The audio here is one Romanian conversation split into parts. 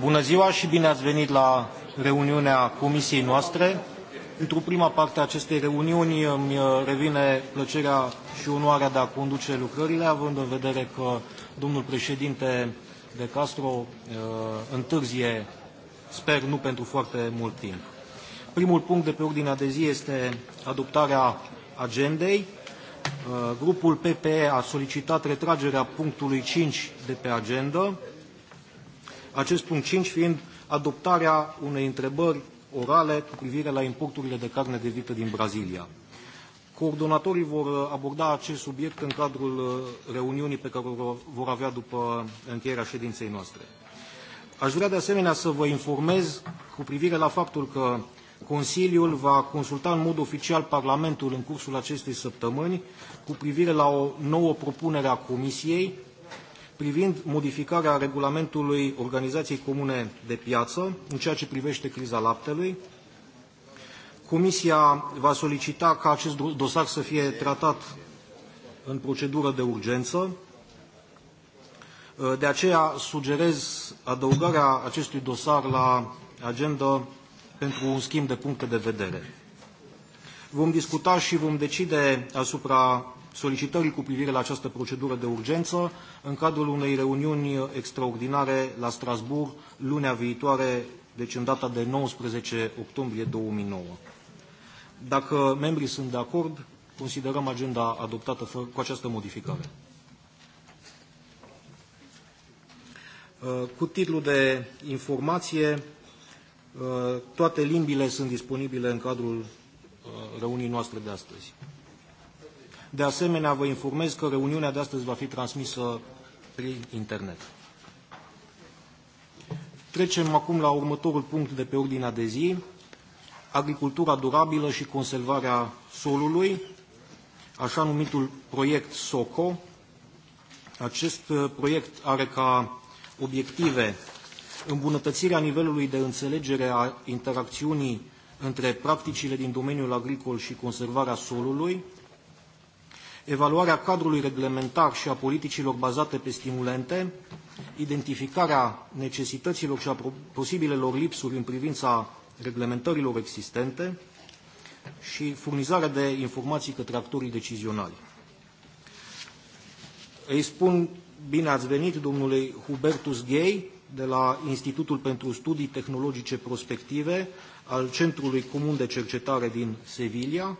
Bună ziua și bine ați venit la reuniunea comisiei noastre. Într-o prima parte a acestei reuniuni îmi uh, revine plăcerea și onoarea de a conduce lucrările, având în vedere că domnul președinte de Castro uh, întârzie, sper, nu pentru foarte mult timp. Primul punct de pe ordinea de zi este adoptarea agendei. Uh, grupul PPE a solicitat retragerea punctului 5 de pe agendă acest punct 5 fiind adoptarea unei întrebări orale cu privire la importurile de carne de vită din Brazilia. Coordonatorii vor aborda acest subiect în cadrul uh, reuniunii pe care o vor avea după încheierea ședinței noastre. Aș vrea de asemenea să vă informez cu privire la faptul că Consiliul va consulta în mod oficial Parlamentul în cursul acestei săptămâni cu privire la o nouă propunere a Comisiei privind modificarea regulamentului Organizației Comune de Piață în ceea ce privește criza laptelui. Comisia va solicita ca acest dosar să fie tratat în procedură de urgență. De aceea sugerez adăugarea acestui dosar la agenda pentru un schimb de puncte de vedere. Vom discuta și vom decide asupra solicitării cu privire la această procedură de urgență în cadrul unei reuniuni extraordinare la Strasbourg lunea viitoare, deci în data de 19 octombrie 2009. Dacă membrii sunt de acord, considerăm agenda adoptată cu această modificare. Cu titlul de informație, toate limbile sunt disponibile în cadrul uh, reunii noastre de astăzi. De asemenea, vă informez că reuniunea de astăzi va fi transmisă prin internet. Trecem acum la următorul punct de pe ordinea de zi, agricultura durabilă și conservarea solului, așa numitul proiect SOCO. Acest uh, proiect are ca obiective îmbunătățirea nivelului de înțelegere a interacțiunii între practicile din domeniul agricol și conservarea solului, evaluarea cadrului reglementar și a politicilor bazate pe stimulente, identificarea necesităților și a posibilelor lipsuri în privința reglementărilor existente și furnizarea de informații către actorii decizionali. Îi spun bine ați venit domnului Hubertus Gay, de la Institutul pentru Studii Tehnologice Prospective al Centrului Comun de Cercetare din Sevilla,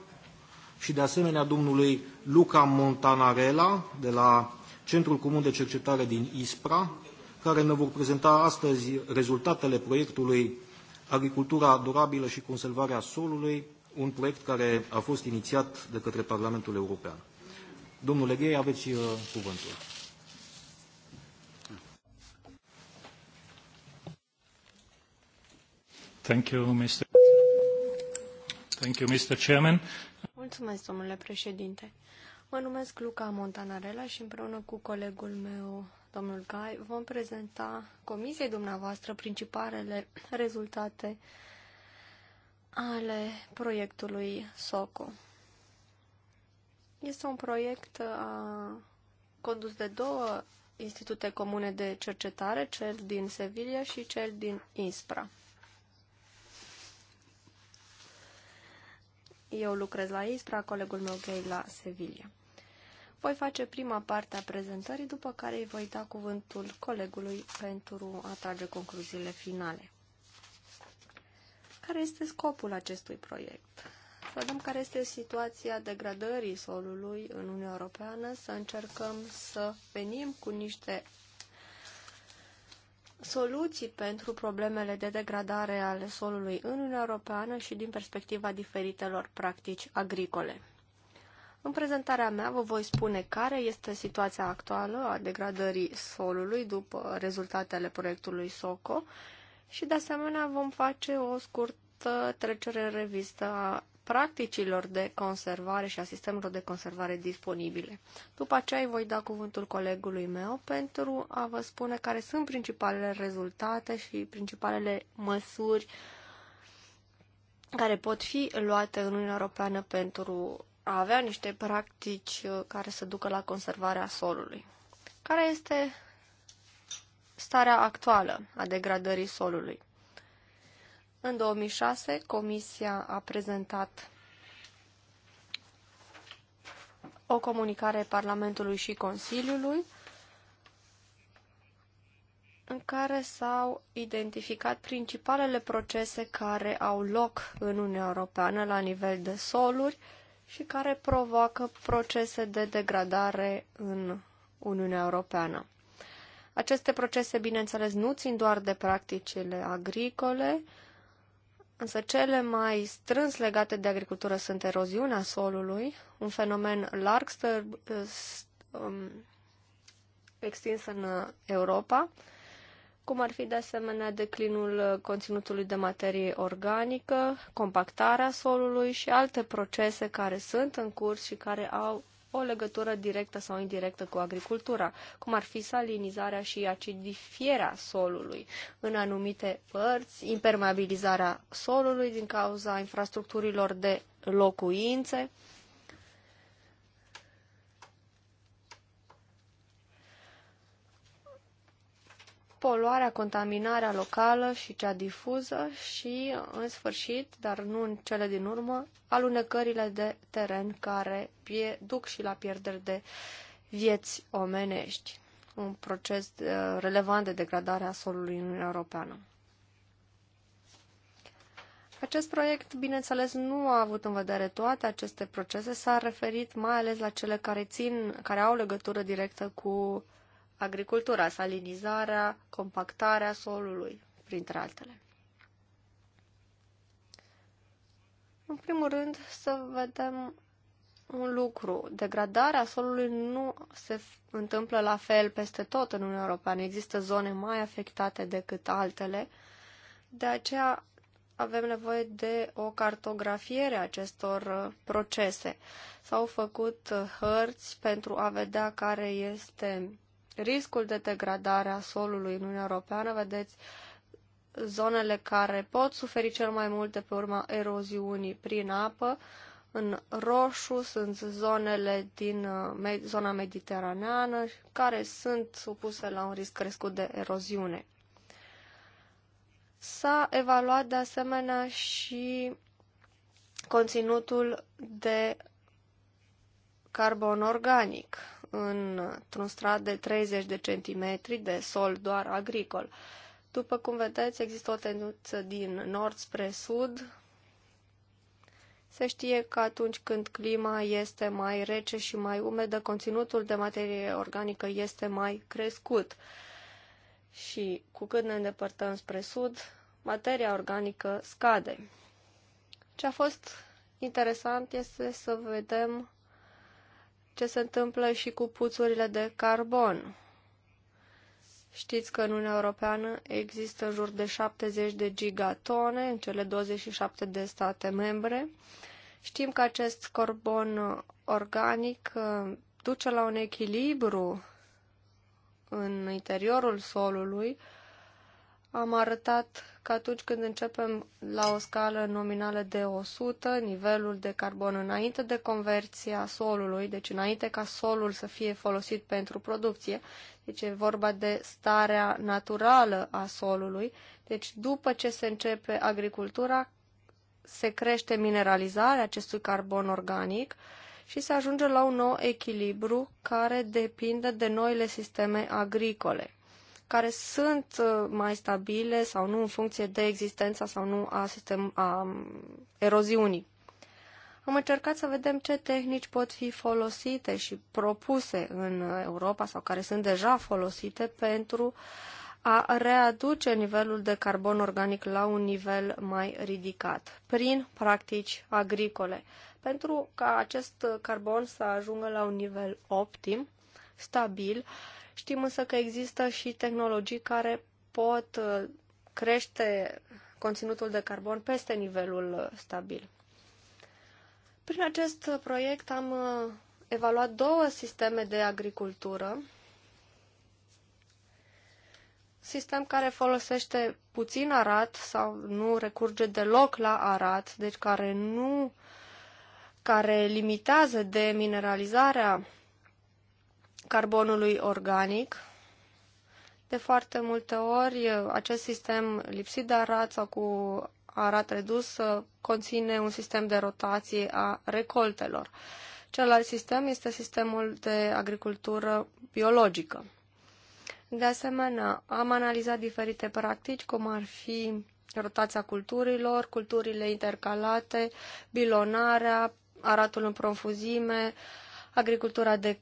și de asemenea domnului Luca Montanarela de la Centrul Comun de Cercetare din ISPRA, care ne vor prezenta astăzi rezultatele proiectului Agricultura durabilă și conservarea solului, un proiect care a fost inițiat de către Parlamentul European. Domnule Ghei, aveți uh, cuvântul. Thank you, Mr. Thank you, Mr. Chairman. Mulțumesc, domnule președinte. Mă numesc Luca Montanarela și împreună cu colegul meu, domnul Gai, vom prezenta comisiei dumneavoastră principalele rezultate ale proiectului SOCO. Este un proiect a, uh, condus de două institute comune de cercetare, cel din Sevilla și cel din Inspra. Eu lucrez la Istra, colegul meu gay la Sevilla. Voi face prima parte a prezentării, după care îi voi da cuvântul colegului pentru a trage concluziile finale. Care este scopul acestui proiect? Să vedem care este situația degradării solului în Uniunea Europeană, să încercăm să venim cu niște soluții pentru problemele de degradare ale solului în Uniunea Europeană și din perspectiva diferitelor practici agricole. În prezentarea mea vă voi spune care este situația actuală a degradării solului după rezultatele proiectului SOCO și de asemenea vom face o scurtă trecere în revistă a practicilor de conservare și a sistemelor de conservare disponibile. După aceea îi voi da cuvântul colegului meu pentru a vă spune care sunt principalele rezultate și principalele măsuri care pot fi luate în Uniunea Europeană pentru a avea niște practici care să ducă la conservarea solului. Care este starea actuală a degradării solului? În 2006, Comisia a prezentat o comunicare Parlamentului și Consiliului în care s-au identificat principalele procese care au loc în Uniunea Europeană la nivel de soluri și care provoacă procese de degradare în Uniunea Europeană. Aceste procese, bineînțeles, nu țin doar de practicile agricole, Însă cele mai strâns legate de agricultură sunt eroziunea solului, un fenomen larg stă, um, extins în Europa, cum ar fi de asemenea declinul conținutului de materie organică, compactarea solului și alte procese care sunt în curs și care au o legătură directă sau indirectă cu agricultura, cum ar fi salinizarea și acidifierea solului în anumite părți, impermeabilizarea solului din cauza infrastructurilor de locuințe, poluarea, contaminarea locală și cea difuză și, în sfârșit, dar nu în cele din urmă, alunecările de teren care duc și la pierderi de vieți omenești, un proces uh, relevant de degradare a solului în Uniunea Europeană. Acest proiect, bineînțeles, nu a avut în vedere toate aceste procese, s-a referit mai ales la cele care țin, care au legătură directă cu agricultura, salinizarea, compactarea solului, printre altele. În primul rând, să vedem un lucru. Degradarea solului nu se întâmplă la fel peste tot în Uniunea Europeană. Există zone mai afectate decât altele. De aceea avem nevoie de o cartografiere a acestor uh, procese. S-au făcut uh, hărți pentru a vedea care este riscul de degradare a solului în Uniunea Europeană, vedeți zonele care pot suferi cel mai mult de pe urma eroziunii prin apă. În roșu sunt zonele din uh, zona mediteraneană care sunt supuse la un risc crescut de eroziune. S-a evaluat de asemenea și conținutul de carbon organic într-un strat de 30 de centimetri de sol doar agricol. După cum vedeți, există o tendință din nord spre sud. Se știe că atunci când clima este mai rece și mai umedă, conținutul de materie organică este mai crescut. Și cu cât ne îndepărtăm spre sud, materia organică scade. Ce a fost interesant este să vedem ce se întâmplă și cu puțurile de carbon. Știți că în Uniunea Europeană există în jur de 70 de gigatone în cele 27 de state membre. Știm că acest carbon organic uh, duce la un echilibru în interiorul solului, am arătat că atunci când începem la o scală nominală de 100, nivelul de carbon înainte de conversia solului, deci înainte ca solul să fie folosit pentru producție, deci e vorba de starea naturală a solului, deci după ce se începe agricultura, se crește mineralizarea acestui carbon organic și se ajunge la un nou echilibru care depinde de noile sisteme agricole care sunt uh, mai stabile sau nu în funcție de existența sau nu a, sistem, a um, eroziunii. Am încercat să vedem ce tehnici pot fi folosite și propuse în Europa sau care sunt deja folosite pentru a readuce nivelul de carbon organic la un nivel mai ridicat prin practici agricole, pentru ca acest carbon să ajungă la un nivel optim, stabil Știm însă că există și tehnologii care pot uh, crește conținutul de carbon peste nivelul uh, stabil. Prin acest proiect am uh, evaluat două sisteme de agricultură, sistem care folosește puțin arat sau nu recurge deloc la arat, deci care nu care limitează demineralizarea carbonului organic. De foarte multe ori, acest sistem lipsit de arat sau cu arat redus conține un sistem de rotație a recoltelor. Celălalt sistem este sistemul de agricultură biologică. De asemenea, am analizat diferite practici, cum ar fi rotația culturilor, culturile intercalate, bilonarea, aratul în profuzime, agricultura de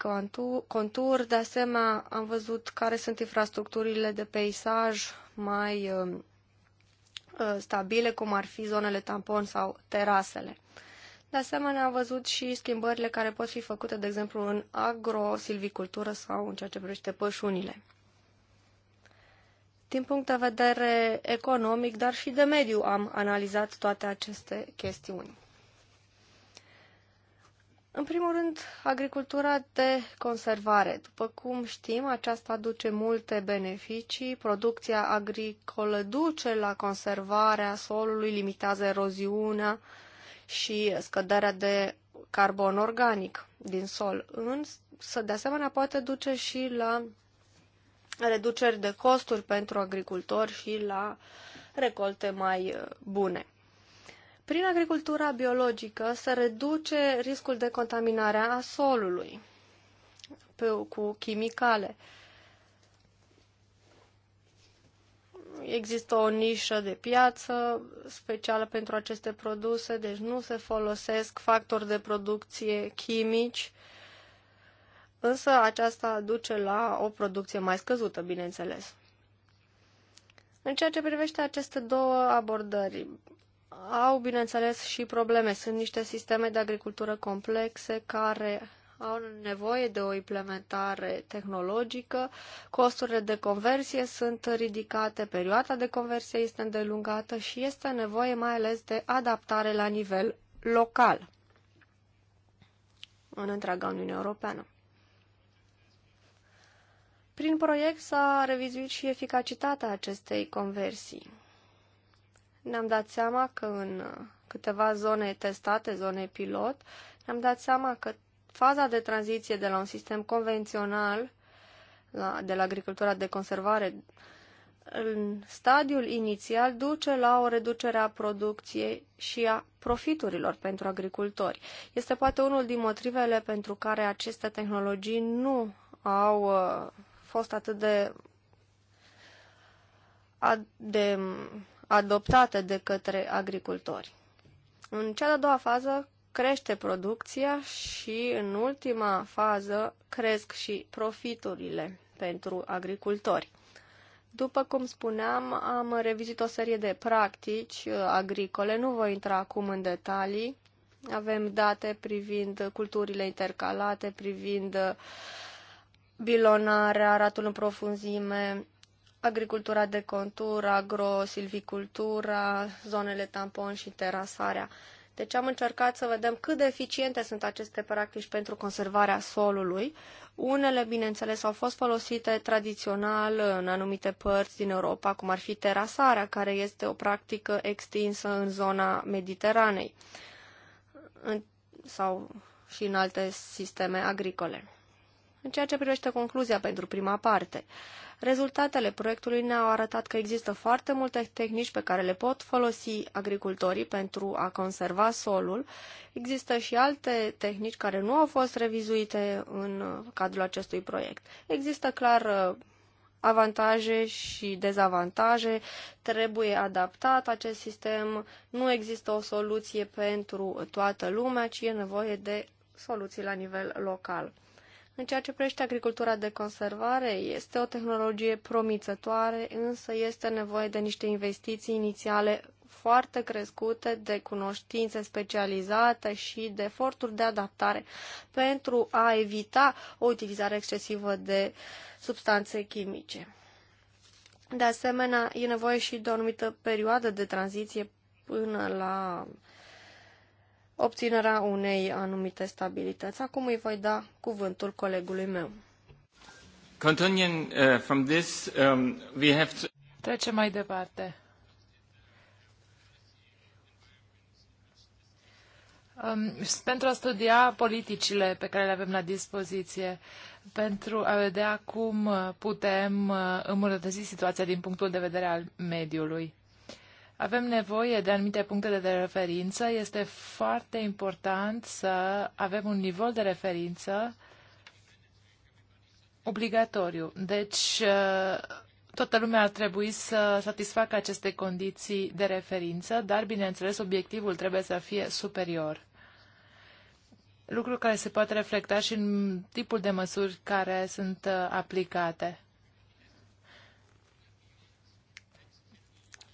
contur. De asemenea, am văzut care sunt infrastructurile de peisaj mai um, uh, stabile, cum ar fi zonele tampon sau terasele. De asemenea, am văzut și schimbările care pot fi făcute, de exemplu, în agrosilvicultură sau în ceea ce privește pășunile. Din punct de vedere economic, dar și de mediu, am analizat toate aceste chestiuni. În primul rând, agricultura de conservare. După cum știm, aceasta aduce multe beneficii. Producția agricolă duce la conservarea solului, limitează eroziunea și scăderea de carbon organic din sol. Însă, de asemenea, poate duce și la reduceri de costuri pentru agricultori și la recolte mai uh, bune. Prin agricultura biologică se reduce riscul de contaminare a solului pe, cu chimicale. Există o nișă de piață specială pentru aceste produse, deci nu se folosesc factori de producție chimici, însă aceasta duce la o producție mai scăzută, bineînțeles. În ceea ce privește aceste două abordări, au, bineînțeles, și probleme. Sunt niște sisteme de agricultură complexe care au nevoie de o implementare tehnologică, costurile de conversie sunt ridicate, perioada de conversie este îndelungată și este nevoie mai ales de adaptare la nivel local în întreaga Uniune Europeană. Prin proiect s-a revizuit și eficacitatea acestei conversii ne-am dat seama că în uh, câteva zone testate, zone pilot, ne-am dat seama că faza de tranziție de la un sistem convențional, la, de la agricultura de conservare, în stadiul inițial duce la o reducere a producției și a profiturilor pentru agricultori. Este poate unul din motivele pentru care aceste tehnologii nu au uh, fost atât de, de adoptată de către agricultori. În cea de-a doua fază crește producția și în ultima fază cresc și profiturile pentru agricultori. După cum spuneam, am revizit o serie de practici uh, agricole, nu voi intra acum în detalii. Avem date privind culturile intercalate, privind uh, bilonarea, ratul în profunzime, agricultura de contur, agro-silvicultura, zonele tampon și terasarea. Deci am încercat să vedem cât de eficiente sunt aceste practici pentru conservarea solului. Unele, bineînțeles, au fost folosite tradițional în anumite părți din Europa, cum ar fi terasarea, care este o practică extinsă în zona Mediteranei în, sau și în alte sisteme agricole. În ceea ce privește concluzia pentru prima parte, uh, Rezultatele proiectului ne-au arătat că există foarte multe tehnici pe care le pot folosi agricultorii pentru a conserva solul. Există și alte tehnici care nu au fost revizuite în cadrul acestui proiect. Există clar uh, avantaje și dezavantaje, trebuie adaptat acest sistem, nu există o soluție pentru toată lumea, ci e nevoie de soluții la nivel local. În ceea ce privește agricultura de conservare, este o tehnologie promițătoare, însă este nevoie de niște investiții inițiale foarte crescute de cunoștințe specializate și de eforturi de adaptare pentru a evita o utilizare excesivă de substanțe chimice. De asemenea, e nevoie și de o anumită perioadă de tranziție până la obținerea unei anumite stabilități. Acum îi voi da cuvântul colegului meu. Continuing uh, from this, um, we have to... Trecem mai departe. Um, pentru a studia politicile pe care le avem la dispoziție, pentru a vedea cum putem uh, îmbunătăți situația din punctul de vedere al mediului. Avem nevoie de anumite puncte de referință. Este foarte important să avem un nivel de referință obligatoriu. Deci, uh, toată lumea ar trebui să satisfacă aceste condiții de referință, dar, bineînțeles, obiectivul trebuie să fie superior. Lucru care se poate reflecta și în tipul de măsuri care sunt uh, aplicate.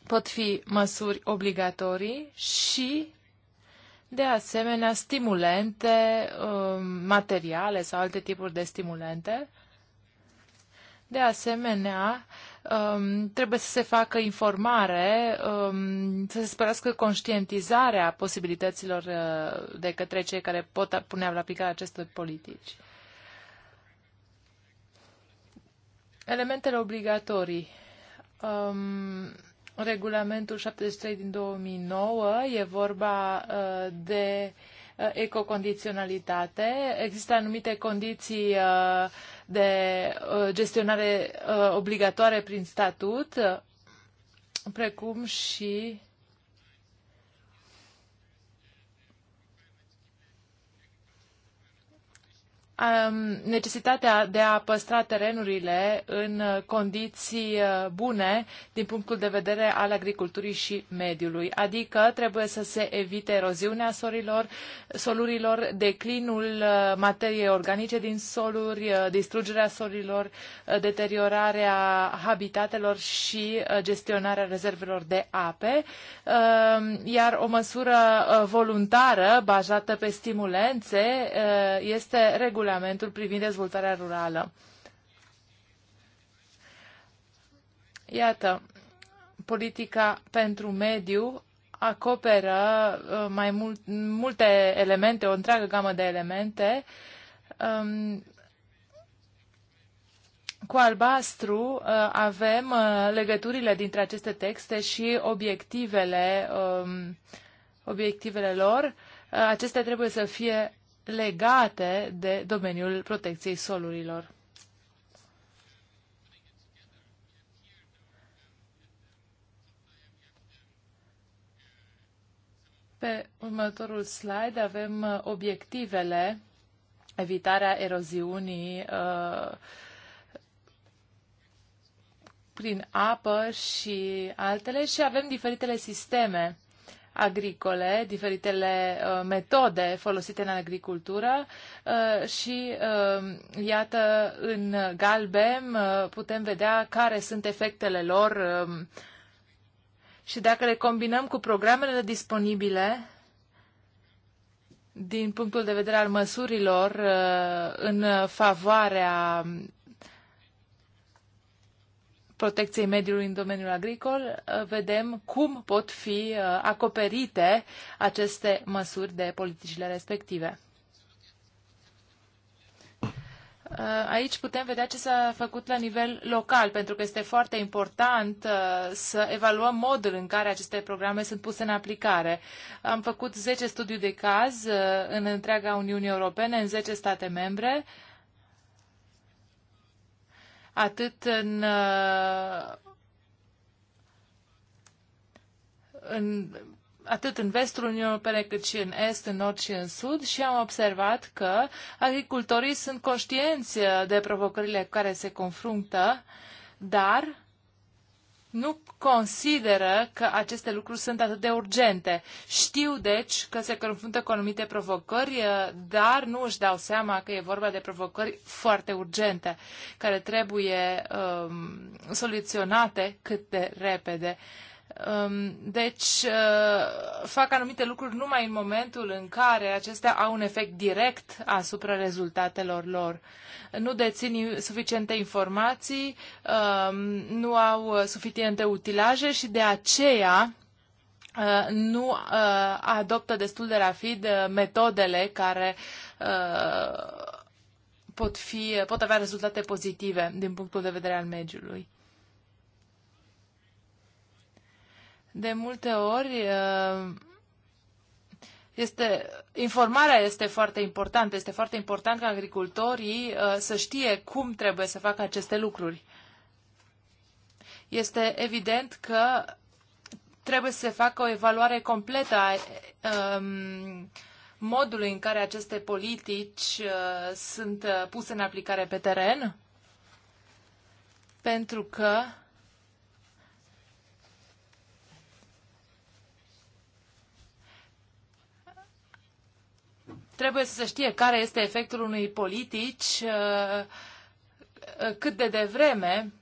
pot fi măsuri obligatorii și, de asemenea, stimulente um, materiale sau alte tipuri de stimulente. De asemenea, um, trebuie să se facă informare, um, să se sperească conștientizarea posibilităților uh, de către cei care pot pune la aplicare aceste politici. Elementele obligatorii regulamentul 73 din 2009. E vorba uh, de uh, ecocondiționalitate. Există anumite condiții uh, de uh, gestionare obligatoare prin statut, precum și necesitatea de a păstra terenurile în condiții uh, bune din punctul de vedere al agriculturii și mediului. Adică trebuie să se evite eroziunea solurilor, solurilor, declinul uh, materiei organice din soluri, uh, distrugerea solurilor, deteriorarea habitatelor și gestionarea rezervelor de ape. Um, iar o măsură voluntară bazată pe stimulențe este regulată regulamentul privind dezvoltarea rurală. Iată, politica pentru mediu acoperă uh, mai mult, multe elemente, o întreagă gamă de elemente. Um, cu albastru uh, avem uh, legăturile dintre aceste texte și obiectivele, um, obiectivele lor. Acestea trebuie să fie legate de domeniul protecției solurilor. Pe următorul slide avem uh, obiectivele, evitarea eroziunii uh, prin apă și altele și avem diferitele sisteme agricole, diferitele uh, metode folosite în agricultură uh, și uh, iată în galben putem vedea care sunt efectele lor um, și dacă le combinăm cu programele disponibile din punctul de vedere al măsurilor în favoarea protecției mediului în domeniul agricol, uh, vedem cum pot fi uh, acoperite aceste măsuri de politicile respective. Uh, aici putem vedea ce s-a făcut la nivel local, pentru că este foarte important să evaluăm modul în care aceste programe sunt puse în aplicare. Am făcut 10 studii de caz în întreaga Uniune Europene, în 10 state membre, atât în, uh, în atât în vestul Uniunii Europene cât și în est, în nord și în sud și am observat că agricultorii sunt conștienți de provocările cu care se confruntă, dar nu consideră că aceste lucruri sunt atât de urgente. Știu, deci, că se confruntă cu anumite provocări, eh, dar nu își dau seama că e vorba de provocări foarte urgente, care trebuie um, soluționate cât de repede. Uh, Um, deci uh, fac anumite lucruri numai în momentul în care acestea au un efect direct asupra rezultatelor lor. Nu dețin suficiente informații, um, nu au uh, suficiente utilaje și de aceea uh, nu adoptă destul de rapid metodele care pot, fi, pot avea rezultate pozitive din punctul de vedere al mediului. De multe ori uh, este, informarea este foarte importantă. Este foarte important ca agricultorii uh, să știe cum trebuie să facă aceste lucruri. Este evident că trebuie să se facă o evaluare completă a um, modului în care aceste politici uh, sunt puse în aplicare pe teren, pentru că Trebuie să se știe care este efectul unui politici, uh, uh, cât de devreme.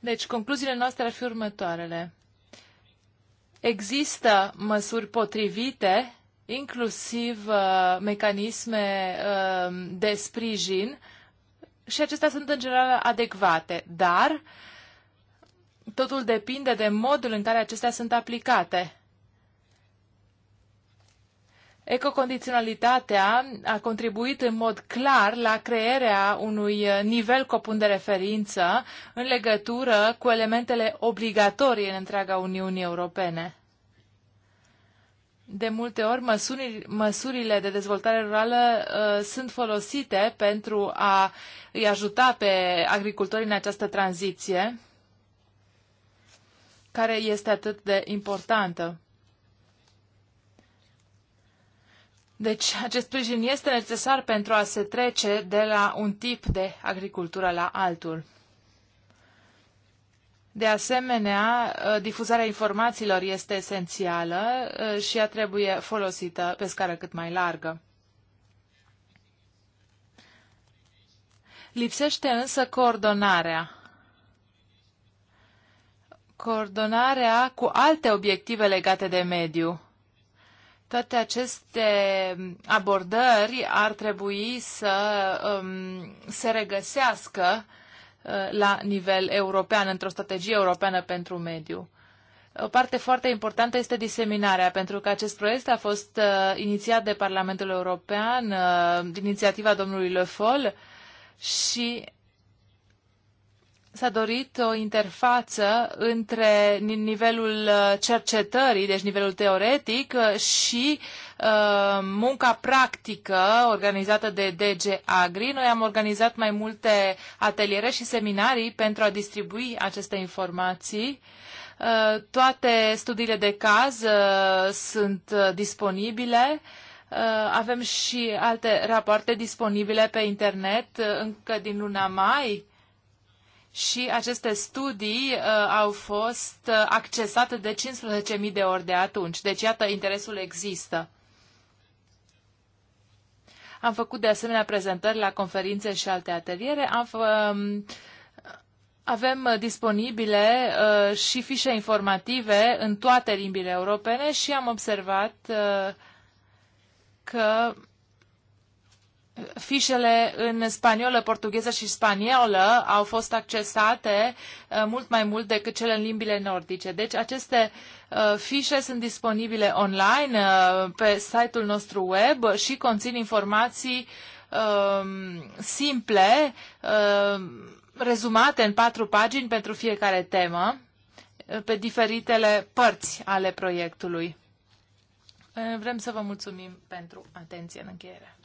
Deci, concluziile noastre ar fi următoarele. Există măsuri potrivite, inclusiv uh, mecanisme de sprijin și acestea sunt în general adecvate, dar totul depinde de modul în care acestea sunt aplicate. Ecocondiționalitatea a contribuit în mod clar la crearea unui uh, nivel comun de referință în legătură cu elementele obligatorii în întreaga Uniune Europene. De multe ori, măsuri, măsurile de dezvoltare rurală uh, sunt folosite pentru a îi ajuta pe agricultorii în această tranziție, care este atât de importantă. Deci acest sprijin este necesar pentru a se trece de la un tip de agricultură la altul. De asemenea, uh, difuzarea informațiilor este esențială uh, și ea trebuie folosită pe scară cât mai largă. Lipsește însă coordonarea. Coordonarea cu alte obiective legate de mediu toate aceste abordări ar trebui să um, se regăsească uh, la nivel european, într-o strategie europeană pentru mediu. O parte foarte importantă este diseminarea, pentru că acest proiect a fost uh, inițiat de Parlamentul European, uh, inițiativa domnului Le Foll și s-a dorit o interfață între nivelul uh, cercetării, deci nivelul teoretic, uh, și uh, munca practică organizată de DG Agri. Noi am organizat mai multe ateliere și seminarii pentru a distribui aceste informații. toate studiile de caz sunt disponibile. Avem și alte rapoarte disponibile pe internet încă din luna mai și aceste studii uh, au fost uh, accesate de 15.000 de ori de atunci. Deci, iată, interesul există. Am făcut de asemenea prezentări la conferințe și alte ateliere. Am uh, avem disponibile uh, și fișe informative în toate limbile europene și am observat uh, că fișele în spaniolă, portugheză și spaniolă au fost accesate uh, mult mai mult decât cele în limbile nordice. Deci aceste uh, fișe sunt disponibile online uh, pe site-ul nostru web și conțin informații um, simple, um, rezumate în patru pagini pentru fiecare temă, pe diferitele părți ale proiectului. Vrem să vă mulțumim pentru atenție în încheiere.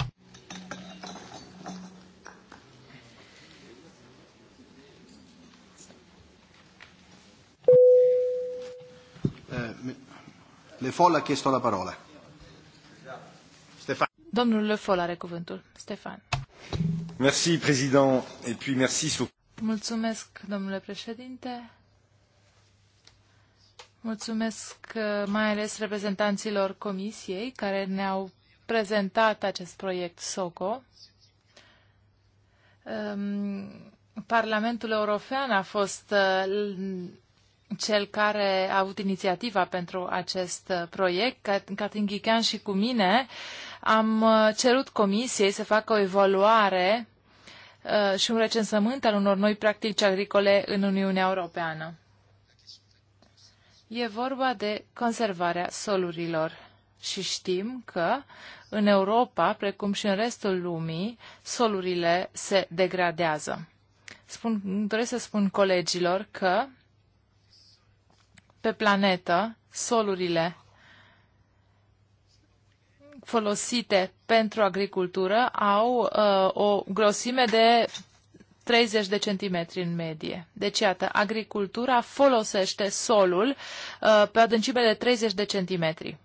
Eh, Le Foll a chiesto la parola. Stefan. Domnul Le Foll are cuvântul. Stefan. Merci, président, et puis merci Mulțumesc, domnule președinte. Mulțumesc eh, mai ales reprezentanților comisiei care ne-au prezentat acest proiect SOCO. Ehm, Parlamentul European a fost eh, cel care a avut inițiativa pentru acest eh, proiect. Catin Ghican și cu mine am eh, cerut comisiei să facă o evaluare și un recensământ al unor noi practici agricole în Uniunea Europeană. E vorba de conservarea solurilor și știm că în Europa, precum și în restul lumii, solurile se degradează. Spun, doresc să spun colegilor că pe planetă solurile folosite pentru agricultură au uh, o grosime de 30 de centimetri în medie. Deci, iată, agricultura folosește solul uh, pe adâncime de 30 de centimetri.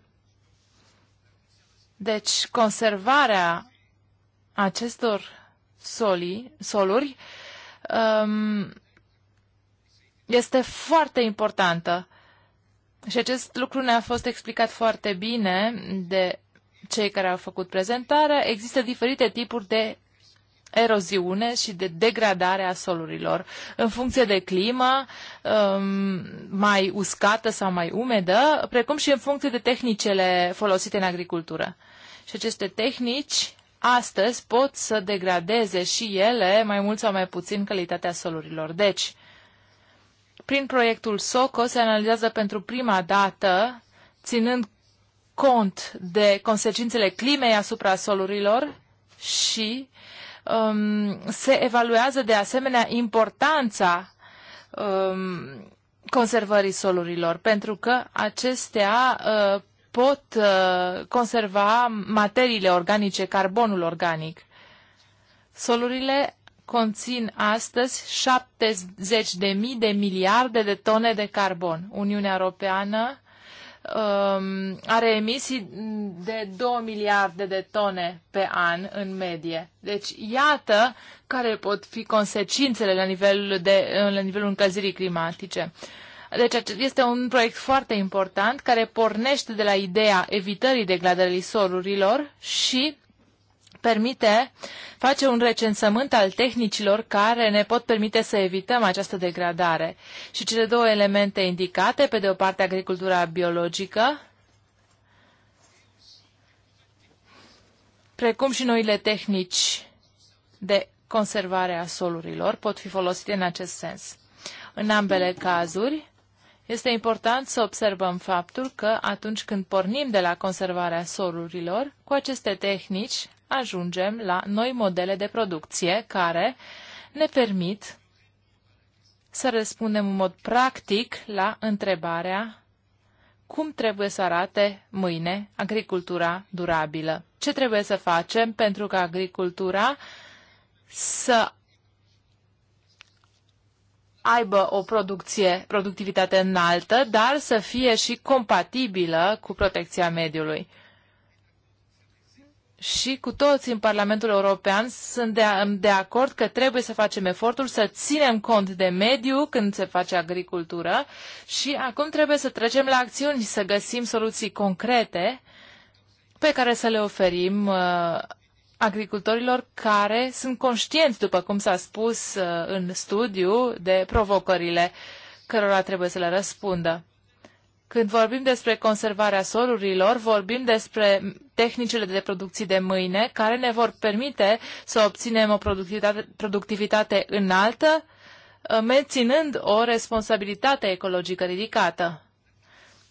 Deci, conservarea acestor soli, soluri um, este foarte importantă. Și acest lucru ne-a fost explicat foarte bine de cei care au făcut prezentarea. Există diferite tipuri de eroziune și de degradare a solurilor. În funcție de climă um, mai uscată sau mai umedă, precum și în funcție de tehnicele folosite în agricultură. Și aceste tehnici astăzi pot să degradeze și ele mai mult sau mai puțin calitatea solurilor. Deci, prin proiectul SOCO se analizează pentru prima dată, ținând cont de consecințele climei asupra solurilor și um, se evaluează de asemenea importanța um, conservării solurilor, pentru că acestea uh, pot uh, conserva materiile organice, carbonul organic. Solurile conțin astăzi 70.000 de miliarde de tone de carbon. Uniunea Europeană um, are emisii de 2 miliarde de tone pe an în medie. Deci iată care pot fi consecințele la nivelul, de, la nivelul încălzirii climatice. Deci este un proiect foarte important care pornește de la ideea evitării degradării solurilor și permite, face un recensământ al tehnicilor care ne pot permite să evităm această degradare. Și cele două elemente indicate, pe de o parte agricultura biologică, precum și noile tehnici de conservare a solurilor pot fi folosite în acest sens. În ambele cazuri, este important să observăm faptul că atunci când pornim de la conservarea solurilor, cu aceste tehnici ajungem la noi modele de producție care ne permit să răspundem în mod practic la întrebarea cum trebuie să arate mâine agricultura durabilă. Ce trebuie să facem pentru ca agricultura să aibă o producție, productivitate înaltă, dar să fie și compatibilă cu protecția mediului și cu toți în Parlamentul European sunt de, de acord că trebuie să facem efortul să ținem cont de mediu când se face agricultură și acum trebuie să trecem la acțiuni, și să găsim soluții concrete pe care să le oferim uh, agricultorilor care sunt conștienți, după cum s-a spus uh, în studiu, de provocările cărora trebuie să le răspundă. Când vorbim despre conservarea solurilor, vorbim despre tehnicile de producție de mâine, care ne vor permite să obținem o productivitate, productivitate înaltă, uh, menținând o responsabilitate ecologică ridicată.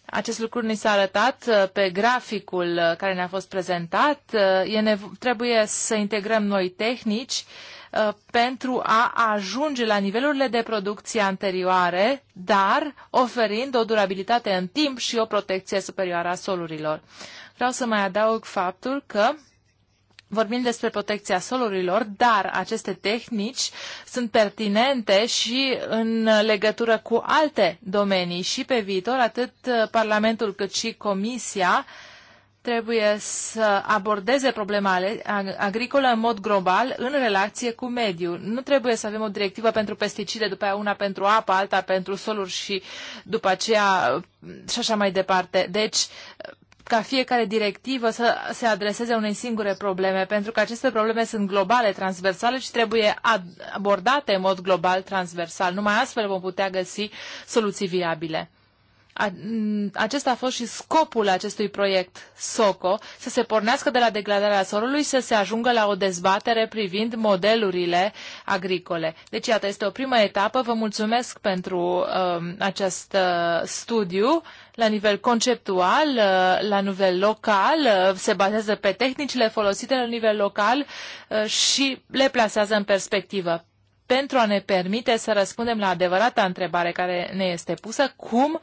Acest lucru ni s-a arătat uh, pe graficul uh, care ne-a fost prezentat. E trebuie să integrăm noi tehnici Uh, pentru a ajunge la nivelurile de producție anterioare, dar oferind o durabilitate în timp și o protecție superioară a solurilor. Vreau să mai adaug faptul că vorbim despre protecția solurilor, dar aceste tehnici sunt pertinente și în legătură cu alte domenii și pe viitor, atât Parlamentul cât și Comisia uh, trebuie să abordeze problema agricolă în mod global în relație cu mediul. Nu trebuie să avem o directivă pentru pesticide, după aia una pentru apă, alta pentru soluri și după aceea și așa mai departe. Deci, ca fiecare directivă să se adreseze unei singure probleme, pentru că aceste probleme sunt globale, transversale și trebuie abordate în mod global, transversal. Numai astfel vom putea găsi soluții viabile acesta a fost și scopul acestui proiect SOCO, să se pornească de la degradarea solului, să se ajungă la o dezbatere privind modelurile agricole. Deci, iată, este o primă etapă. Vă mulțumesc pentru um, acest uh, studiu la nivel conceptual, uh, la nivel local, uh, se bazează pe tehnicile folosite la nivel local uh, și le plasează în perspectivă pentru a ne permite să răspundem la adevărata întrebare care ne este pusă, cum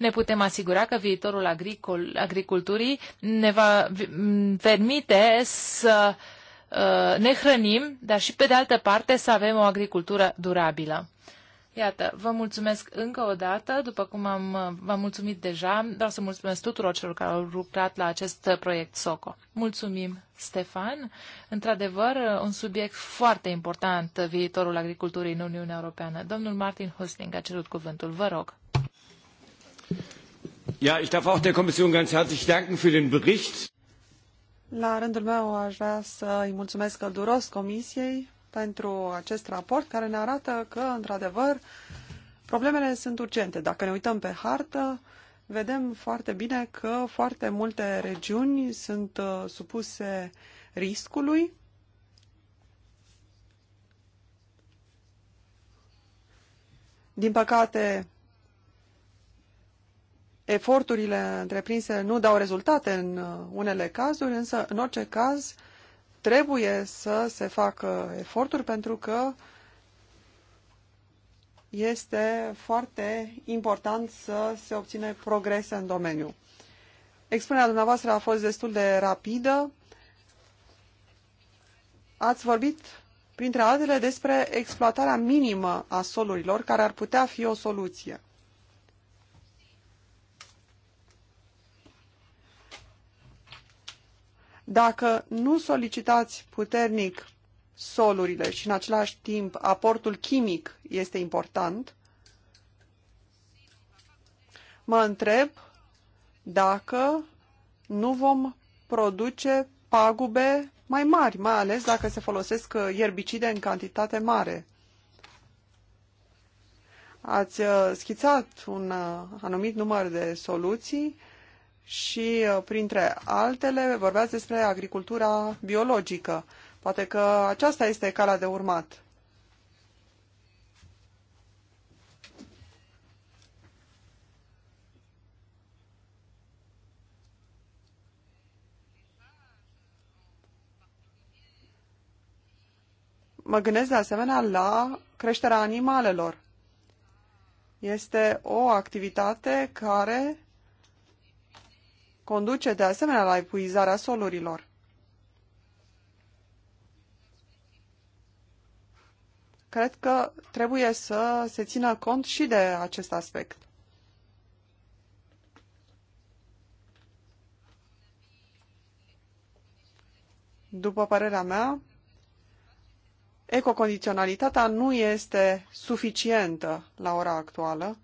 ne putem asigura că viitorul agricol, agriculturii ne va permite să uh, ne hrănim, dar și pe de altă parte să avem o agricultură durabilă. Iată, vă mulțumesc încă o dată, după cum am, v-am mulțumit deja, vreau să mulțumesc tuturor celor care au lucrat la acest proiect SOCO. Mulțumim, Stefan. Într-adevăr, un subiect foarte important, viitorul agriculturii în Uniunea Europeană. Domnul Martin Husling a cerut cuvântul, vă rog. Ja, ich darf auch der Kommission ganz herzlich danken für den Bericht. La rândul meu aș vrea să îi mulțumesc călduros Comisiei pentru acest raport care ne arată că, într-adevăr, problemele sunt urgente. Dacă ne uităm pe hartă, vedem foarte bine că foarte multe regiuni sunt uh, supuse riscului. Din păcate, Eforturile întreprinse nu dau rezultate în uh, unele cazuri, însă, în orice caz, trebuie să se facă eforturi pentru că este foarte important să se obține progrese în domeniu. Expunerea dumneavoastră a fost destul de rapidă. Ați vorbit, printre altele, despre exploatarea minimă a solurilor, care ar putea fi o soluție. Dacă nu solicitați puternic solurile și în același timp aportul chimic este important, mă întreb dacă nu vom produce pagube mai mari, mai ales dacă se folosesc uh, ierbicide în cantitate mare. Ați uh, schițat un uh, anumit număr de soluții și, uh, printre altele, vorbeați despre agricultura biologică. Poate că aceasta este calea de urmat. Mă gândesc de asemenea la creșterea animalelor. Este o activitate care conduce de asemenea la epuizarea solurilor. Cred că trebuie să se țină cont și de acest aspect. După părerea mea, ecocondiționalitatea nu este suficientă la ora actuală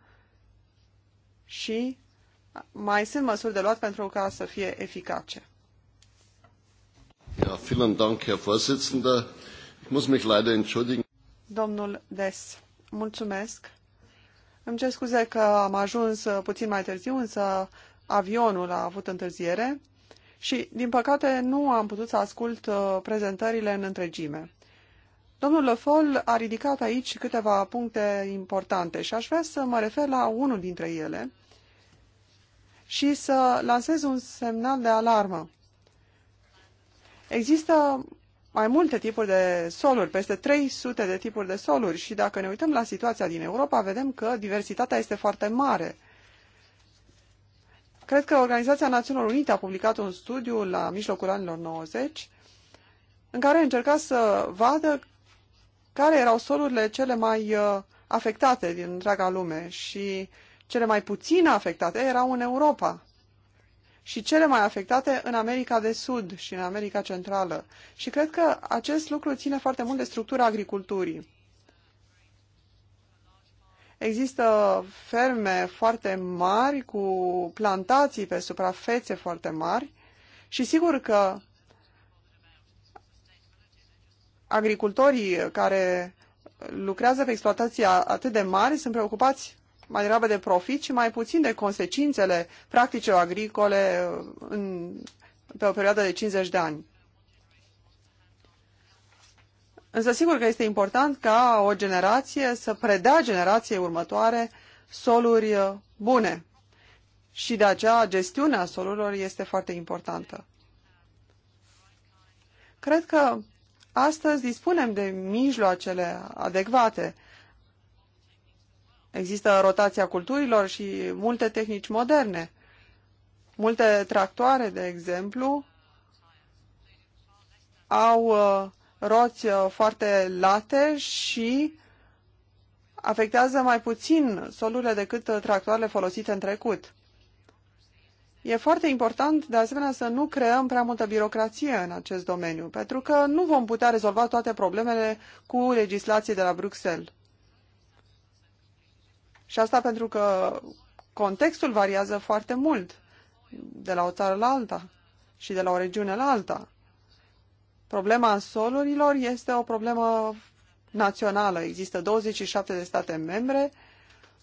și mai sunt măsuri de luat pentru ca să fie eficace. Ja, vielen Dank, Herr Vorsitzender. Ich muss mich leider entschuldigen. Domnul Des, mulțumesc. Îmi cer scuze că am ajuns puțin mai târziu, însă avionul a avut întârziere și, din păcate, nu am putut să ascult uh, prezentările în întregime. Domnul Lefol a ridicat aici câteva puncte importante și aș vrea să mă refer la unul dintre ele, și să lansez un semnal de alarmă. Există mai multe tipuri de soluri, peste 300 de tipuri de soluri și dacă ne uităm la situația din Europa, vedem că diversitatea este foarte mare. Cred că Organizația Națiunilor Unite a publicat un studiu la mijlocul anilor 90 în care încerca să vadă care erau solurile cele mai uh, afectate din întreaga lume și cele mai puțin afectate erau în Europa și cele mai afectate în America de Sud și în America Centrală. Și cred că acest lucru ține foarte mult de structura agriculturii. Există ferme foarte mari cu plantații pe suprafețe foarte mari și sigur că agricultorii care lucrează pe exploatații atât de mari sunt preocupați mai degrabă de profit și mai puțin de consecințele practicilor agricole uh, în, pe o perioadă de 50 de ani. Însă sigur că este important ca o generație să predea generației următoare soluri uh, bune. Și de aceea gestiunea solurilor este foarte importantă. Cred că astăzi dispunem de mijloacele adecvate Există rotația culturilor și multe tehnici moderne. Multe tractoare, de exemplu, au uh, roți uh, foarte late și afectează mai puțin solurile decât uh, tractoarele folosite în trecut. E foarte important, de asemenea, să nu creăm prea multă birocrație în acest domeniu, pentru că nu vom putea rezolva toate problemele cu legislație de la Bruxelles. Și asta pentru că contextul variază foarte mult de la o țară la alta și de la o regiune la alta. Problema solurilor este o problemă națională. Există 27 de state membre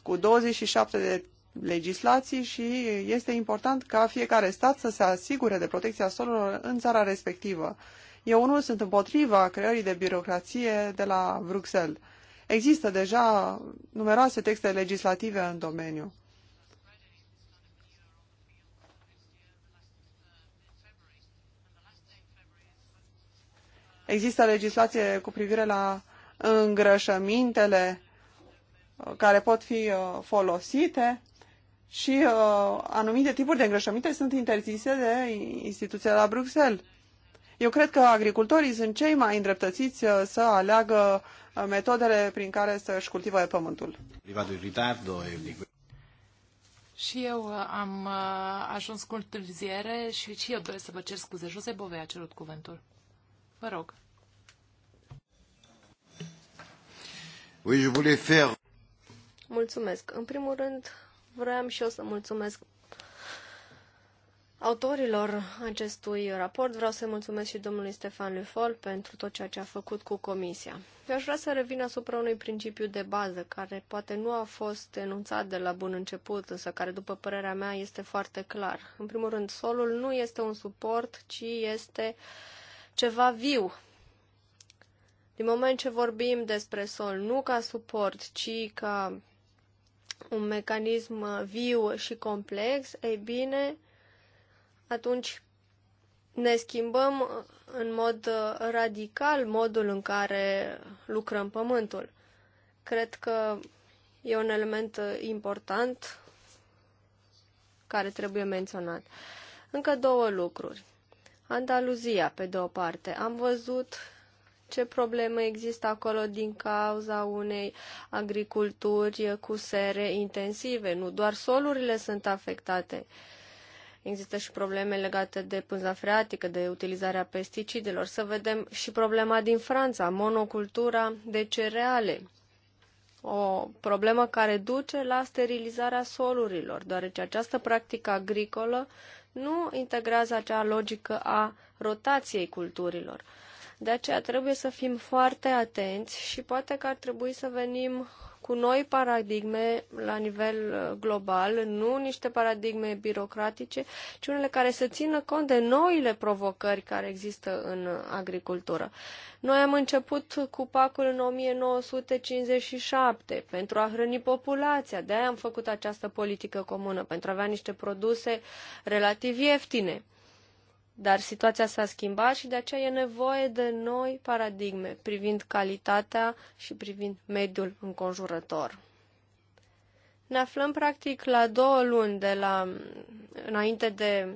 cu 27 de legislații și este important ca fiecare stat să se asigure de protecția solurilor în țara respectivă. Eu unul sunt împotriva creării de birocrație de la Bruxelles. Există deja numeroase texte legislative în domeniu. Există legislație cu privire la îngrășămintele uh, care pot fi uh, folosite și uh, anumite tipuri de îngrășăminte sunt interzise de instituția la Bruxelles. Eu cred că agricultorii sunt cei mai îndreptățiți uh, să aleagă uh, metodele prin care să-și cultivă pământul. Și eu uh, am ajuns cu întârziere și și eu doresc să vă cer scuze. Jose Bovei a cerut cuvântul. Vă rog. Oui, je voulais faire... Mulțumesc. În primul rând, vreau și eu să mulțumesc autorilor acestui raport. Vreau să mulțumesc și domnului Stefan Lufol pentru tot ceea ce a făcut cu comisia. Eu aș vrea să revin asupra unui principiu de bază care poate nu a fost enunțat de la bun început, însă care, după părerea mea, este foarte clar. În primul rând, solul nu este un suport, ci este ceva viu. Din moment ce vorbim despre sol, nu ca suport, ci ca un mecanism viu și complex, ei bine, atunci ne schimbăm în mod radical modul în care lucrăm pământul. Cred că e un element important care trebuie menționat. Încă două lucruri. Andaluzia, pe de o parte. Am văzut ce probleme există acolo din cauza unei agriculturi cu sere intensive. Nu doar solurile sunt afectate, uh, Există și probleme legate de pânza freatică, de utilizarea pesticidelor. Să vedem și problema din Franța, monocultura de cereale. O problemă care duce la sterilizarea solurilor, deoarece această practică agricolă nu integrează acea logică a rotației culturilor. De aceea trebuie să fim foarte atenți și poate că ar trebui să venim cu noi paradigme la nivel uh, global, nu niște paradigme birocratice, ci unele care să țină cont de noile provocări care există în agricultură. Noi am început cu pacul în 1957 pentru a hrăni populația, de aia am făcut această politică comună, pentru a avea niște produse relativ ieftine. Dar situația s-a schimbat și de aceea e nevoie de noi paradigme privind calitatea și privind mediul înconjurător. Ne aflăm practic la două luni de la, înainte de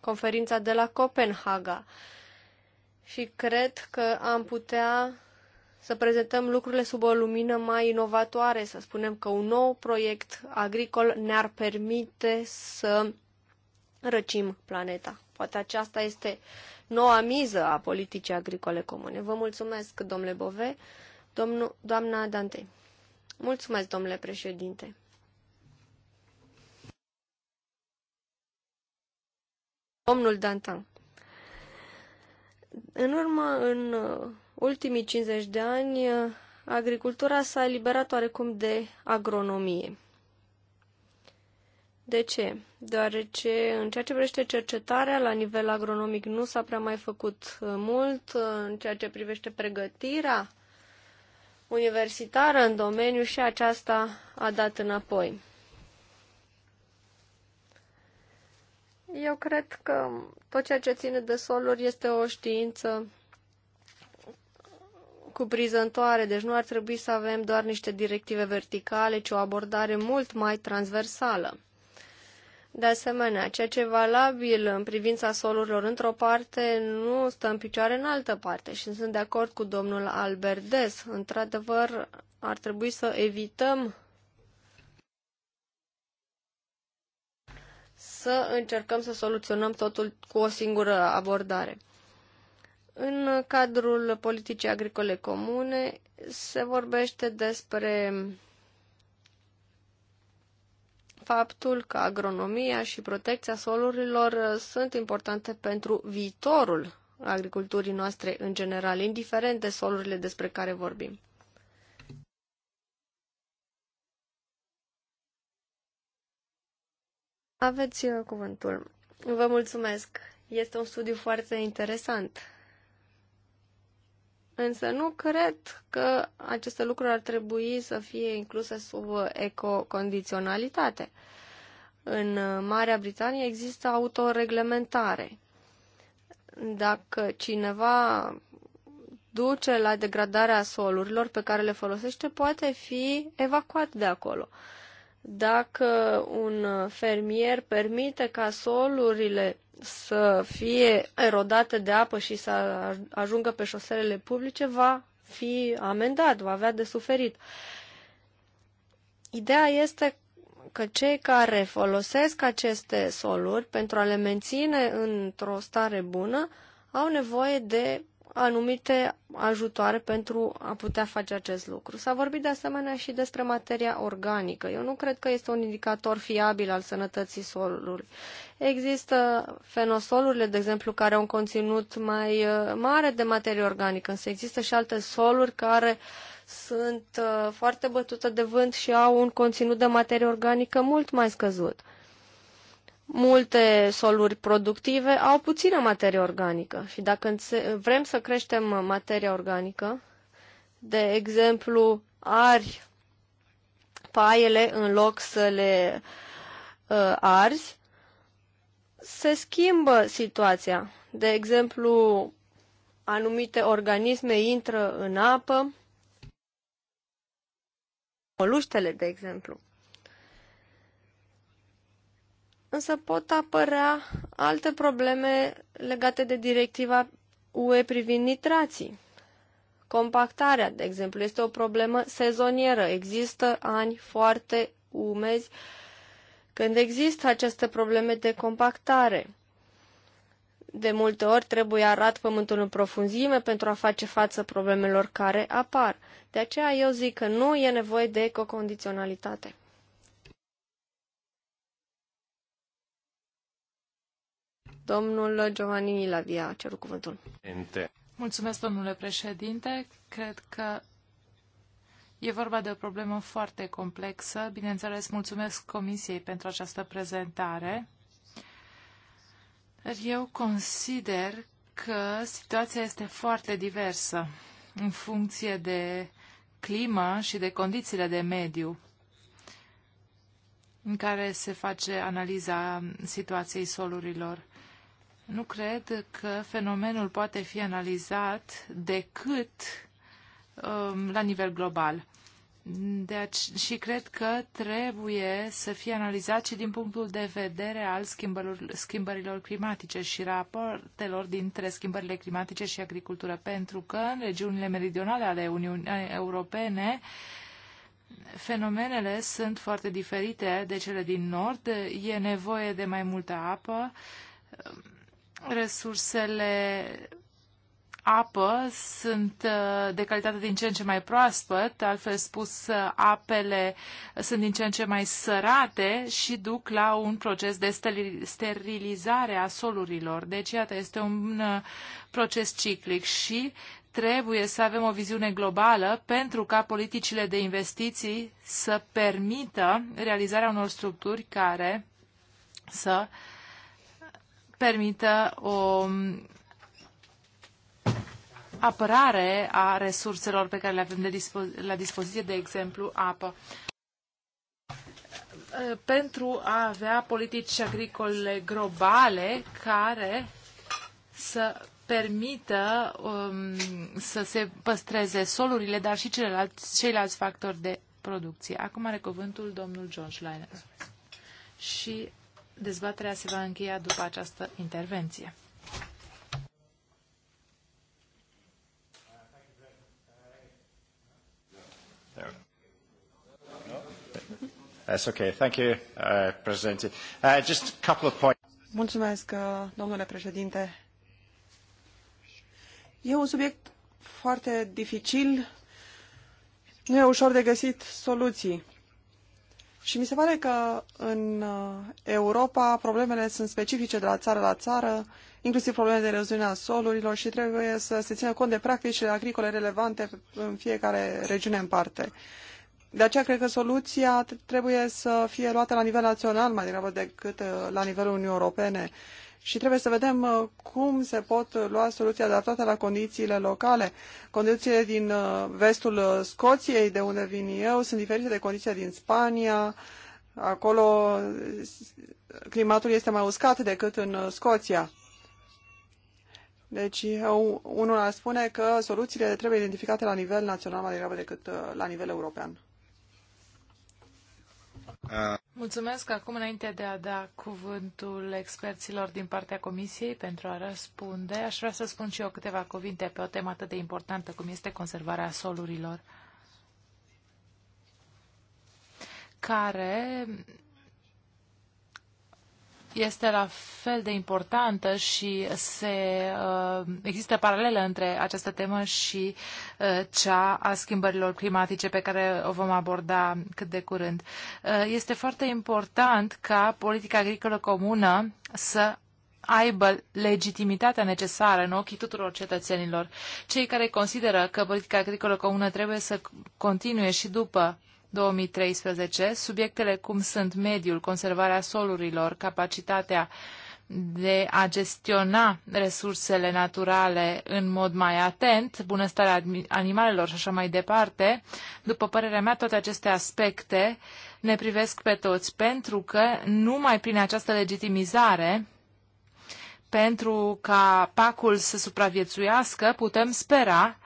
conferința de la Copenhaga și cred că am putea să prezentăm lucrurile sub o lumină mai inovatoare, să spunem că un nou proiect agricol ne-ar permite să răcim planeta. Poate aceasta este noua miză a politicii agricole comune. Vă mulțumesc, domnule Bove, domnul, doamna Dante. Mulțumesc, domnule președinte. Domnul Dantan. În urmă, în uh, ultimii 50 de ani, uh, agricultura s-a eliberat oarecum de agronomie. De ce? Deoarece în ceea ce privește cercetarea la nivel agronomic nu s-a prea mai făcut uh, mult, în ceea ce privește pregătirea universitară în domeniu și aceasta a dat înapoi. Eu cred că tot ceea ce ține de soluri este o știință cuprizătoare, deci nu ar trebui să avem doar niște directive verticale, ci o abordare mult mai transversală. De asemenea, ceea ce e valabil în privința solurilor într-o parte nu stă în picioare în altă parte și sunt de acord cu domnul Alberdes. Într-adevăr, ar trebui să evităm să încercăm să soluționăm totul cu o singură abordare. În cadrul politicii agricole comune se vorbește despre faptul că agronomia și protecția solurilor uh, sunt importante pentru viitorul agriculturii noastre în general, indiferent de solurile despre care vorbim. Aveți uh, cuvântul. Vă mulțumesc. Este un studiu foarte interesant Însă nu cred că aceste lucruri ar trebui să fie incluse sub ecocondiționalitate. În Marea Britanie există autoreglementare. Dacă cineva duce la degradarea solurilor pe care le folosește, poate fi evacuat de acolo. Uh, dacă un fermier permite ca solurile să fie erodate de apă și să ajungă pe șoselele publice, va fi amendat, va avea de suferit. Ideea este că cei care folosesc aceste soluri pentru a le menține într-o stare bună au nevoie de anumite ajutoare pentru a putea face acest lucru. S-a vorbit de asemenea și despre materia organică. Eu nu cred că este un indicator fiabil al sănătății solului. Există fenosolurile, de exemplu, care au un conținut mai uh, mare de materie organică, însă există și alte soluri care sunt uh, foarte bătute de vânt și au un conținut de materie organică mult mai scăzut. Multe soluri productive au puțină materie organică și dacă vrem să creștem materia organică, de exemplu, ari paiele în loc să le uh, arzi, se schimbă situația. De exemplu, anumite organisme intră în apă, moluștele, de exemplu însă pot apărea alte probleme legate de directiva UE privind nitrații. Compactarea, de exemplu, este o problemă sezonieră. Există ani foarte umezi când există aceste probleme de compactare. De multe ori trebuie arat pământul în profunzime pentru a face față problemelor care apar. De aceea eu zic că nu e nevoie de ecocondiționalitate. Domnul Giovanni Lavia a cerut cuvântul. Mulțumesc, domnule președinte. Cred că e vorba de o problemă foarte complexă. Bineînțeles, mulțumesc Comisiei pentru această prezentare. Eu consider că situația este foarte diversă în funcție de climă și de condițiile de mediu în care se face analiza situației solurilor. Nu cred că fenomenul poate fi analizat decât um, la nivel global. Deci, și cred că trebuie să fie analizat și din punctul de vedere al schimbărilor, schimbărilor climatice și raportelor dintre schimbările climatice și agricultură, pentru că în regiunile meridionale ale Uniunii Europene fenomenele sunt foarte diferite de cele din nord, e nevoie de mai multă apă, resursele apă sunt uh, de calitate din ce în ce mai proaspăt, altfel spus, uh, apele sunt din ce în ce mai sărate și duc la un proces de sterilizare a solurilor. Deci, iată, este un uh, proces ciclic și trebuie să avem o viziune globală pentru ca politicile de investiții să permită realizarea unor structuri care să uh, permită o apărare a resurselor pe care le avem de dispo la dispoziție, de exemplu, apă. Pentru a avea politici agricole globale care să permită um, să se păstreze solurile, dar și ceilalți, ceilalți factori de producție. Acum are cuvântul domnul John Schleiner. Și Dezbaterea se va încheia după această intervenție. That's okay. Thank you, uh, President. Uh, just a couple of points. Mulțumesc, uh, domnule președinte. E un subiect foarte dificil. Nu e ușor de găsit soluții. Și mi se pare că în uh, Europa problemele sunt specifice de la țară la țară, inclusiv probleme de eroziune a solurilor și trebuie să se țină cont de practicile agricole relevante în fiecare regiune în parte. De aceea cred că soluția trebuie să fie luată la nivel național mai degrabă decât uh, la nivelul Uniunii Europene și trebuie să vedem uh, cum se pot lua soluții adaptate la condițiile locale. Condițiile din uh, vestul uh, Scoției, de unde vin eu, sunt diferite de condițiile din Spania. Acolo climatul este mai uscat decât în Scoția. Deci unul ar spune că soluțiile trebuie identificate la nivel național mai degrabă decât la nivel european. Mulțumesc. Acum, înainte de a da cuvântul experților din partea Comisiei pentru a răspunde, aș vrea să spun și eu câteva cuvinte pe o temă atât de importantă cum este conservarea solurilor, care este la fel de importantă și se, uh, există paralele între această temă și uh, cea a schimbărilor climatice pe care o vom aborda cât de curând. Uh, este foarte important ca politica agricolă comună să aibă legitimitatea necesară în ochii tuturor cetățenilor. Cei care consideră că politica agricolă comună trebuie să continue și după 2013, subiectele cum sunt mediul, conservarea solurilor, capacitatea de a gestiona resursele naturale în mod mai atent, bunăstarea animalelor și așa mai departe, după părerea mea, toate aceste aspecte ne privesc pe toți, pentru că numai prin această legitimizare, pentru ca pacul să supraviețuiască, putem spera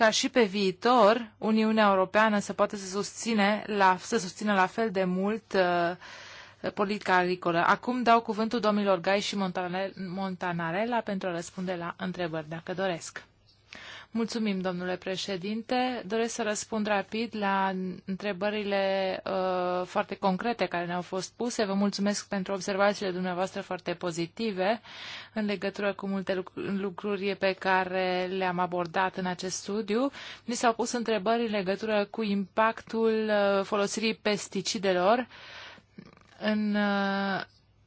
ca și pe viitor Uniunea Europeană să poată să, susține la, să susține la fel de mult uh, politica agricolă. Acum dau cuvântul domnilor Gai și Montanarela pentru a răspunde la întrebări, dacă doresc. Mulțumim, domnule președinte. Doresc să răspund rapid la întrebările uh, foarte concrete care ne-au fost puse. Vă mulțumesc pentru observațiile dumneavoastră foarte pozitive în legătură cu multe lucruri pe care le-am abordat în acest studiu. Mi s-au pus întrebări în legătură cu impactul uh, folosirii pesticidelor în uh,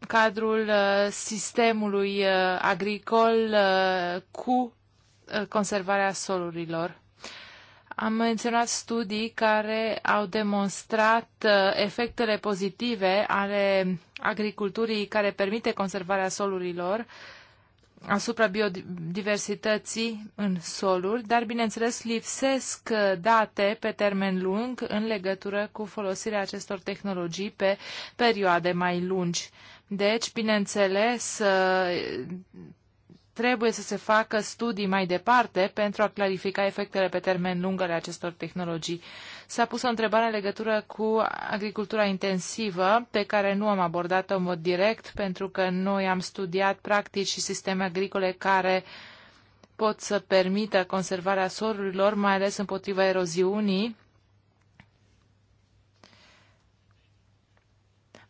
cadrul uh, sistemului uh, agricol uh, cu Eh, conservarea solurilor. Am menționat studii care au demonstrat eh, efectele pozitive ale agriculturii care permite conservarea solurilor asupra biodiversității în soluri, dar bineînțeles lipsesc eh, date pe termen lung în legătură cu folosirea acestor tehnologii pe perioade mai lungi. Deci, bineînțeles, trebuie să se facă studii mai departe pentru a clarifica efectele pe termen lung ale acestor tehnologii. S-a pus o întrebare în legătură cu agricultura intensivă, pe care nu am abordat-o în mod direct, pentru că noi am studiat practici și sisteme agricole care pot să permită conservarea solurilor, mai ales împotriva eroziunii.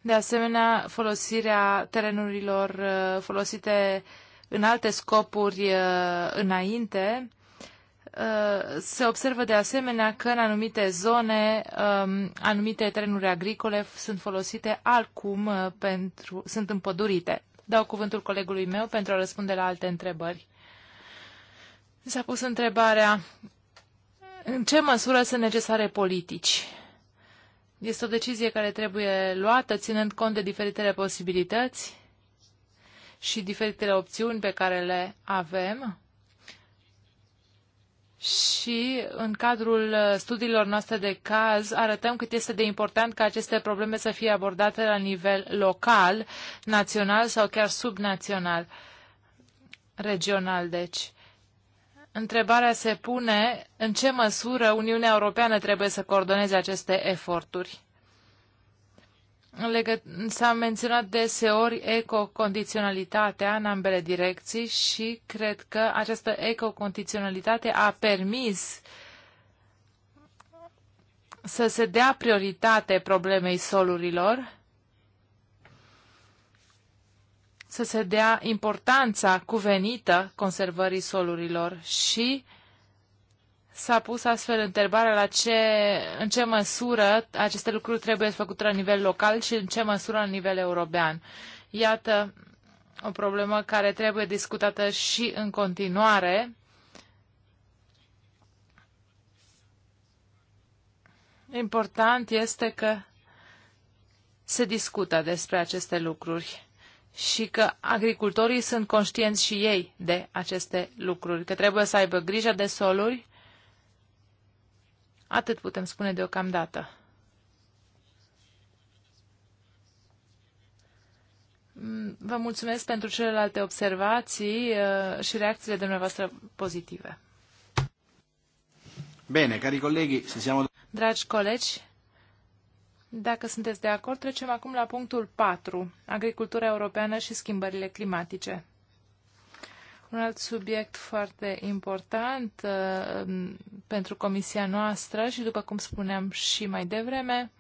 De asemenea, folosirea terenurilor uh, folosite uh, în alte scopuri uh, înainte, uh, se observă de asemenea că în anumite zone, um, anumite terenuri agricole sunt folosite altcum uh, pentru, sunt împădurite. Dau cuvântul colegului meu pentru a răspunde la alte întrebări. S-a pus întrebarea în ce măsură sunt necesare politici? Este o decizie care trebuie luată ținând cont de diferitele posibilități și diferitele opțiuni pe care le avem și în cadrul studiilor noastre de caz arătăm cât este de important ca aceste probleme să fie abordate la nivel local, național sau chiar subnațional, regional, deci. Întrebarea se pune în ce măsură Uniunea Europeană trebuie să coordoneze aceste eforturi. S-a menționat deseori ecocondiționalitatea în ambele direcții și cred că această ecocondiționalitate a permis să se dea prioritate problemei solurilor, să se dea importanța cuvenită conservării solurilor și uh, S-a pus astfel întrebarea la ce, în ce măsură aceste lucruri trebuie făcute la nivel local și în ce măsură la nivel european. Iată o problemă care trebuie discutată și în continuare. Important este că se discută despre aceste lucruri și că agricultorii sunt conștienți și ei de aceste lucruri, că trebuie să aibă grijă de soluri, Atât putem spune deocamdată. Mm, vă mulțumesc pentru celelalte observații uh, și reacțiile dumneavoastră pozitive. Bine, cari colegi, se siamo... Dragi colegi, dacă sunteți de acord, trecem acum la punctul 4, agricultura europeană și schimbările climatice. Un alt subiect foarte important uh, pentru comisia noastră și, după cum spuneam și mai devreme,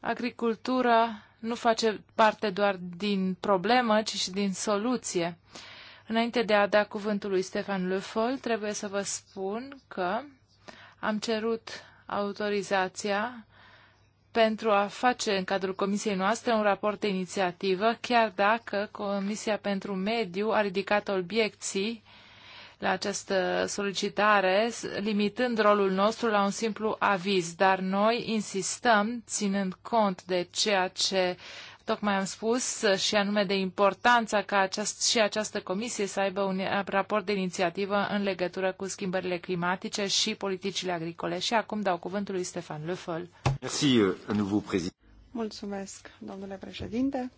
agricultura nu face parte doar din problemă, ci și din soluție. Înainte de a da cuvântul lui Stefan Lefol, trebuie să vă spun că am cerut autorizația pentru a face în cadrul comisiei noastre un raport de inițiativă, chiar dacă Comisia pentru Mediu a ridicat obiecții la această solicitare, limitând rolul nostru la un simplu aviz, dar noi insistăm, ținând cont de ceea ce tocmai am spus, și anume de importanța ca aceast, și această comisie să aibă un raport de inițiativă în legătură cu schimbările climatice și politicile agricole. Și acum dau cuvântul lui Stefan Le Merci, euh, Mulțumesc, domnule președinte.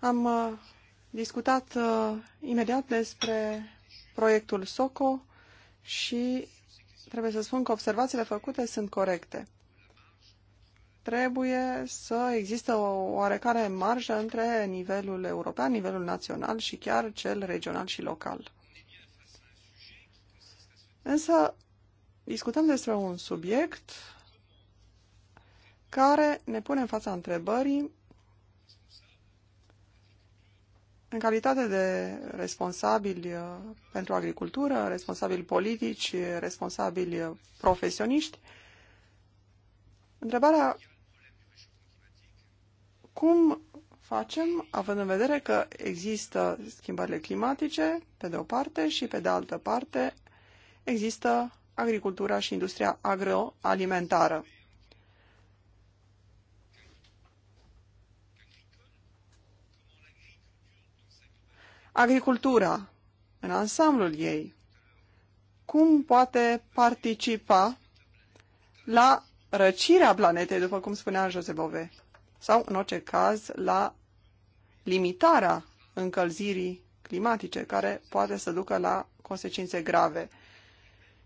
Am uh, discutat uh, imediat despre proiectul SOCO și trebuie să spun că observațiile făcute sunt corecte trebuie să existe o oarecare marjă între nivelul european, nivelul național și chiar cel regional și local. Însă discutăm despre un subiect care ne pune în fața întrebării în calitate de responsabili uh, pentru agricultură, responsabili politici, responsabili uh, profesioniști, întrebarea cum facem, având în vedere că există schimbările climatice, pe de o parte, și pe de altă parte există agricultura și industria agroalimentară. Agricultura, în ansamblul ei, cum poate participa la răcirea planetei, după cum spunea Jose Bove? sau, în orice caz, la limitarea încălzirii climatice, care poate să ducă la consecințe grave.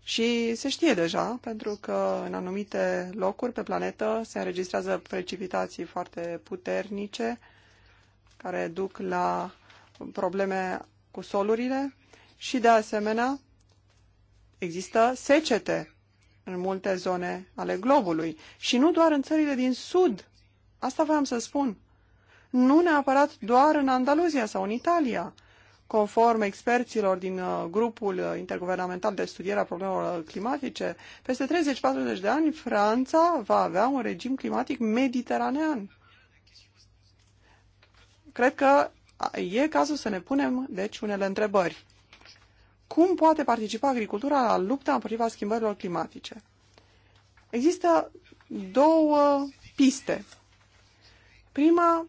Și se știe deja, pentru că în anumite locuri pe planetă se înregistrează precipitații foarte puternice, care duc la probleme cu solurile și, de asemenea, există secete în multe zone ale globului. Și nu doar în țările din sud Asta voiam să spun. Nu neapărat doar în Andaluzia sau în Italia, conform experților din uh, grupul uh, interguvernamental de studiere a problemelor climatice, peste 30-40 de ani Franța va avea un regim climatic mediteranean. Cred că e cazul să ne punem, deci, unele întrebări. Cum poate participa agricultura la lupta împotriva schimbărilor climatice? Există două piste Prima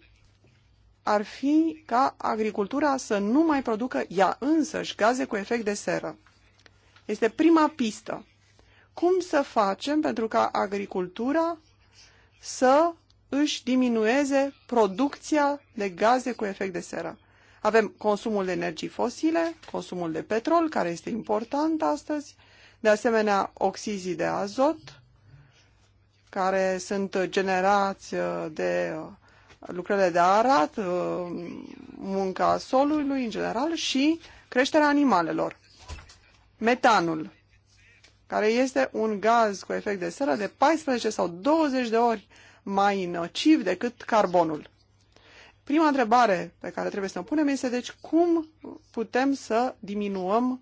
ar fi ca agricultura să nu mai producă ea însăși gaze cu efect de seră. Este prima pistă. Cum să facem pentru ca agricultura să își diminueze producția de gaze cu efect de seră? Avem consumul de energii fosile, consumul de petrol, care este important astăzi, de asemenea oxizii de azot, care sunt generați uh, de uh, lucrările de arat, uh, munca solului în general și creșterea animalelor. Metanul, care este un gaz cu efect de seră de 14 sau 20 de ori mai nociv decât carbonul. Prima întrebare pe care trebuie să o punem este, deci, cum putem să diminuăm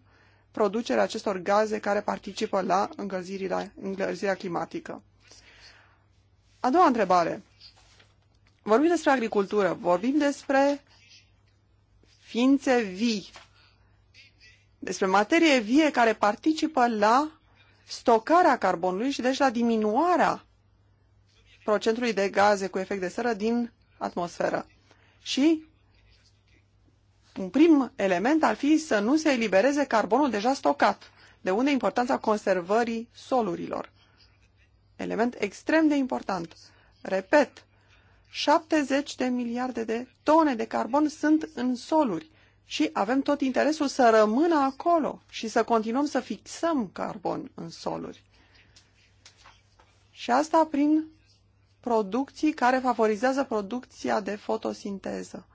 producerea acestor gaze care participă la încălzirea, încălzirea climatică? A doua întrebare vorbim despre agricultură, vorbim despre ființe vii, despre materie vie care participă la stocarea carbonului și deci la diminuarea procentului de gaze cu efect de seră din atmosferă. Și un prim element ar fi să nu se elibereze carbonul deja stocat, de unde importanța conservării solurilor. Element extrem de important. Repet, 70 de miliarde de tone de carbon sunt în soluri și avem tot interesul să rămână acolo și să continuăm să fixăm carbon în soluri. Și asta prin producții care favorizează producția de fotosinteză.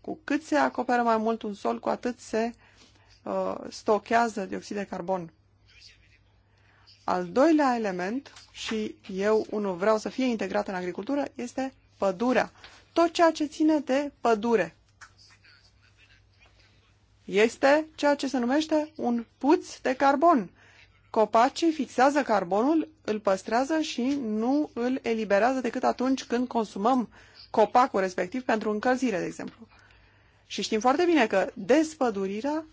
Cu cât se acoperă mai mult un sol, cu atât se uh, stochează dioxid de carbon. Al doilea element, și eu unul vreau să fie integrat în agricultură, este pădurea, tot ceea ce ține de pădure. Este ceea ce se numește un puț de carbon. Copacii fixează carbonul, îl păstrează și nu îl eliberează decât atunci când consumăm copacul respectiv pentru încălzire, de exemplu. Și știm foarte bine că despădurirea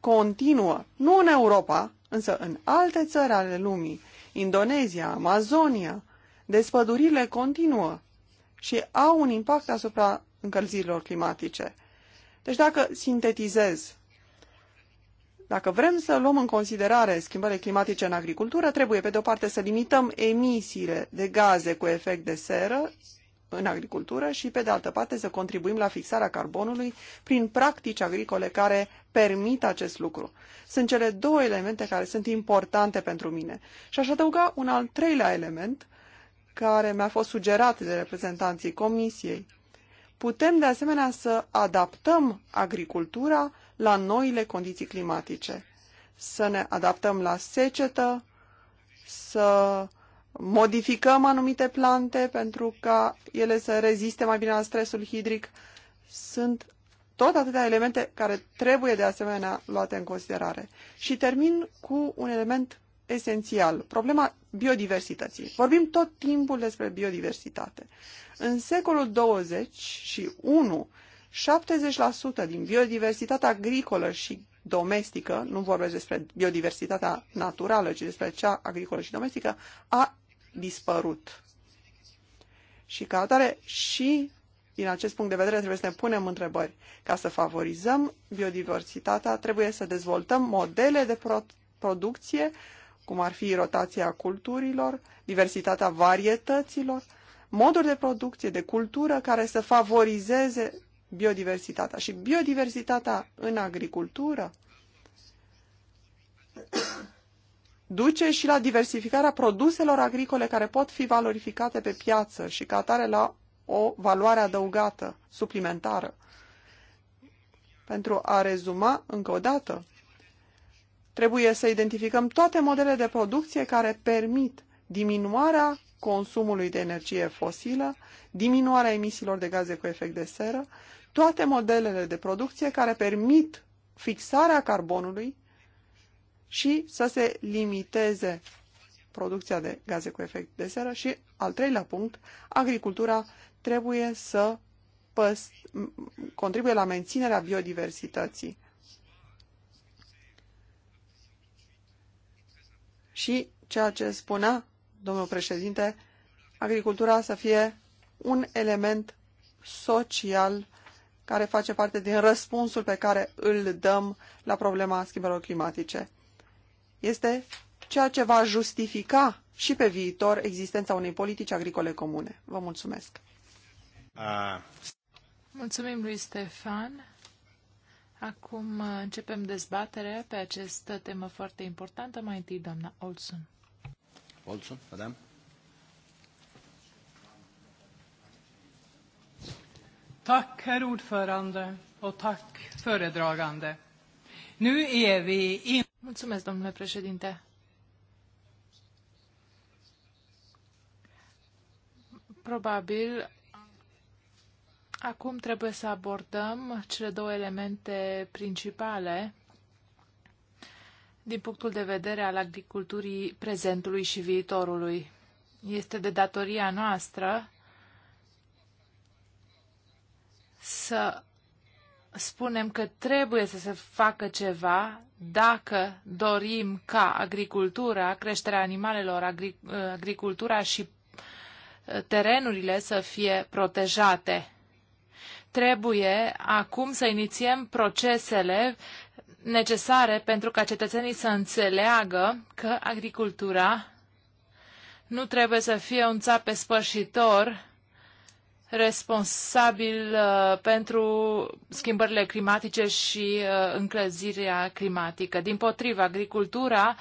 continuă, nu în Europa, însă în alte țări ale lumii, Indonezia, Amazonia, despădurile continuă și au un impact asupra încălzirilor climatice. Deci dacă sintetizez, dacă vrem să luăm în considerare schimbările climatice în agricultură, trebuie pe de o parte să limităm emisiile de gaze cu efect de seră în agricultură și pe de altă parte să contribuim la fixarea carbonului prin practici agricole care permit acest lucru. Sunt cele două elemente care sunt importante pentru mine. Și aș adăuga un al treilea element care mi-a fost sugerat de reprezentanții Comisiei. Putem de asemenea să adaptăm agricultura la noile condiții climatice, să ne adaptăm la secetă, să modificăm anumite plante pentru ca ele să reziste mai bine la stresul hidric. Sunt tot atâtea elemente care trebuie de asemenea luate în considerare. Și termin cu un element esențial, problema biodiversității. Vorbim tot timpul despre biodiversitate. În secolul 20 și 1, 70% din biodiversitatea agricolă și domestică, nu vorbesc despre biodiversitatea naturală, ci despre cea agricolă și domestică, a dispărut. Și ca atare, și din acest punct de vedere trebuie să ne punem întrebări. Ca să favorizăm biodiversitatea, trebuie să dezvoltăm modele de pro- producție uh, cum ar fi rotația culturilor, diversitatea varietăților, moduri de producție, de cultură care să favorizeze biodiversitatea. Și biodiversitatea în agricultură duce și la diversificarea produselor agricole care pot fi valorificate pe piață și ca atare la o valoare adăugată, suplimentară. Pentru a rezuma încă o dată, Trebuie să identificăm toate modelele de producție care permit diminuarea consumului de energie fosilă, diminuarea emisiilor de gaze cu efect de seră, toate modelele de producție care permit fixarea carbonului și să se limiteze producția de gaze cu efect de seră și, al treilea punct, agricultura trebuie să contribuie la menținerea biodiversității. și ceea ce spunea domnul președinte, agricultura să fie un element social care face parte din răspunsul pe care îl dăm la problema schimbărilor climatice. Este ceea ce va justifica și pe viitor existența unei politici agricole comune. Vă mulțumesc! Ah. Mulțumim lui Stefan. Acum uh, începem dezbaterea pe această temă foarte importantă. Mai întâi, doamna Olson. Olson, madame. Tack, herr ordförande, och tack, föredragande. Nu är vi in... Mulțumesc, domnule președinte. Probabil Acum trebuie să abordăm cele două elemente principale din punctul de vedere al agriculturii prezentului și viitorului. Este de datoria noastră să spunem că trebuie să se facă ceva dacă dorim ca agricultura, creșterea animalelor, agricultura și terenurile să fie protejate trebuie acum să inițiem procesele necesare pentru ca cetățenii să înțeleagă că agricultura nu trebuie să fie un țape spășitor responsabil uh, pentru schimbările climatice și uh, încălzirea climatică. Din potrivă, agricultura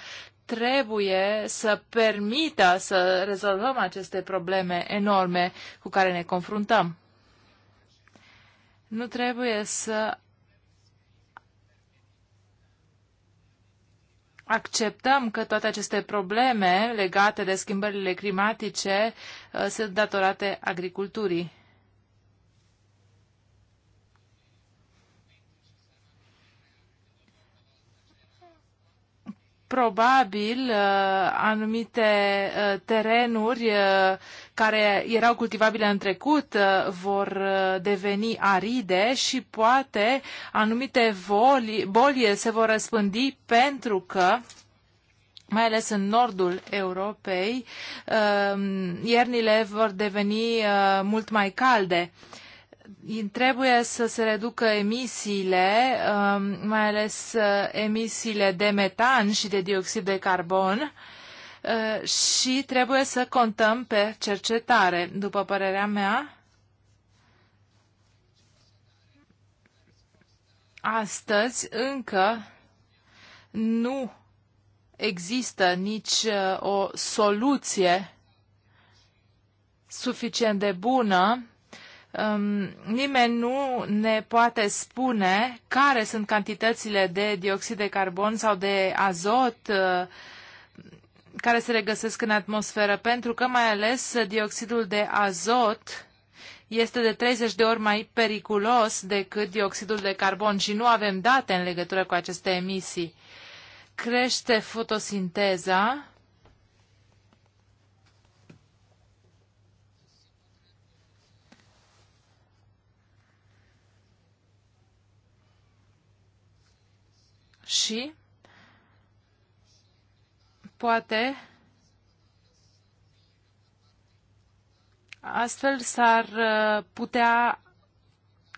trebuie să permită să rezolvăm aceste probleme enorme cu care ne confruntăm. Nu trebuie să acceptăm că toate aceste probleme legate de schimbările climatice uh, sunt datorate agriculturii. probabil uh, anumite uh, terenuri uh, care erau cultivabile în trecut vor deveni aride și poate anumite boli, boli se vor răspândi pentru că mai ales în nordul Europei, iernile vor deveni mult mai calde trebuie să se reducă emisiile, um, mai ales uh, emisiile de metan și de dioxid de carbon uh, și trebuie să contăm pe cercetare. După părerea mea, astăzi încă nu există nici uh, o soluție suficient de bună um, nimeni nu ne poate spune care sunt cantitățile de dioxid de carbon sau de azot uh, care se regăsesc în atmosferă, pentru că mai ales dioxidul de azot este de 30 de ori mai periculos decât dioxidul de carbon și nu avem date în legătură cu aceste emisii. Crește fotosinteza, și poate astfel s-ar uh, putea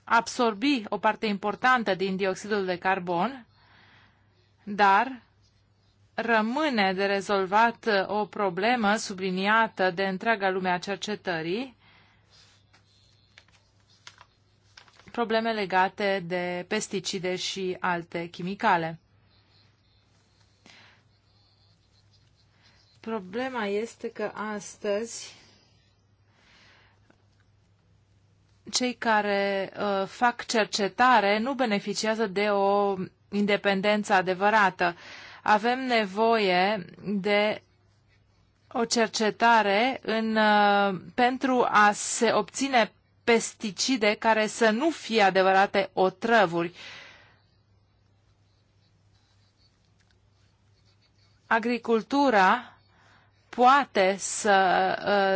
absorbi o parte importantă din dioxidul de carbon, dar rămâne de rezolvat uh, o problemă subliniată de întreaga lume a cercetării, probleme legate de pesticide și alte chimicale. Problema este că astăzi cei care uh, fac cercetare nu beneficiază de o independență adevărată. Avem nevoie de o cercetare în, uh, pentru a se obține pesticide care să nu fie adevărate otrăvuri. Agricultura poate să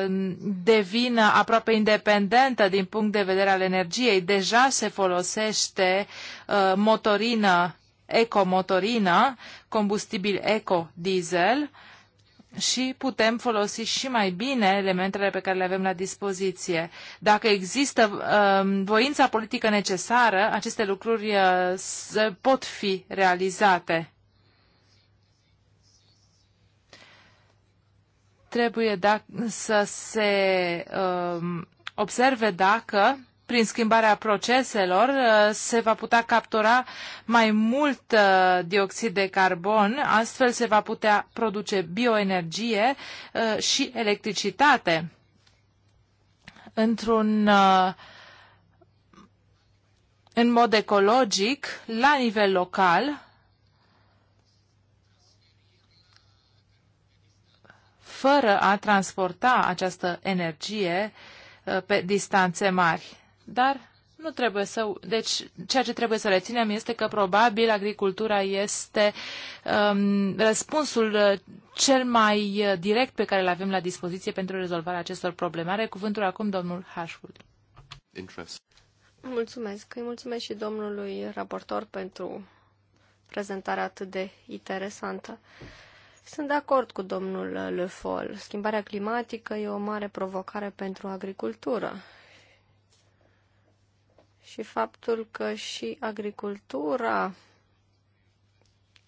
uh, devină aproape independentă din punct de vedere al energiei. Deja se folosește uh, motorină, ecomotorină, combustibil eco-diesel și putem folosi și mai bine elementele pe care le avem la dispoziție. Dacă există um, voința politică necesară, aceste lucruri uh, pot fi realizate. trebuie da să se um, observe dacă prin schimbarea proceselor uh, se va putea captura mai mult uh, dioxid de carbon, astfel se va putea produce bioenergie uh, și electricitate într-un în mod ecologic la nivel local fără a transporta această energie uh, pe distanțe mari. Dar nu trebuie să. Deci, ceea ce trebuie să reținem este că probabil agricultura este um, răspunsul uh, cel mai uh, direct pe care îl avem la dispoziție pentru rezolvarea acestor probleme. Are cuvântul acum domnul Hashwood. Interest. Mulțumesc. Îi mulțumesc și domnului raportor pentru prezentarea atât de interesantă. Sunt de acord cu domnul Le Foll. Schimbarea climatică e o mare provocare pentru agricultură. Și faptul că și agricultura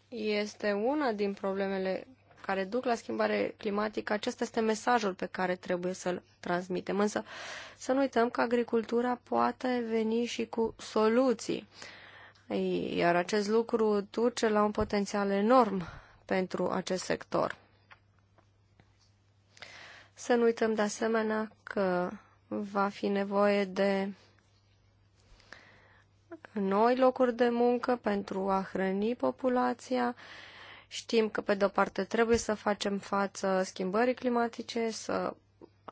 este una din problemele care duc la schimbare climatică, acesta este mesajul pe care trebuie să-l transmitem. Însă să nu uităm că agricultura poate veni și cu soluții. Iar acest lucru duce la un potențial enorm pentru acest sector. Să nu uităm de asemenea că va fi nevoie de noi locuri de muncă pentru a hrăni populația. Știm că, pe de-o parte, trebuie să facem față schimbării climatice, să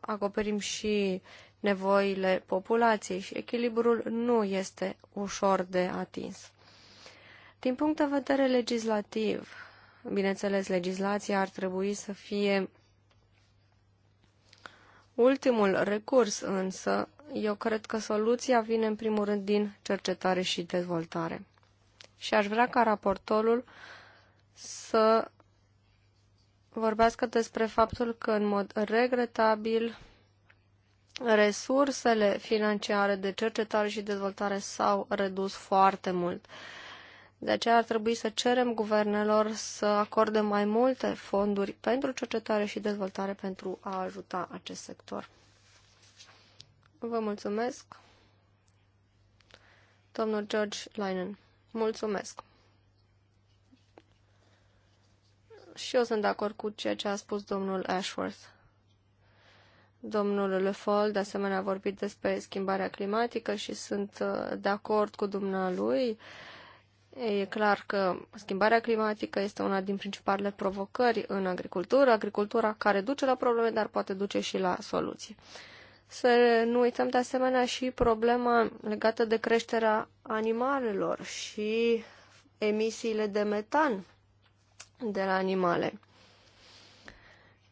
acoperim și nevoile populației și echilibrul nu este ușor de atins. Din punct de vedere legislativ, bineînțeles, legislația ar trebui să fie ultimul recurs, însă eu cred că soluția vine în primul rând din cercetare și dezvoltare. Și aș vrea ca raportorul să vorbească despre faptul că, în mod regretabil, resursele financiare de cercetare și dezvoltare s-au redus foarte mult. De aceea ar trebui să cerem guvernelor să acorde mai multe fonduri pentru cercetare și dezvoltare pentru a ajuta acest sector. Vă mulțumesc. Domnul George Leinen, mulțumesc. Și eu sunt de acord cu ceea ce a spus domnul Ashworth. Domnul Le de asemenea, a vorbit despre schimbarea climatică și sunt uh, de acord cu dumnealui. lui E clar că schimbarea climatică este una din principalele provocări în agricultură, agricultura care duce la probleme, dar poate duce și la soluții. Să nu uităm de asemenea și problema legată de creșterea animalelor și emisiile de metan de la animale.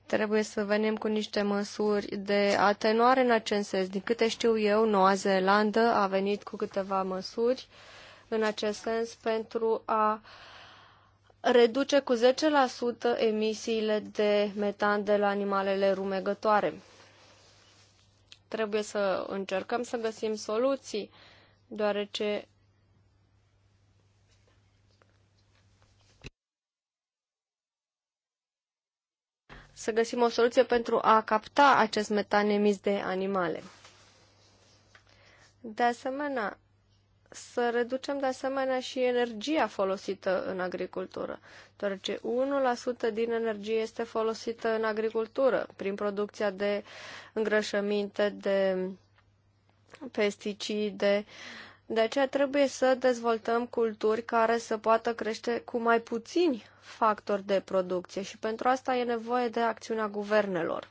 Trebuie să venim cu niște măsuri de atenuare în acest sens. Din câte știu eu, Noua Zeelandă a venit cu câteva măsuri uh, în acest sens pentru a reduce cu 10% emisiile de metan de la animalele rumegătoare. Trebuie să încercăm să găsim soluții, deoarece să găsim o soluție pentru a capta acest metan emis de animale. De asemenea, să reducem de asemenea și energia folosită în agricultură, deoarece 1% din energie este folosită în agricultură, prin producția de îngrășăminte, de pesticide. De aceea trebuie să dezvoltăm culturi care să poată crește cu mai puțini factori de producție și pentru asta e nevoie de acțiunea guvernelor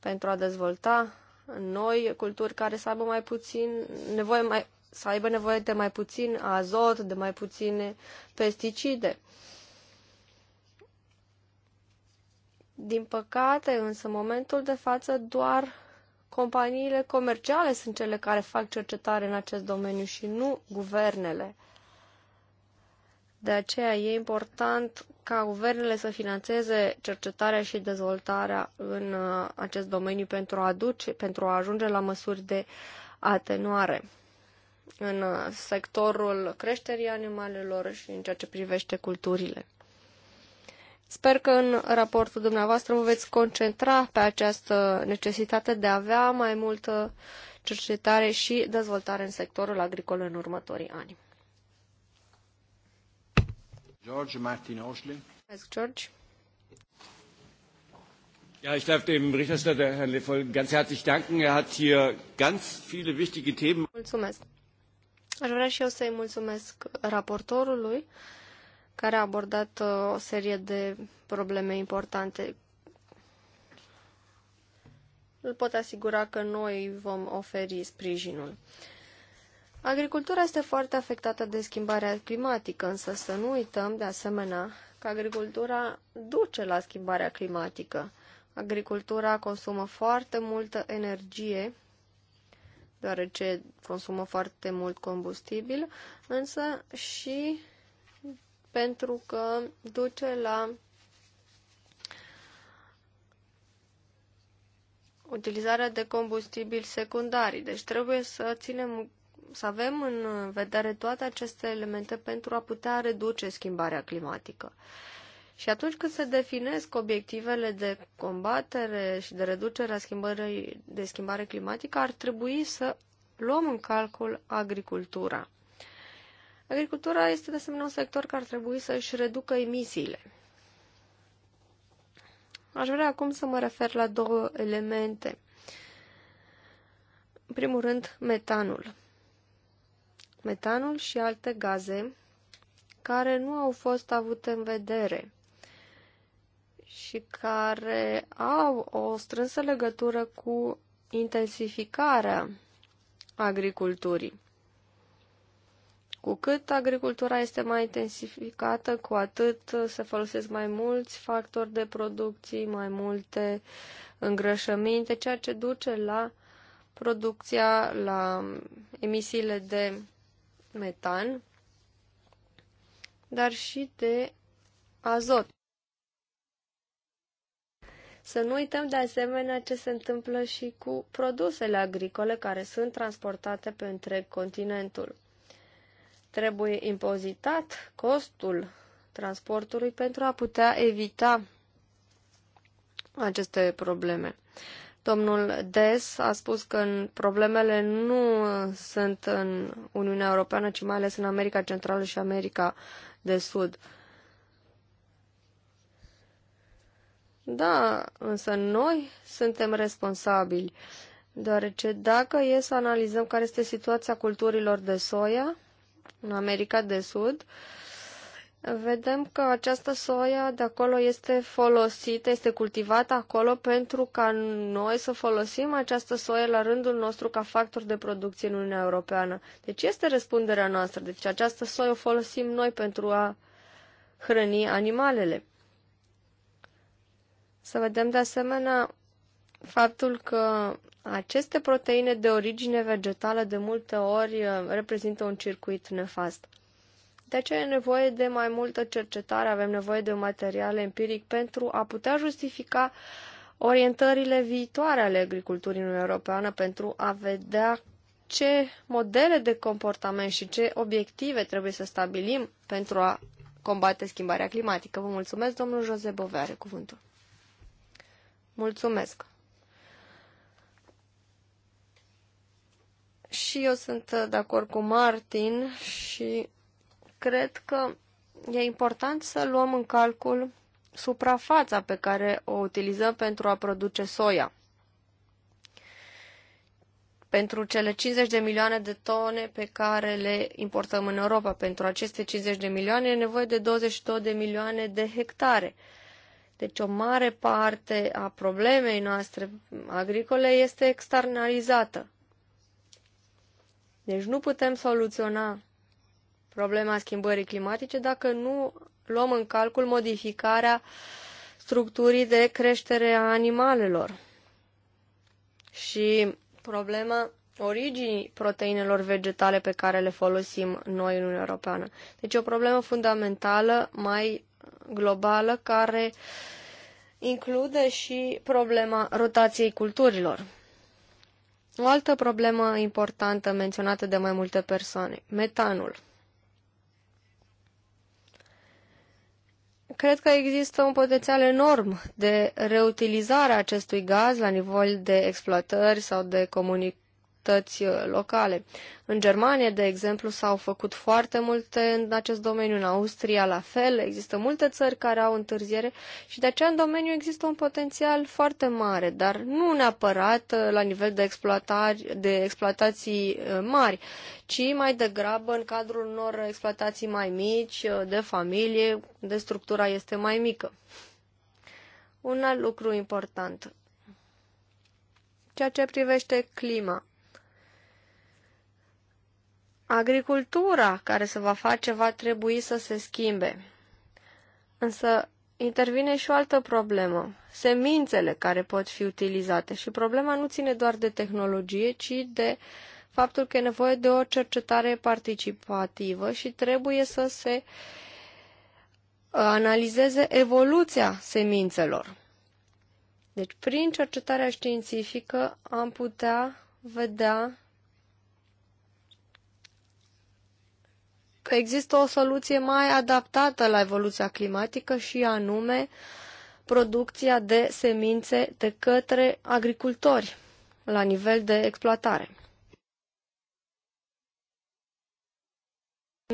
pentru a dezvolta noi culturi care să aibă mai puțin nevoie mai, să aibă nevoie de mai puțin azot, de mai puține pesticide. Din păcate, însă, în momentul de față, doar companiile comerciale sunt cele care fac cercetare în acest domeniu și nu guvernele. De aceea e important ca guvernele să financeze cercetarea și dezvoltarea în uh, acest domeniu pentru a, aduce, pentru a ajunge la măsuri de atenuare în uh, sectorul creșterii animalelor și în ceea ce privește culturile. Sper că în raportul dumneavoastră vă veți concentra pe această necesitate de a avea mai multă cercetare și dezvoltare în sectorul agricol în următorii ani. George Martin Oshley. George. Ja, ich darf dem Berichterstatter Herrn Lefol ganz herzlich danken. Er hat hier ganz viele wichtige Themen. Mulțumesc. Aș vrea și eu să-i mulțumesc raportorului care a abordat uh, o serie de probleme importante. Îl pot asigura că noi vom oferi sprijinul. Agricultura este foarte afectată de schimbarea climatică, însă să nu uităm, de asemenea, că agricultura duce la schimbarea climatică. Agricultura consumă foarte multă energie, deoarece consumă foarte mult combustibil, însă și pentru că duce la utilizarea de combustibili secundari. Deci trebuie să ținem să avem în vedere toate aceste elemente pentru a putea reduce schimbarea climatică. Și atunci când se definesc obiectivele de combatere și de reducere a schimbării de schimbare climatică, ar trebui să luăm în calcul agricultura. Agricultura este de asemenea un sector care ar trebui să își reducă emisiile. Aș vrea acum să mă refer la două elemente. În primul rând, metanul metanul și alte gaze care nu au fost avute în vedere și care au o strânsă legătură cu intensificarea agriculturii. Cu cât agricultura este mai intensificată, cu atât se folosesc mai mulți factori de producție, mai multe îngrășăminte, ceea ce duce la producția, la emisiile de metan, dar și de azot. Să nu uităm de asemenea ce se întâmplă și cu produsele agricole care sunt transportate pe întreg continentul. Trebuie impozitat costul transportului pentru a putea evita aceste probleme. Domnul Des a spus că problemele nu sunt în Uniunea Europeană, ci mai ales în America Centrală și America de Sud. Da, însă noi suntem responsabili, deoarece dacă e să analizăm care este situația culturilor de soia în America de Sud, uh, vedem că această soia de acolo este folosită, este cultivată acolo pentru ca noi să folosim această soia la rândul nostru ca factor de producție în Uniunea Europeană. Deci este răspunderea noastră. Deci această soia o folosim noi pentru a hrăni animalele. Să vedem de asemenea faptul că aceste proteine de origine vegetală de multe ori eh, reprezintă un circuit nefast. De aceea e nevoie de mai multă cercetare, avem nevoie de un material empiric pentru a putea justifica orientările viitoare ale agriculturii în Europeană pentru a vedea ce modele de comportament și ce obiective trebuie să stabilim pentru a combate schimbarea climatică. Vă mulțumesc, domnul Jose Bove are cuvântul. Mulțumesc. Și eu sunt de acord cu Martin și cred că e important să luăm în calcul suprafața pe care o utilizăm pentru a produce soia. Pentru cele 50 de milioane de tone pe care le importăm în Europa, pentru aceste 50 de milioane e nevoie de 22 de milioane de hectare. Deci o mare parte a problemei noastre agricole este externalizată. Deci nu putem soluționa problema schimbării climatice dacă nu luăm în calcul modificarea structurii de creștere a animalelor și problema originii proteinelor vegetale pe care le folosim noi în Uniunea Europeană. Deci o problemă fundamentală, mai globală, care include și problema rotației culturilor. O altă problemă importantă menționată de mai multe persoane, metanul. Cred că există un potențial enorm de reutilizare a acestui gaz la nivel de exploatări sau de comuni- autorități uh, locale. În Germania, de exemplu, s-au făcut foarte multe în acest domeniu, în Austria la fel, există multe țări care au întârziere și de aceea în domeniu există un potențial foarte mare, dar nu neapărat uh, la nivel de, exploatari de exploatații uh, mari, ci mai degrabă în cadrul unor exploatații mai mici, de familie, de structura este mai mică. Un alt lucru important. Ceea ce privește clima. Agricultura care se va face va trebui să se schimbe. Însă intervine și o altă problemă, semințele care pot fi utilizate. Și problema nu ține doar de tehnologie, ci de faptul că e nevoie de o cercetare participativă și trebuie să se uh, analizeze evoluția semințelor. Deci, prin cercetarea științifică am putea vedea că există o soluție mai adaptată la evoluția climatică și anume producția de semințe de către agricultori la nivel de exploatare.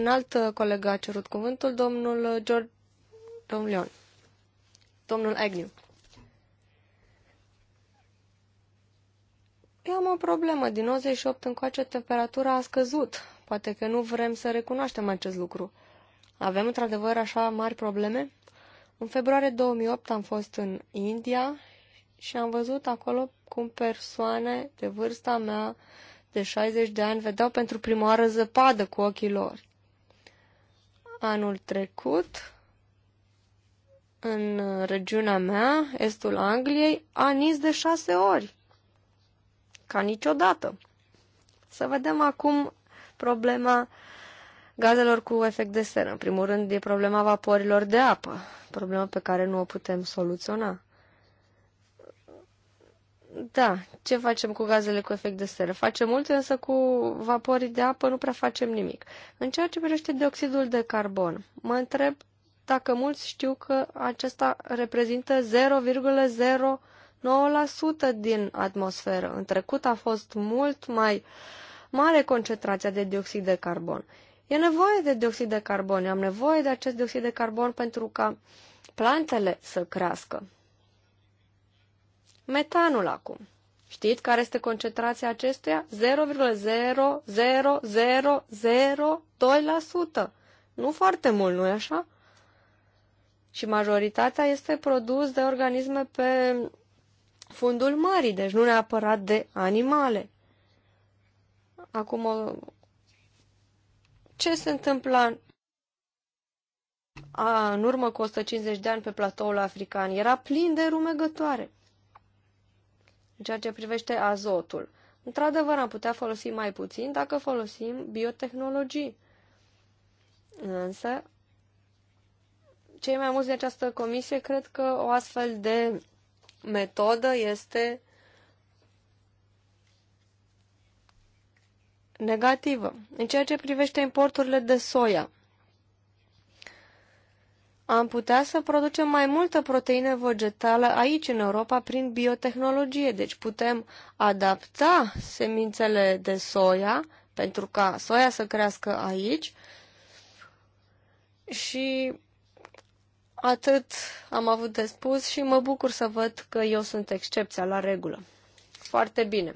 Un alt coleg a cerut cuvântul, domnul George, domnul Leon, domnul Agnew. Eu am o problemă. Din 98 încoace temperatura a scăzut Poate că nu vrem să recunoaștem acest lucru. Avem într-adevăr așa mari probleme? În februarie 2008 am fost în India și am văzut acolo cum persoane de vârsta mea de 60 de ani vedeau pentru prima oară zăpadă cu ochii lor. Anul trecut, în regiunea mea, estul Angliei, a nis de șase ori. Ca niciodată. Să vedem acum problema gazelor cu efect de seră. În primul rând e problema vaporilor de apă, problema pe care nu o putem soluționa. Da, ce facem cu gazele cu efect de seră? Facem multe, însă cu vaporii de apă nu prea facem nimic. În ceea ce privește dioxidul de carbon, mă întreb dacă mulți știu că acesta reprezintă 0,09% din atmosferă. În trecut a fost mult mai uh, mare concentrația de dioxid de carbon. E nevoie de dioxid de carbon, am nevoie de acest dioxid de carbon pentru ca plantele să crească. Metanul acum. Știți care este concentrația acestuia? 0,00002%. Nu foarte mult, nu-i așa? Și majoritatea este produs de organisme pe fundul mării, deci nu neapărat de animale. Acum, ce se întâmpla a, în urmă cu 150 de ani pe platoul african? Era plin de rumegătoare. În ceea ce privește azotul. Într-adevăr, am putea folosi mai puțin dacă folosim biotehnologii. Însă, cei mai mulți de această comisie cred că o astfel de metodă este negativă. În ceea ce privește importurile de soia, am putea să producem mai multă proteină vegetală aici, în Europa, prin biotehnologie. Deci putem adapta semințele de soia pentru ca soia să crească aici și atât am avut de spus și mă bucur să văd că eu sunt excepția la regulă. Foarte bine.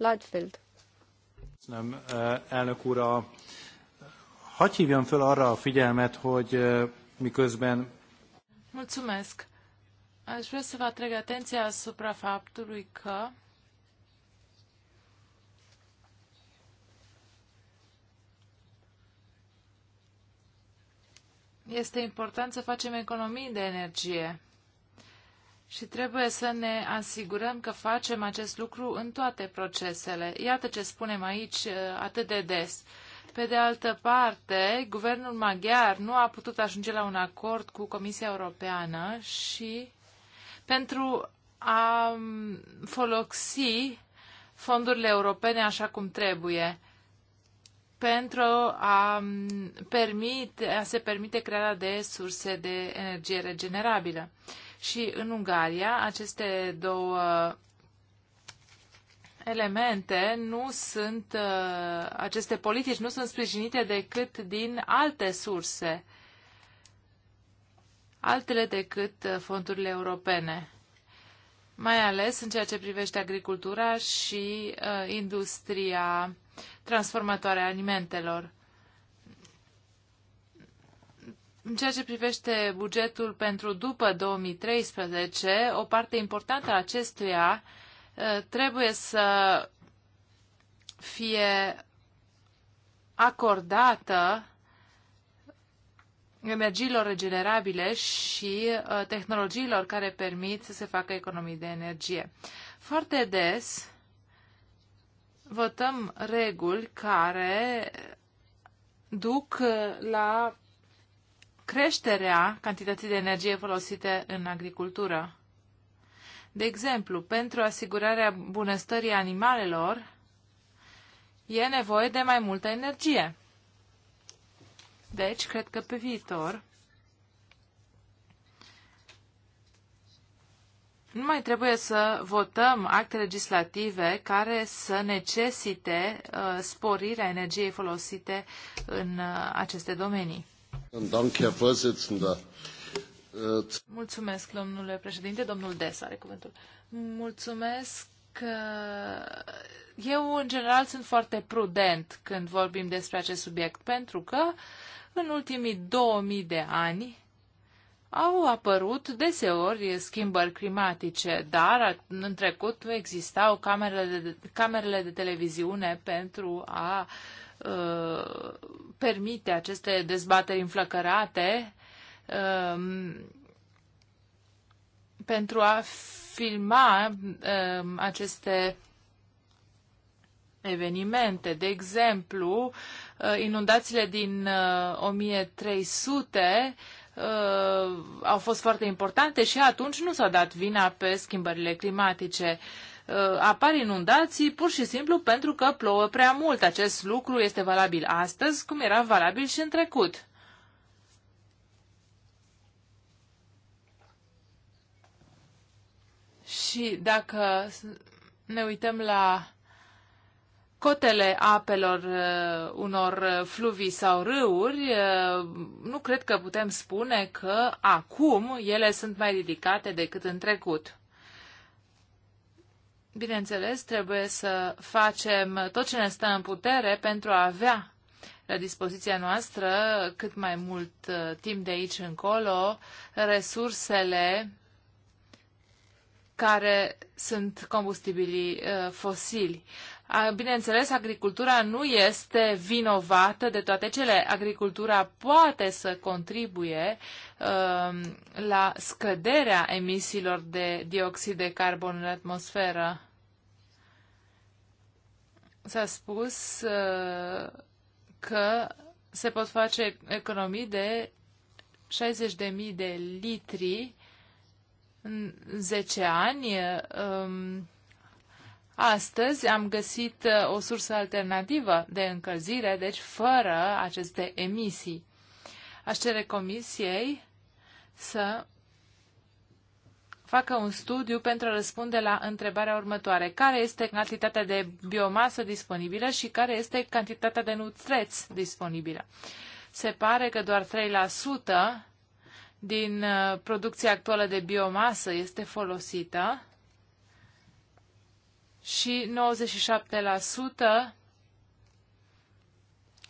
Eh, elnök úr. föl arra a figyelmet, hogy eh, miközben... Mulțumesc. Aș vrea să vă atrag atenția asupra faptului că este important să facem economii de energie. Și trebuie să ne asigurăm că facem acest lucru în toate procesele. Iată ce spunem aici uh, atât de des. Pe de altă parte, guvernul maghiar nu a putut ajunge la un acord cu Comisia Europeană și pentru a um, folosi fondurile europene așa cum trebuie pentru a, um, permite, a se permite crearea de surse de energie regenerabilă și în Ungaria aceste două elemente nu sunt, uh, aceste politici nu sunt sprijinite decât din alte surse, altele decât uh, fondurile europene, mai ales în ceea ce privește agricultura și uh, industria transformatoare a alimentelor. În ceea ce privește bugetul pentru după 2013, o parte importantă a acestuia trebuie să fie acordată energiilor regenerabile și tehnologiilor care permit să se facă economii de energie. Foarte des votăm reguli care duc la creșterea cantității de energie folosite în agricultură. De exemplu, pentru asigurarea bunăstării animalelor, e nevoie de mai multă energie. Deci, cred că pe viitor nu mai trebuie să votăm acte legislative care să necesite uh, sporirea energiei folosite în uh, aceste domenii. Mulțumesc, domnule președinte. Domnul Des are cuvântul. Mulțumesc uh, eu, în general, sunt foarte prudent când vorbim despre acest subiect, pentru că în ultimii 2000 de ani au apărut deseori schimbări climatice, dar în trecut existau camerele de, camerele de televiziune pentru a uh, Uh, permite aceste dezbateri înflăcărate um, pentru a filma um, aceste evenimente. De exemplu, uh, inundațiile din 1300 uh, au fost foarte importante și atunci nu s-a dat vina pe schimbările climatice. Uh, apar inundații pur și simplu pentru că plouă prea mult. Acest lucru este valabil astăzi, cum era valabil și în trecut. Și dacă ne uităm la cotele apelor uh, unor fluvii sau râuri, uh, nu cred că putem spune că acum ele sunt mai ridicate decât în trecut. Bineînțeles, trebuie să facem tot ce ne stă în putere pentru a avea la dispoziția noastră cât mai mult uh, timp de aici încolo resursele care sunt combustibilii uh, fosili. Bineînțeles, agricultura nu este vinovată de toate cele. Agricultura poate să contribuie um, la scăderea emisiilor de dioxid de carbon în atmosferă. S-a spus uh, că se pot face economii de 60.000 de litri în 10 ani. Um, Astăzi am găsit uh, o sursă alternativă de încălzire, deci fără aceste emisii. Aș cere comisiei să facă un studiu pentru a răspunde la întrebarea următoare. Care este cantitatea de biomasă disponibilă și care este cantitatea de nutreți disponibilă? Se pare că doar 3% din uh, producția actuală de biomasă este folosită și 97%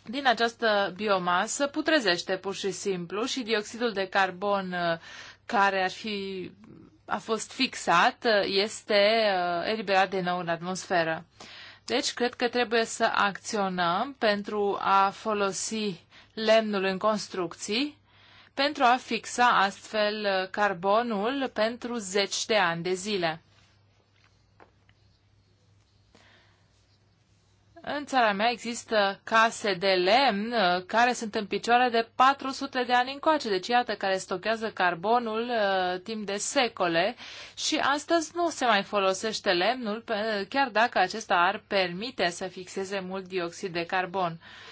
din această biomasă putrezește pur și simplu și dioxidul de carbon uh, care ar fi, a fost fixat uh, este uh, eliberat din nou în atmosferă. Deci, cred că trebuie să acționăm pentru a folosi lemnul în construcții, pentru a fixa astfel carbonul pentru zeci de ani de zile. În țara mea există case de lemn uh, care sunt în picioare de 400 de ani încoace, deci iată care stochează carbonul uh, timp de secole și astăzi nu se mai folosește lemnul, chiar dacă acesta ar permite să fixeze mult dioxid de carbon. Uh,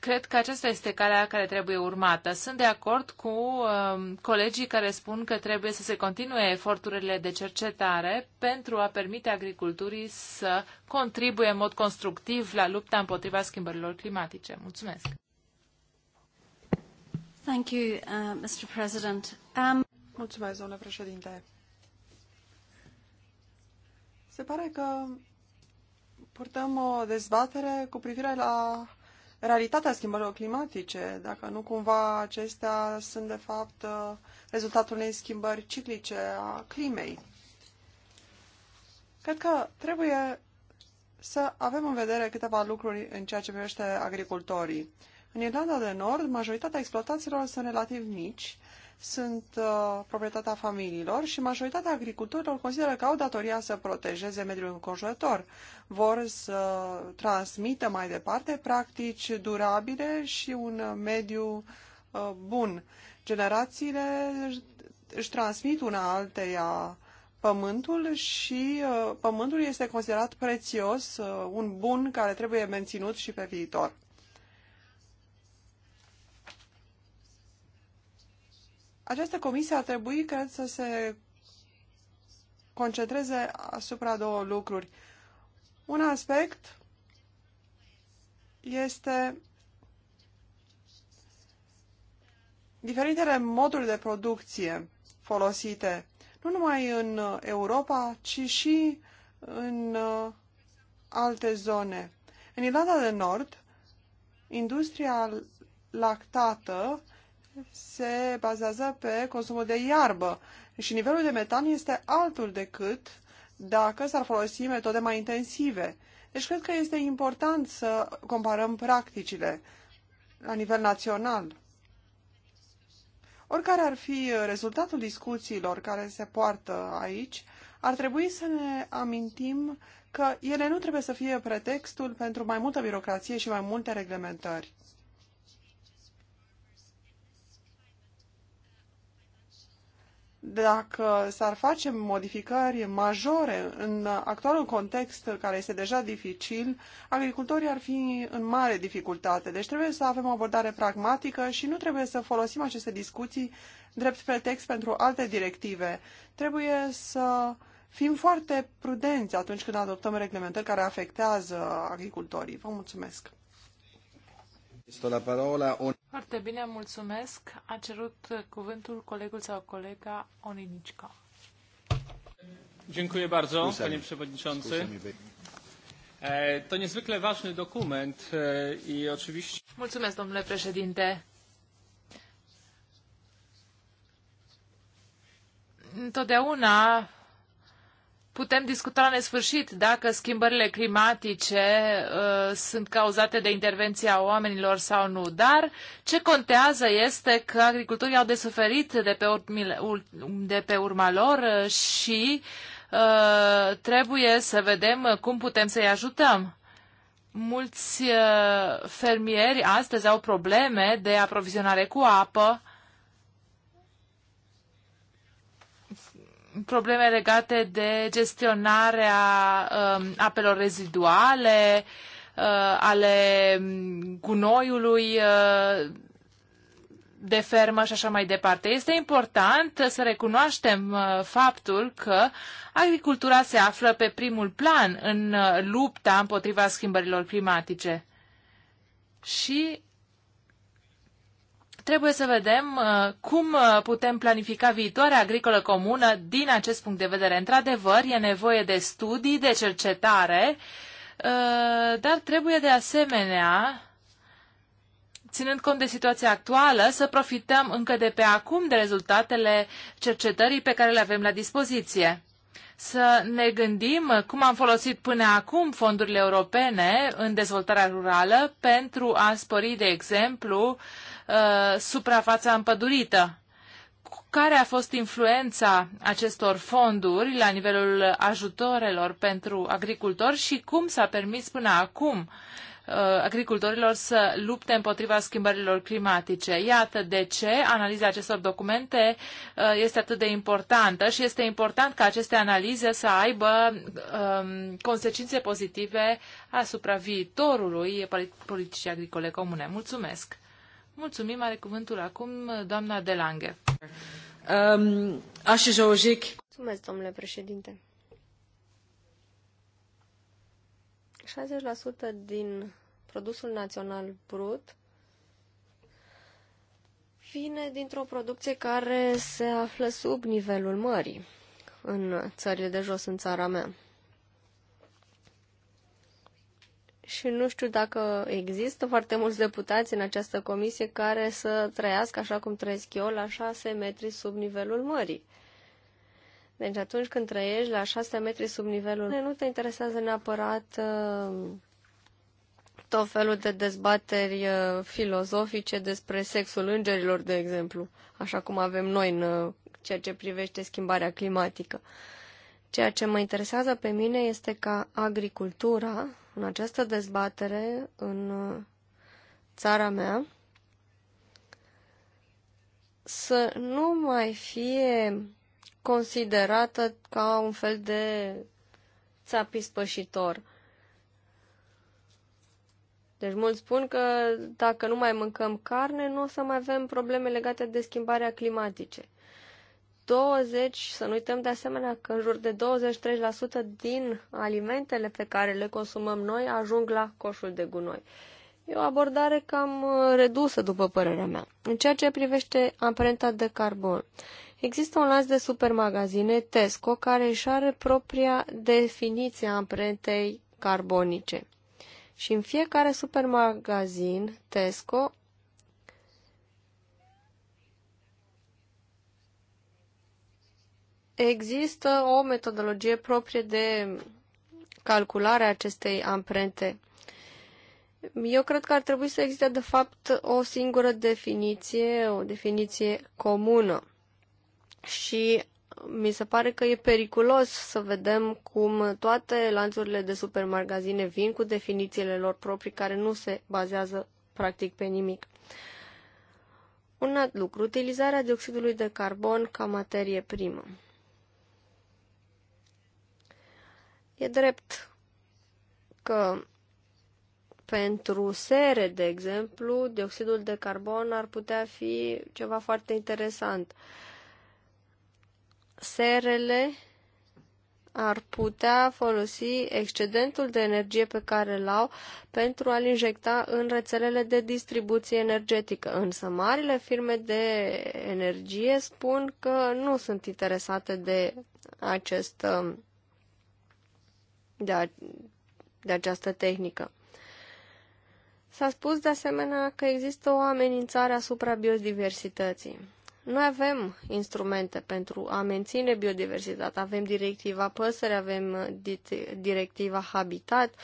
Cred că aceasta este calea care trebuie urmată. Sunt de acord cu uh, colegii care spun că trebuie să se continue eforturile de cercetare pentru a permite agriculturii să contribuie în mod constructiv la lupta împotriva schimbărilor climatice. Mulțumesc! Thank you, uh, Mr. President. Um... Mulțumesc, domnule președinte. Se pare că purtăm o dezbatere cu privire la realitatea schimbărilor climatice, dacă nu cumva acestea sunt de fapt uh, rezultatul unei schimbări ciclice a climei. Cred că trebuie să avem în vedere câteva lucruri în ceea ce privește agricultorii. În Irlanda de Nord, majoritatea exploatațiilor sunt relativ mici sunt uh, proprietatea familiilor și majoritatea agricultorilor consideră că au datoria să protejeze mediul înconjurător. Vor să transmită mai departe practici durabile și un mediu uh, bun. Generațiile își transmit una alteia pământul și uh, pământul este considerat prețios, uh, un bun care trebuie menținut și pe viitor. Această comisie ar trebui, cred, să se concentreze asupra două lucruri. Un aspect este diferitele moduri de producție folosite, nu numai în Europa, ci și în uh, alte zone. În Irlanda de Nord, industria lactată se bazează pe consumul de iarbă și nivelul de metan este altul decât dacă s-ar folosi metode mai intensive. Deci cred că este important să comparăm practicile la nivel național. Oricare ar fi rezultatul discuțiilor care se poartă aici, ar trebui să ne amintim că ele nu trebuie să fie pretextul pentru mai multă birocrație și mai multe reglementări. dacă s-ar face modificări majore în actualul context care este deja dificil, agricultorii ar fi în mare dificultate. Deci trebuie să avem o abordare pragmatică și nu trebuie să folosim aceste discuții drept pretext pentru alte directive. Trebuie să fim foarte prudenți atunci când adoptăm reglementări care afectează agricultorii. Vă mulțumesc! La parola... Foarte bine, mulțumesc. A cerut cuvântul colegul sau colega Oninichka. Dziękuję bardzo, panie przewodniczący. To niezwykle ważny dokument i oczywiście... Mulțumesc, domnule președinte. Întotdeauna Putem discuta la nesfârșit dacă schimbările climatice uh, sunt cauzate de intervenția oamenilor sau nu, dar ce contează este că agricultorii au de suferit de pe, urmile, de pe urma lor uh, și uh, trebuie să vedem cum putem să-i ajutăm. Mulți uh, fermieri astăzi au probleme de aprovizionare cu apă, probleme legate de gestionarea uh, apelor reziduale, uh, ale um, gunoiului uh, de fermă și așa mai departe. Este important să recunoaștem uh, faptul că agricultura se află pe primul plan în uh, lupta împotriva schimbărilor climatice. Și trebuie să vedem uh, cum uh, putem planifica viitoarea agricolă comună din acest punct de vedere. Într-adevăr, e nevoie de studii, de cercetare, uh, dar trebuie de asemenea, ținând cont de situația actuală, să profităm încă de pe acum de rezultatele cercetării pe care le avem la dispoziție să ne gândim cum am folosit până acum fondurile europene în dezvoltarea rurală pentru a spori, de exemplu, uh, suprafața împădurită. Care a fost influența acestor fonduri la nivelul ajutorelor pentru agricultori și cum s-a permis până acum Uh, agricultorilor să lupte împotriva schimbărilor climatice. Iată de ce analiza acestor documente uh, este atât de importantă și este important ca aceste analize să aibă um, consecințe pozitive asupra viitorului politicii agricole comune. Mulțumesc! Mulțumim, are cuvântul acum doamna Delange. Um, Mulțumesc, domnule președinte. 60% din produsul național brut vine dintr-o producție care se află sub nivelul mării în țările de jos, în țara mea. Și nu știu dacă există foarte mulți deputați în această comisie care să trăiască așa cum trăiesc eu, la șase metri sub nivelul mării. Deci atunci când trăiești la 6 metri sub nivelul, nu te interesează neapărat uh, tot felul de dezbateri uh, filozofice despre sexul îngerilor, de exemplu, așa cum avem noi în uh, ceea ce privește schimbarea climatică. Ceea ce mă interesează pe mine este ca agricultura, în această dezbatere, în uh, țara mea, să nu mai fie considerată ca un fel de țapi spășitor. Deci mulți spun că dacă nu mai mâncăm carne, nu o să mai avem probleme legate de schimbarea climatice. 20, să nu uităm de asemenea că în jur de 23% din alimentele pe care le consumăm noi ajung la coșul de gunoi. E o abordare cam redusă, după părerea mea. În ceea ce privește amprenta de carbon, Există un lanț de supermagazine, Tesco, care își are propria definiție a amprentei carbonice. Și în fiecare supermagazin Tesco există o metodologie proprie de calculare a acestei amprente. Eu cred că ar trebui să existe, de fapt, o singură definiție, o definiție comună și mi se pare că e periculos să vedem cum toate lanțurile de supermagazine vin cu definițiile lor proprii care nu se bazează practic pe nimic. Un alt lucru, utilizarea dioxidului de carbon ca materie primă. E drept că pentru sere, de exemplu, dioxidul de carbon ar putea fi ceva foarte interesant. Uh, serele ar putea folosi excedentul de energie pe care îl au pentru a-l injecta în rețelele de distribuție energetică. Însă marile firme de energie spun că nu sunt interesate de acest um, de, a, de această tehnică. S-a spus de asemenea că există o amenințare asupra biodiversității. Noi avem instrumente pentru a menține biodiversitatea. Avem directiva păsări, avem uh, directiva habitat.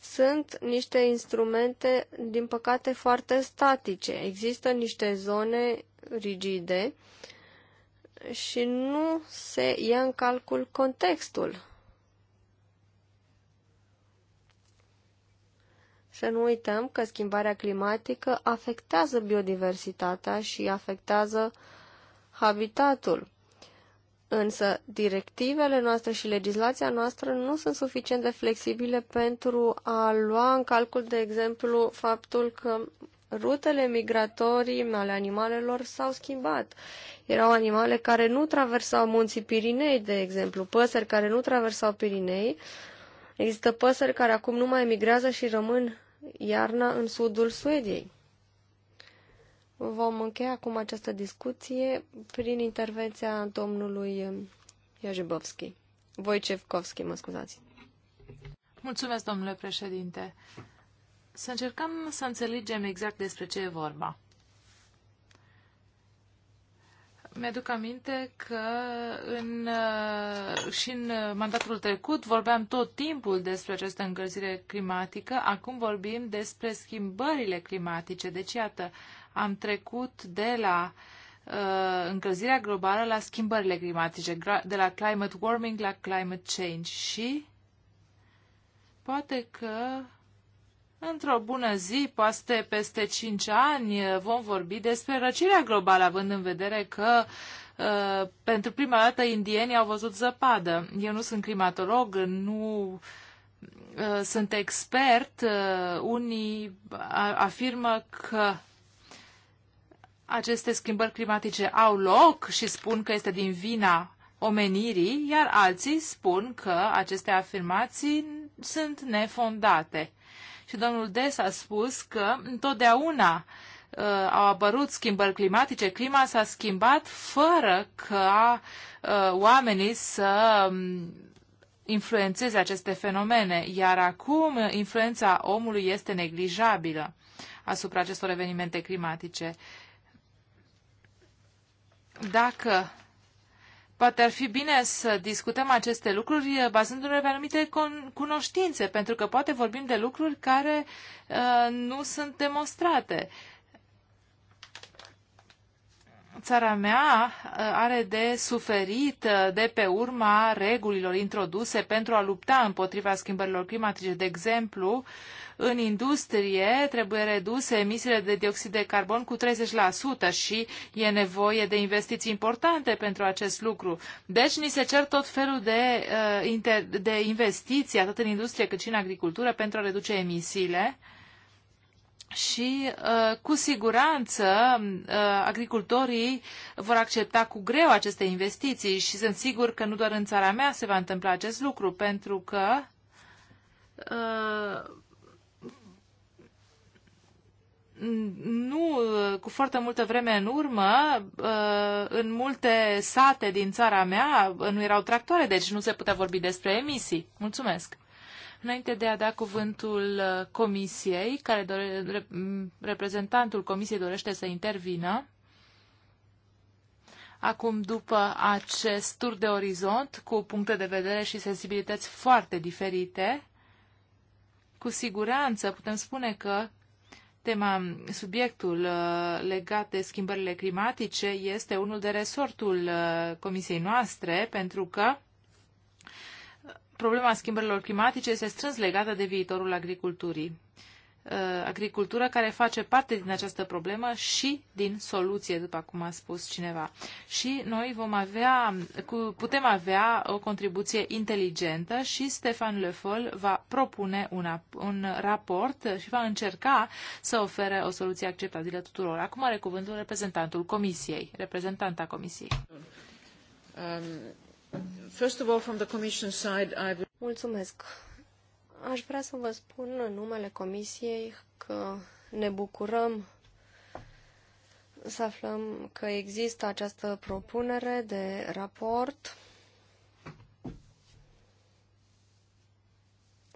Sunt niște instrumente, din păcate, foarte statice. Există niște zone rigide și nu se ia în calcul contextul. Să nu uităm că schimbarea climatică afectează biodiversitatea și afectează uh, habitatul. Însă, directivele noastre și legislația noastră nu sunt suficient de flexibile pentru a lua în calcul, de exemplu, faptul că rutele migratorii ale animalelor s-au schimbat. Erau animale care nu traversau munții Pirinei, de exemplu, păsări care nu traversau Pirinei. Există păsări care acum nu mai emigrează și rămân iarna în sudul Suediei. Vom încheia acum această discuție prin intervenția domnului Iajibovski. Voicevkovski, mă scuzați. Mulțumesc, domnule președinte. Să încercăm să înțelegem exact despre ce e vorba. Mi-aduc aminte că în, uh, și în mandatul trecut vorbeam tot timpul despre această încălzire climatică, acum vorbim despre schimbările climatice. Deci, iată, am trecut de la uh, încălzirea globală la schimbările climatice, de la climate warming la climate change și poate că într-o bună zi, poate peste 5 ani, vom vorbi despre răcirea globală, având în vedere că uh, pentru prima dată indienii au văzut zăpadă. Eu nu sunt climatolog, nu uh, sunt expert. Uh, unii afirmă că aceste schimbări climatice au loc și spun că este din vina omenirii, iar alții spun că aceste afirmații sunt nefondate. Și domnul Des a spus că întotdeauna uh, au apărut schimbări climatice, clima s-a schimbat fără ca uh, oamenii să um, influențeze aceste fenomene, iar acum influența omului este neglijabilă asupra acestor evenimente climatice. Uh, dacă poate ar fi bine să discutăm aceste lucruri eh, bazându-ne pe anumite cunoștințe, pentru că poate vorbim de lucruri care uh, nu sunt demonstrate țara mea uh, are de suferit uh, de pe urma regulilor introduse pentru a lupta împotriva schimbărilor climatice. De exemplu, în industrie trebuie reduse emisiile de dioxid de carbon cu 30% și e nevoie de investiții importante pentru acest lucru. Deci ni se cer tot felul de, uh, de investiții, atât în industrie cât și în agricultură, pentru a reduce emisiile și uh, cu siguranță uh, agricultorii vor accepta cu greu aceste investiții și sunt sigur că nu doar în țara mea se va întâmpla acest lucru, pentru că uh, nu cu foarte multă vreme în urmă, în multe sate din țara mea nu erau tractoare, deci nu se putea vorbi despre emisii. Mulțumesc! Înainte de a da cuvântul uh, comisiei, care dore, reprezentantul comisiei dorește să intervină, acum după acest tur de orizont cu puncte de vedere și sensibilități foarte diferite, cu siguranță putem spune că tema, subiectul uh, legat de schimbările climatice este unul de resortul uh, comisiei noastre, pentru că problema schimbărilor climatice este strâns legată de viitorul agriculturii. Uh, agricultura care face parte din această problemă și din soluție, după cum a spus cineva. Și noi vom avea, putem avea o contribuție inteligentă și Stefan Le va propune un, un raport și va încerca să ofere o soluție acceptabilă tuturor. Acum are cuvântul reprezentantul Comisiei, reprezentanta Comisiei. Um... First of all, from the Commission side, I would... Mulțumesc. Aș vrea să vă spun în numele Comisiei că ne bucurăm să aflăm că există această propunere de raport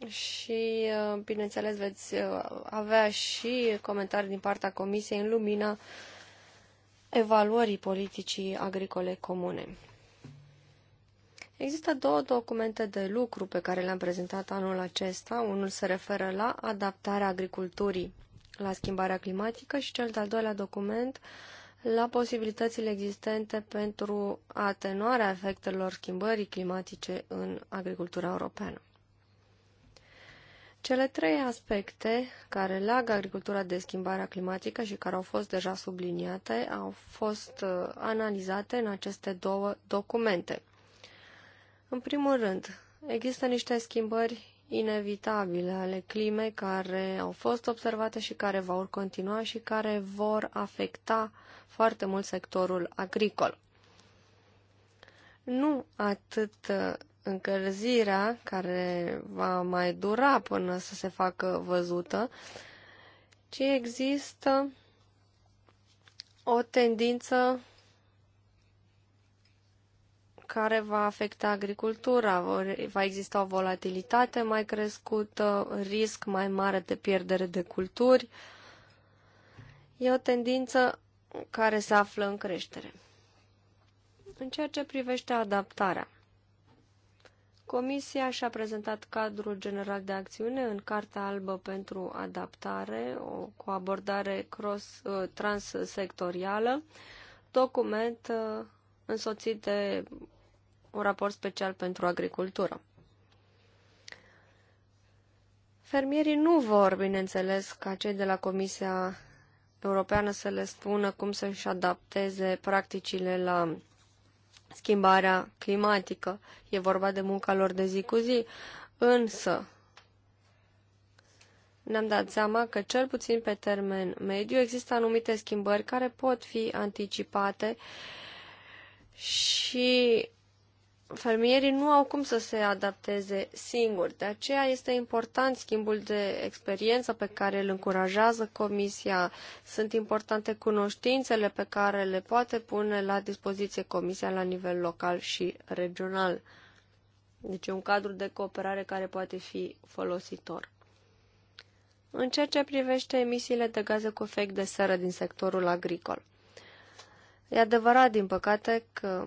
și, bineînțeles, veți uh, avea și comentarii din partea Comisiei în lumina evaluării politicii agricole comune. Există două documente de lucru pe care le-am prezentat anul acesta. Unul se referă la adaptarea agriculturii la schimbarea climatică și cel de-al doilea document la posibilitățile existente pentru atenuarea efectelor schimbării climatice în agricultura europeană. Cele trei aspecte care leagă agricultura de schimbarea climatică și care au fost deja subliniate au fost uh, analizate în aceste două documente – în primul rând, există niște schimbări inevitabile ale climei care au fost observate și care vor continua și care vor afecta foarte mult sectorul agricol. Nu atât uh, încălzirea care va mai dura până să se facă văzută, ci există o tendință care va afecta agricultura. Va exista o volatilitate mai crescută, risc mai mare de pierdere de culturi. E o tendință care se află în creștere. În ceea ce privește adaptarea, Comisia și-a prezentat cadrul general de acțiune în Cartea Albă pentru Adaptare, o, cu abordare cross, ă, transsectorială, document ă, însoțit de un raport special pentru agricultură. Fermierii nu vor, bineînțeles, ca cei de la Comisia Europeană să le spună cum să-și adapteze practicile la schimbarea climatică. E vorba de munca lor de zi cu zi. Însă, ne-am dat seama că, cel puțin pe termen mediu, există anumite schimbări care pot fi anticipate și fermierii nu au cum să se adapteze singuri. De aceea este important schimbul de experiență pe care îl încurajează comisia. Sunt importante cunoștințele pe care le poate pune la dispoziție comisia la nivel local și regional. Deci e un cadru de cooperare care poate fi folositor. În ceea ce privește emisiile de gaze cu efect de seră din sectorul agricol. E adevărat, din păcate, că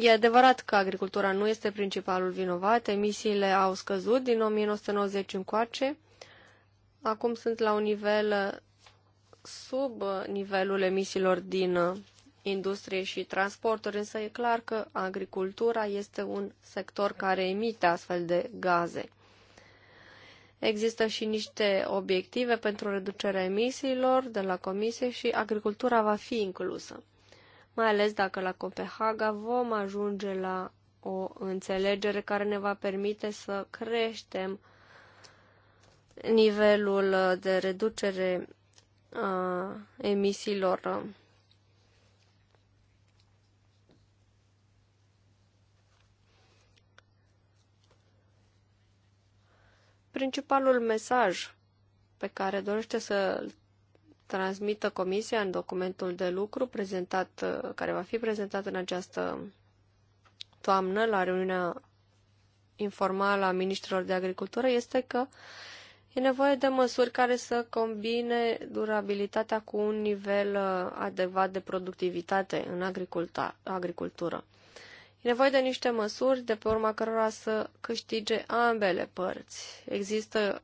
E adevărat că agricultura nu este principalul vinovat, emisiile au scăzut din 1990 încoace, acum sunt la un nivel sub nivelul emisiilor din industrie și transporturi, însă e clar că agricultura este un sector care emite astfel de gaze. Există și niște obiective pentru reducerea emisiilor de la comisie și agricultura va fi inclusă mai ales dacă la Copenhaga vom ajunge la o înțelegere care ne va permite să creștem nivelul de reducere a emisiilor Principalul mesaj pe care dorește să-l transmită Comisia în documentul de lucru prezentat, uh, care va fi prezentat în această toamnă la reuniunea informală a ministrilor de agricultură este că e nevoie de măsuri care să combine durabilitatea cu un nivel uh, adecvat de productivitate în agricultură. E nevoie de niște măsuri de pe urma cărora să câștige ambele părți. Există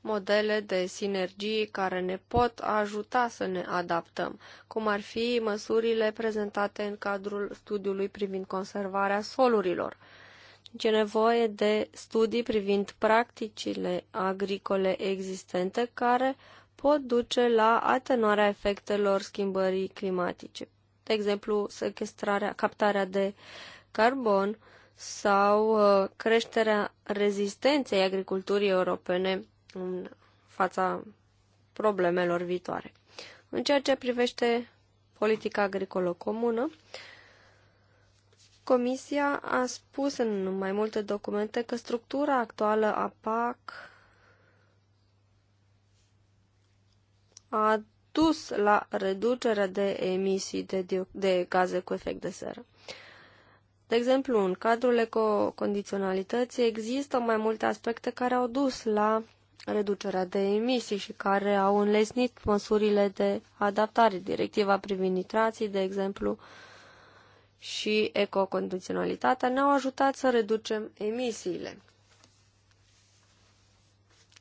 modele de sinergii care ne pot ajuta să ne adaptăm, cum ar fi măsurile prezentate în cadrul studiului privind conservarea solurilor. Deci e nevoie de studii privind practicile agricole existente care pot duce la atenuarea efectelor schimbării climatice. De exemplu, sequestrarea, captarea de carbon sau uh, creșterea rezistenței agriculturii europene în fața problemelor viitoare. În ceea ce privește politica agricolă comună, Comisia a spus în mai multe documente că structura actuală a PAC a dus la reducerea de emisii de, de gaze cu efect de seră. De exemplu, în cadrul ecocondiționalității există mai multe aspecte care au dus la reducerea de emisii și care au înlesnit măsurile de adaptare, directiva privind nitrații, de exemplu, și ecocondiționalitatea ne-au ajutat să reducem emisiile.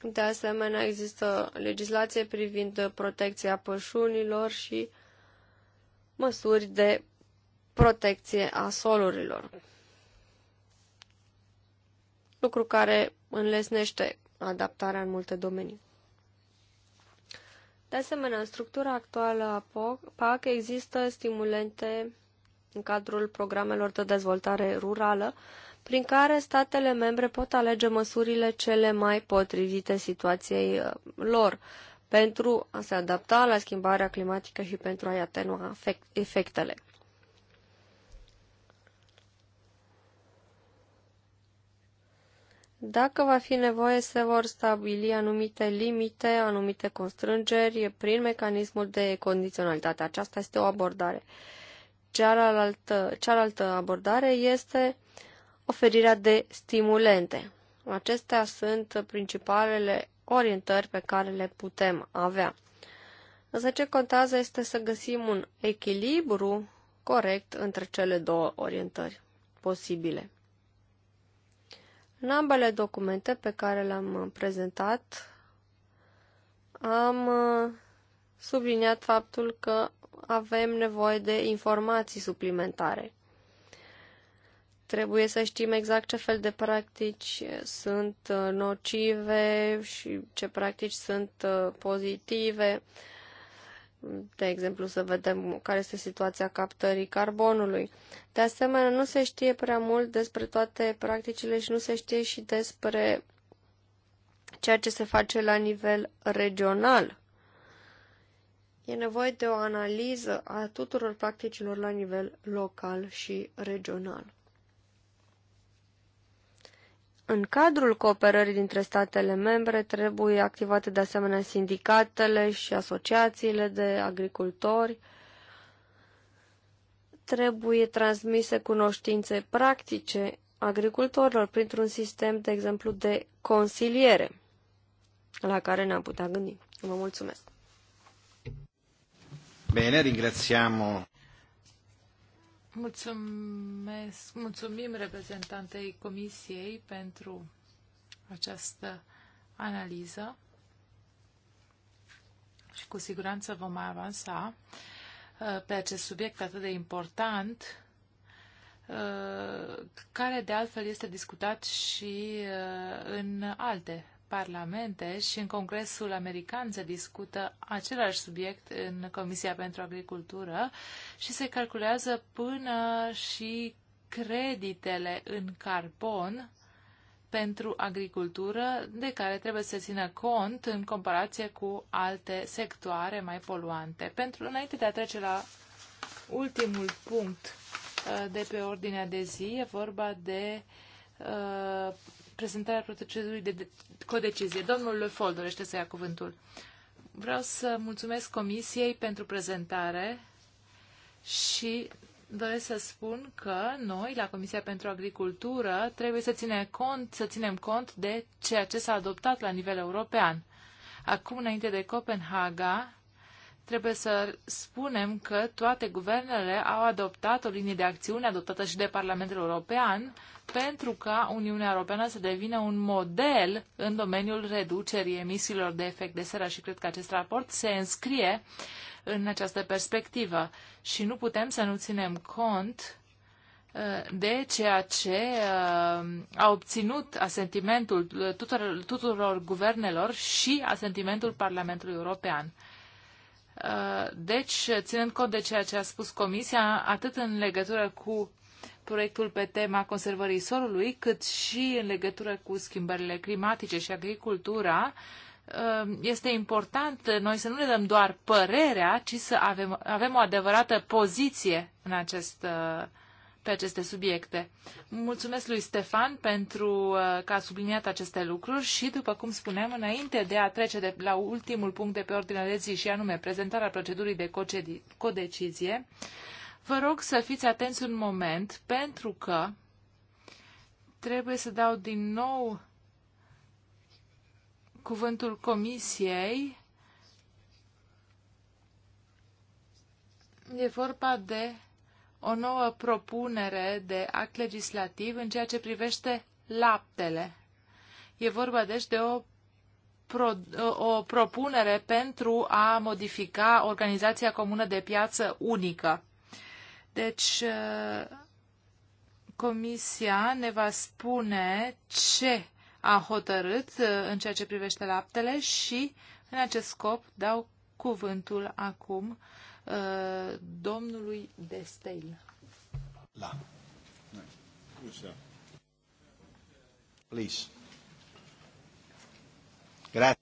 De asemenea, există legislație privind protecția pășunilor și măsuri de protecție a solurilor. Lucru care înlesnește adaptarea în multe domenii. De asemenea, în structura actuală a PAC există stimulente în cadrul programelor de dezvoltare rurală, prin care statele membre pot alege măsurile cele mai potrivite situației uh, lor pentru a se adapta la schimbarea climatică și pentru a-i atenua efectele. Dacă va fi nevoie, se vor stabili anumite limite, anumite constrângeri prin mecanismul de condiționalitate. Aceasta este o abordare. Cealaltă, cealaltă abordare este oferirea de stimulente. Acestea sunt principalele orientări pe care le putem avea. Însă ce contează este să găsim un echilibru corect între cele două orientări posibile. În ambele documente pe care le-am uh, prezentat, am uh, subliniat faptul că avem nevoie de informații suplimentare. Trebuie să știm exact ce fel de practici sunt uh, nocive și ce practici sunt pozitive de exemplu, să vedem care este situația captării carbonului. De asemenea, nu se știe prea mult despre toate practicile și nu se știe și despre ceea ce se face la nivel regional. E nevoie de o analiză a tuturor practicilor la nivel local și regional. În cadrul cooperării dintre statele membre trebuie activate de asemenea sindicatele și asociațiile de agricultori, trebuie transmise cunoștințe practice agricultorilor printr-un sistem, de exemplu, de consiliere, la care ne-am putea gândi. Vă mulțumesc! Bine, ringrațiamo Mulțumesc, mulțumim reprezentantei Comisiei pentru această analiză și cu siguranță vom mai avansa uh, pe acest subiect atât de important, uh, care de altfel este discutat și uh, în alte parlamente și în Congresul American se discută același subiect în Comisia pentru Agricultură și se calculează până și creditele în carbon pentru agricultură, de care trebuie să țină cont în comparație cu alte sectoare mai poluante. Pentru înainte de a trece la ultimul punct uh, de pe ordinea de zi, e vorba de uh, prezentarea procedurii de codecizie. Domnul Le dorește să ia cuvântul. Vreau să mulțumesc Comisiei pentru prezentare și doresc să spun că noi, la Comisia pentru Agricultură, trebuie să, ține cont, să ținem cont de ceea ce s-a adoptat la nivel european. Acum, înainte de Copenhaga, trebuie să spunem că toate guvernele au adoptat o linie de acțiune adoptată și de Parlamentul European pentru ca Uniunea Europeană să devină un model în domeniul reducerii emisiilor de efect de seră și cred că acest raport se înscrie în această perspectivă și nu putem să nu ținem cont uh, de ceea ce uh, a obținut asentimentul uh, tuturor, tuturor guvernelor și asentimentul Parlamentului European. Uh, deci, ținând cont de ceea ce a spus Comisia, atât în legătură cu proiectul pe tema conservării solului, cât și în legătură cu schimbările climatice și agricultura, uh, este important noi să nu ne dăm doar părerea, ci să avem, avem o adevărată poziție în acest uh, pe aceste subiecte. Mulțumesc lui Stefan pentru uh, că a subliniat aceste lucruri și, după cum spuneam, înainte de a trece de la ultimul punct de pe ordinea de zi și anume prezentarea procedurii de codecizie, vă rog să fiți atenți un moment pentru că trebuie să dau din nou cuvântul comisiei. E vorba de o nouă propunere de act legislativ în ceea ce privește laptele. E vorba deci de o, pro, o propunere pentru a modifica organizația comună de piață unică. Deci, uh, Comisia ne va spune ce a hotărât uh, în ceea ce privește laptele și, în acest scop, dau cuvântul acum Uh, domnului de Destel. La. Please. Grazie.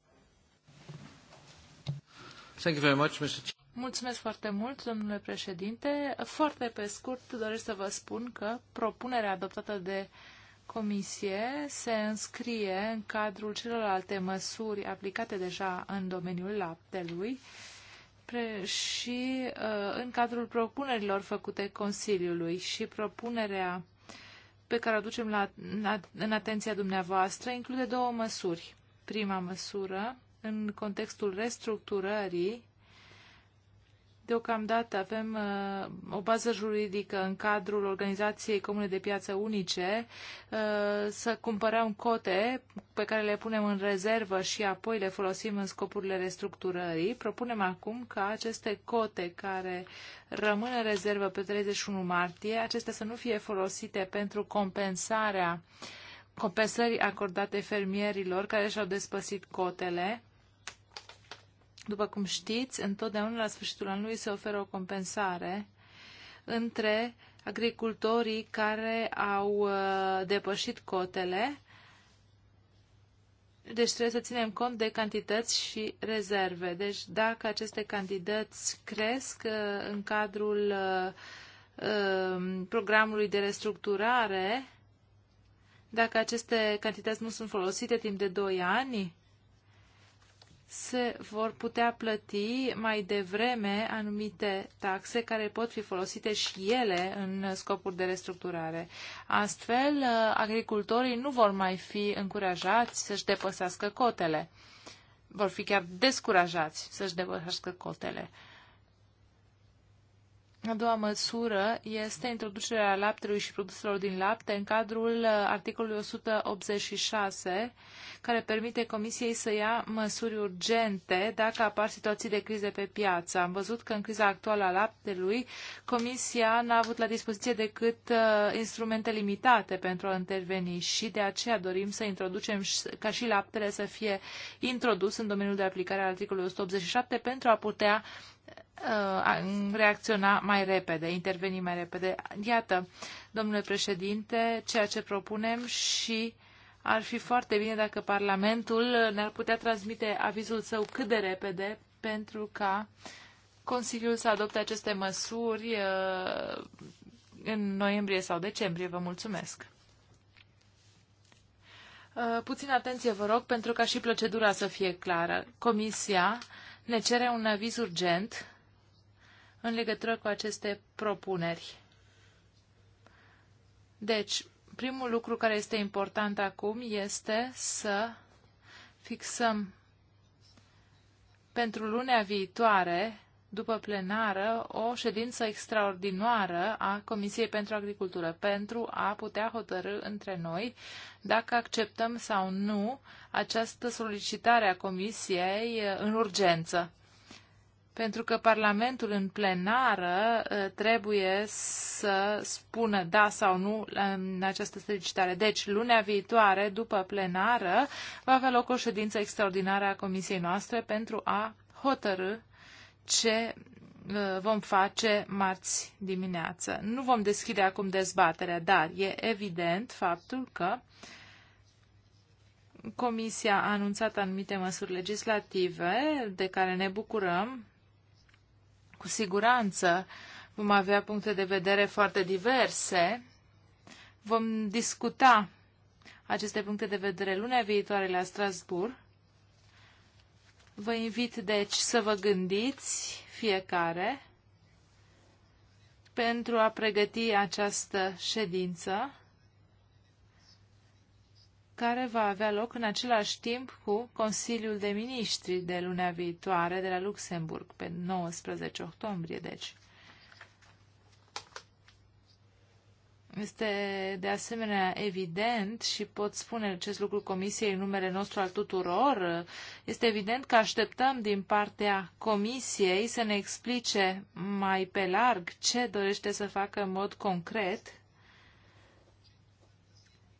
Thank you very much, Mr. Mulțumesc foarte mult, domnule președinte. Foarte pe scurt doresc să vă spun că propunerea adoptată de Comisie se înscrie în cadrul celorlalte măsuri aplicate deja în domeniul laptelui și uh, în cadrul propunerilor făcute Consiliului și propunerea pe care o ducem la, în atenția dumneavoastră include două măsuri. Prima măsură, în contextul restructurării Deocamdată avem uh, o bază juridică în cadrul Organizației Comune de Piață Unice uh, să cumpărăm cote pe care le punem în rezervă și apoi le folosim în scopurile restructurării. Propunem acum ca aceste cote care rămân în rezervă pe 31 martie, acestea să nu fie folosite pentru compensarea compensării acordate fermierilor care și-au despăsit cotele, după cum știți, întotdeauna la sfârșitul anului se oferă o compensare între agricultorii care au uh, depășit cotele, deci trebuie să ținem cont de cantități și rezerve. Deci dacă aceste cantități cresc uh, în cadrul uh, programului de restructurare, dacă aceste cantități nu sunt folosite timp de 2 ani, se vor putea plăti mai devreme anumite taxe care pot fi folosite și ele în scopuri de restructurare. Astfel, agricultorii nu vor mai fi încurajați să-și depăsească cotele. Vor fi chiar descurajați să-și depășească cotele. A doua măsură este introducerea laptelui și produselor din lapte în cadrul uh, articolului 186, care permite Comisiei să ia măsuri urgente dacă apar situații de crize pe piață. Am văzut că în criza actuală a laptelui, Comisia n-a avut la dispoziție decât uh, instrumente limitate pentru a interveni și de aceea dorim să introducem ca și laptele să fie introdus în domeniul de aplicare al articolului 187 pentru a putea reacționa mai repede, interveni mai repede. Iată, domnule președinte, ceea ce propunem și ar fi foarte bine dacă Parlamentul ne-ar putea transmite avizul său cât de repede pentru ca Consiliul să adopte aceste măsuri în noiembrie sau decembrie. Vă mulțumesc! Puțin atenție, vă rog, pentru ca și procedura să fie clară. Comisia ne cere un aviz urgent în legătură cu aceste propuneri. Deci, primul lucru care este important acum este să fixăm pentru lunea viitoare după plenară o ședință extraordinară a Comisiei pentru Agricultură pentru a putea hotărâ între noi dacă acceptăm sau nu această solicitare a Comisiei uh, în urgență. Pentru că Parlamentul în plenară uh, trebuie să spună da sau nu în această solicitare. Deci, lunea viitoare, după plenară, va avea loc o ședință extraordinară a Comisiei noastre pentru a hotărâ ce uh, vom face marți dimineață. Nu vom deschide acum dezbaterea, dar e evident faptul că Comisia a anunțat anumite măsuri legislative de care ne bucurăm. Cu siguranță vom avea puncte de vedere foarte diverse. Vom discuta aceste puncte de vedere lunea viitoare la Strasbourg Vă invit, deci, să vă gândiți fiecare pentru a pregăti această ședință care va avea loc în același timp cu Consiliul de Ministri de luna viitoare de la Luxemburg, pe 19 octombrie, deci. Este de asemenea evident și pot spune acest lucru Comisiei în numele nostru al tuturor, este evident că așteptăm din partea Comisiei să ne explice mai pe larg ce dorește să facă în mod concret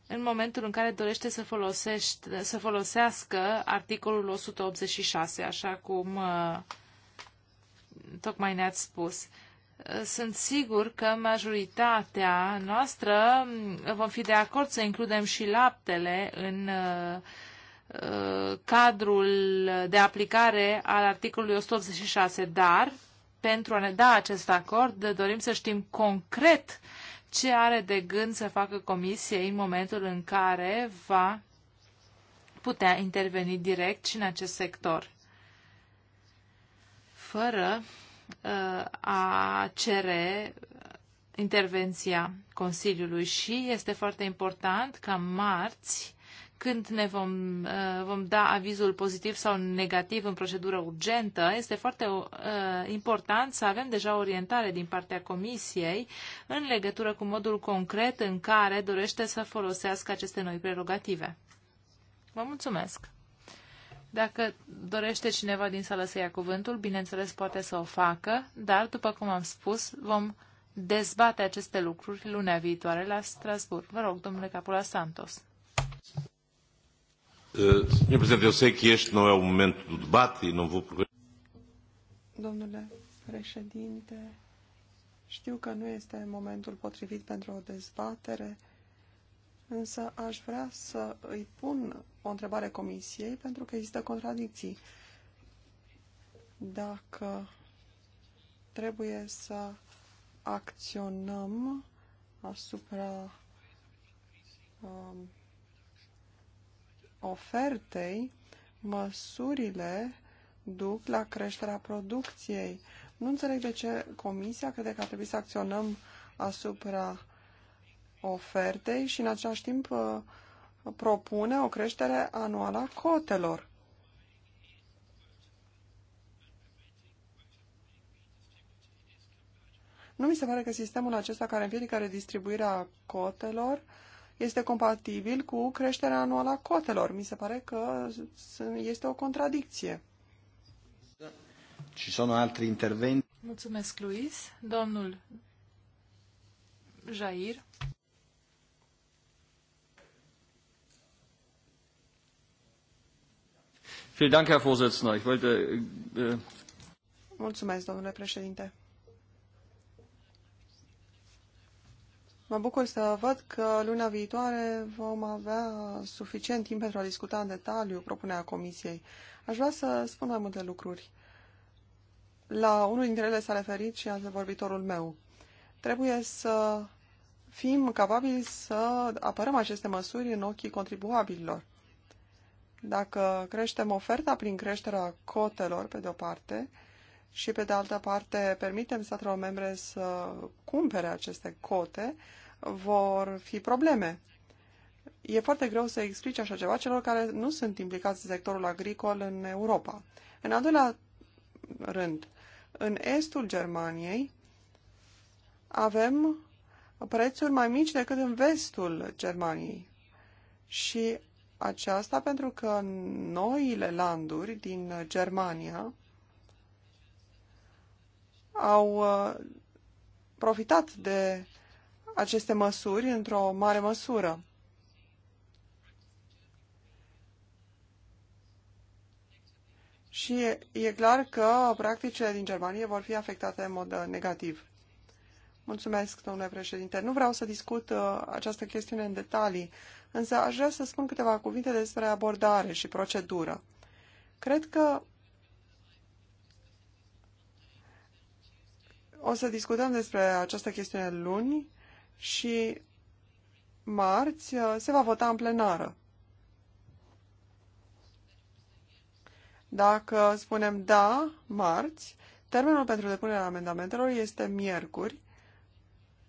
în momentul în care dorește să, folosești, să folosească articolul 186, așa cum uh, tocmai ne-ați spus sunt sigur că majoritatea noastră mm, vom fi de acord să includem și laptele în uh, uh, cadrul de aplicare al articolului 186, dar pentru a ne da acest acord dorim să știm concret ce are de gând să facă comisia în momentul în care va putea interveni direct și în acest sector, fără Uh, a cere intervenția Consiliului și este foarte important ca marți, când ne vom, uh, vom da avizul pozitiv sau negativ în procedură urgentă, este foarte uh, important să avem deja orientare din partea Comisiei în legătură cu modul concret în care dorește să folosească aceste noi prerogative. Vă mulțumesc! Dacă dorește cineva din sală să ia cuvântul, bineînțeles poate să o facă, dar, după cum am spus, vom dezbate aceste lucruri lunea viitoare la Strasburg. Vă rog, domnule Capula Santos. Domnule președinte, eu sei că este nu e un moment de debate, nu vă... Domnule președinte, știu că nu este momentul potrivit pentru o dezbatere, însă aș vrea să îi pun o întrebare comisiei, pentru că există contradicții. Dacă trebuie să acționăm asupra um, ofertei, măsurile duc la creșterea producției. Nu înțeleg de ce Comisia crede că ar trebui să acționăm asupra ofertei și în același timp uh, propune o creștere anuală a cotelor. Nu mi se pare că sistemul acesta care împiedică redistribuirea cotelor este compatibil cu creșterea anuală a cotelor. Mi se pare că este o contradicție. Ci sono altri interventi? Mulțumesc, Luis. Domnul Jair. Vielen Dank, Herr Vorsitzender. Ich wollte, äh, äh, Mulțumesc, domnule președinte. Mă bucur să văd că luna viitoare vom avea suficient timp pentru a discuta în detaliu propunerea Comisiei. Aș vrea să spun mai multe lucruri. La unul dintre ele s-a referit și vorbitorul meu. Trebuie să fim capabili să apărăm aceste măsuri în ochii contribuabililor. Dacă creștem oferta prin creșterea cotelor, pe de-o parte, și pe de altă parte permitem statelor membre să cumpere aceste cote, vor fi probleme. E foarte greu să explice așa ceva celor care nu sunt implicați în sectorul agricol în Europa. În al doilea rând, în estul Germaniei avem prețuri mai mici decât în vestul Germaniei și aceasta pentru că noile landuri din Germania au uh, profitat de aceste măsuri într-o mare măsură. Și e, clar că practicile din Germanie vor fi afectate în mod uh, negativ. Mulțumesc, domnule președinte. Nu vreau să discut uh, această chestiune în detalii însă aș vrea să spun câteva cuvinte despre abordare și procedură. Cred că o să discutăm despre această chestiune luni și marți uh, se va vota în plenară. Dacă spunem da, marți, termenul pentru depunerea amendamentelor este miercuri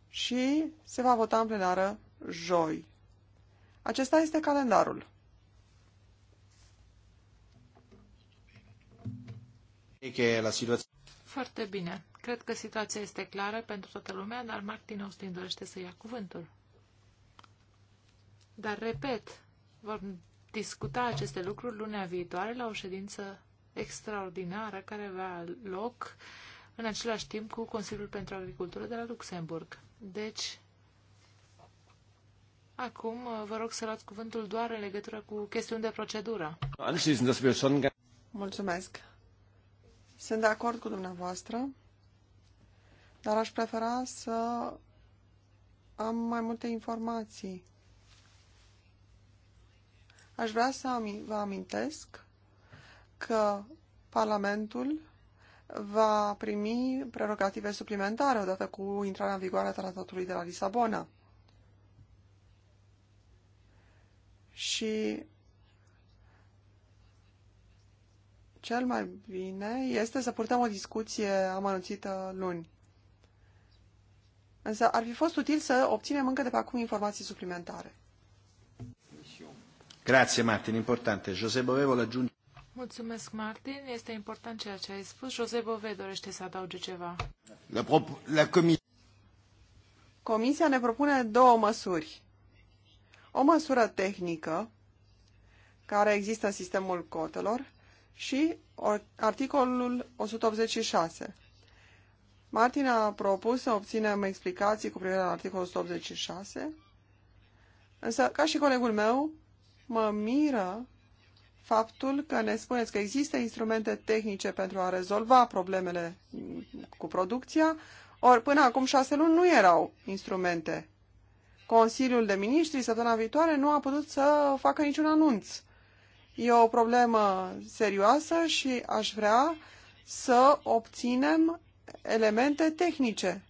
și se va vota în plenară joi. Acesta este calendarul. Foarte bine. Cred că situația este clară pentru toată lumea, dar Martin Austin dorește să ia cuvântul. Dar, repet, vom discuta aceste lucruri lunea viitoare la o ședință extraordinară care va avea loc în același timp cu Consiliul pentru Agricultură de la Luxemburg. Deci, Acum uh, vă rog să luați cuvântul doar în legătură cu chestiuni de procedură. Mulțumesc. Sunt de acord cu dumneavoastră, dar aș prefera să am mai multe informații. Aș vrea să vă amintesc că Parlamentul va primi prerogative suplimentare odată cu intrarea în vigoare a tratatului de la Lisabona. și cel mai bine este să purtăm o discuție amănunțită luni. Însă ar fi fost util să obținem încă de pe acum informații suplimentare. Grazie, Martin. Importante. José Bové vă aggiunge... Mulțumesc, Martin. Este important ceea ce ai spus. José Bové dorește să adauge ceva. La, prop... la comis... Comisia ne propune două măsuri o măsură tehnică care există în sistemul cotelor și articolul 186. Martin a propus să obținem explicații cu privire la articolul 186, însă, ca și colegul meu, mă miră faptul că ne spuneți că există instrumente tehnice pentru a rezolva problemele cu producția, ori până acum șase luni nu erau instrumente Consiliul de Ministri săptămâna viitoare nu a putut să facă niciun anunț. E o problemă serioasă și aș vrea să obținem elemente tehnice.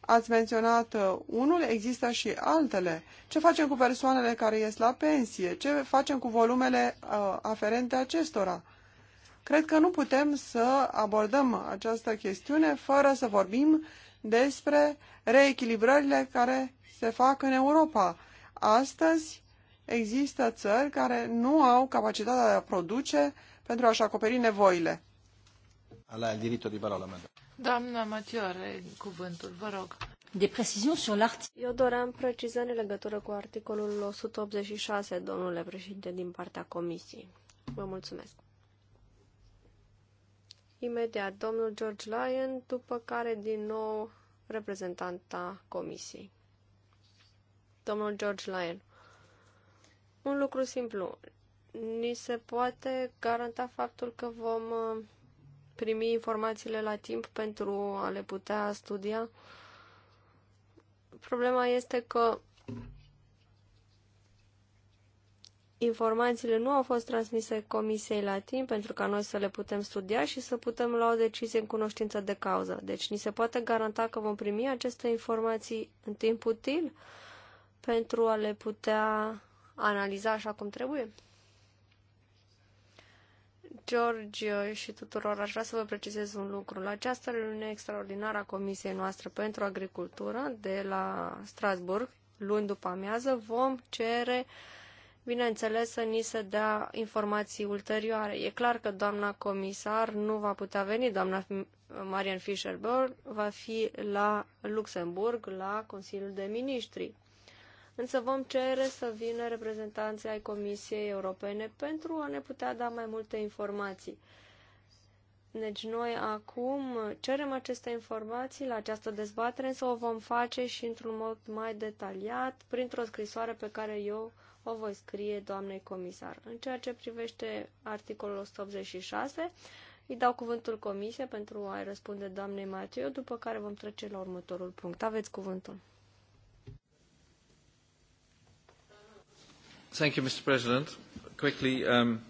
Ați menționat unul, există și altele. Ce facem cu persoanele care ies la pensie? Ce facem cu volumele uh, aferente acestora? Cred că nu putem să abordăm această chestiune fără să vorbim despre reechilibrările care se fac în Europa. Astăzi există țări care nu au capacitatea de a produce pentru a-și acoperi nevoile. Ala el diritto di parola, madame. Doamna Matioare, cuvântul, vă rog. De preciziune sur l'article. Eu doream precizări în legătură cu articolul 186, domnule președinte, din partea comisiei. Vă mulțumesc. Imediat, domnul George Lyon, după care din nou reprezentanta comisiei domnul George Lyon. Un lucru simplu. Ni se poate garanta faptul că vom uh, primi informațiile la timp pentru a le putea studia? Problema este că informațiile nu au fost transmise comisiei la timp pentru ca noi să le putem studia și să putem lua o decizie în cunoștință de cauză. Deci ni se poate garanta că vom primi aceste informații în timp util? Uh, pentru a le putea analiza așa cum trebuie? George și tuturor, aș vrea să vă precizez un lucru. La această reuniune extraordinară a Comisiei noastre pentru Agricultură de la Strasburg, luni după amiază, vom cere, bineînțeles, să ni se dea informații ulterioare. E clar că doamna comisar nu va putea veni, doamna Marian Fischerberg va fi la Luxemburg, la Consiliul de Ministri însă vom cere să vină reprezentanții ai Comisiei Europene pentru a ne putea da mai multe informații. Deci noi acum cerem aceste informații la această dezbatere, însă o vom face și într-un mod mai detaliat, printr-o scrisoare pe care eu o voi scrie doamnei comisar. În ceea ce privește articolul 186, îi dau cuvântul comisie pentru a-i răspunde doamnei Matiu, după care vom trece la următorul punct. Aveți cuvântul. Thank you, Mr. President. Quickly, um...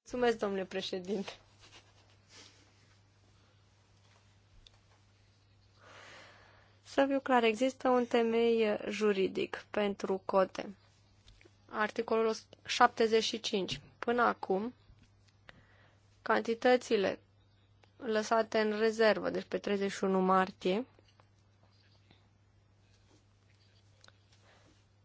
Mulțumesc, domnule președinte. Să fiu clar, există un temei juridic pentru cote. Articolul 75. Până acum, cantitățile lăsate în rezervă, deci pe 31 martie,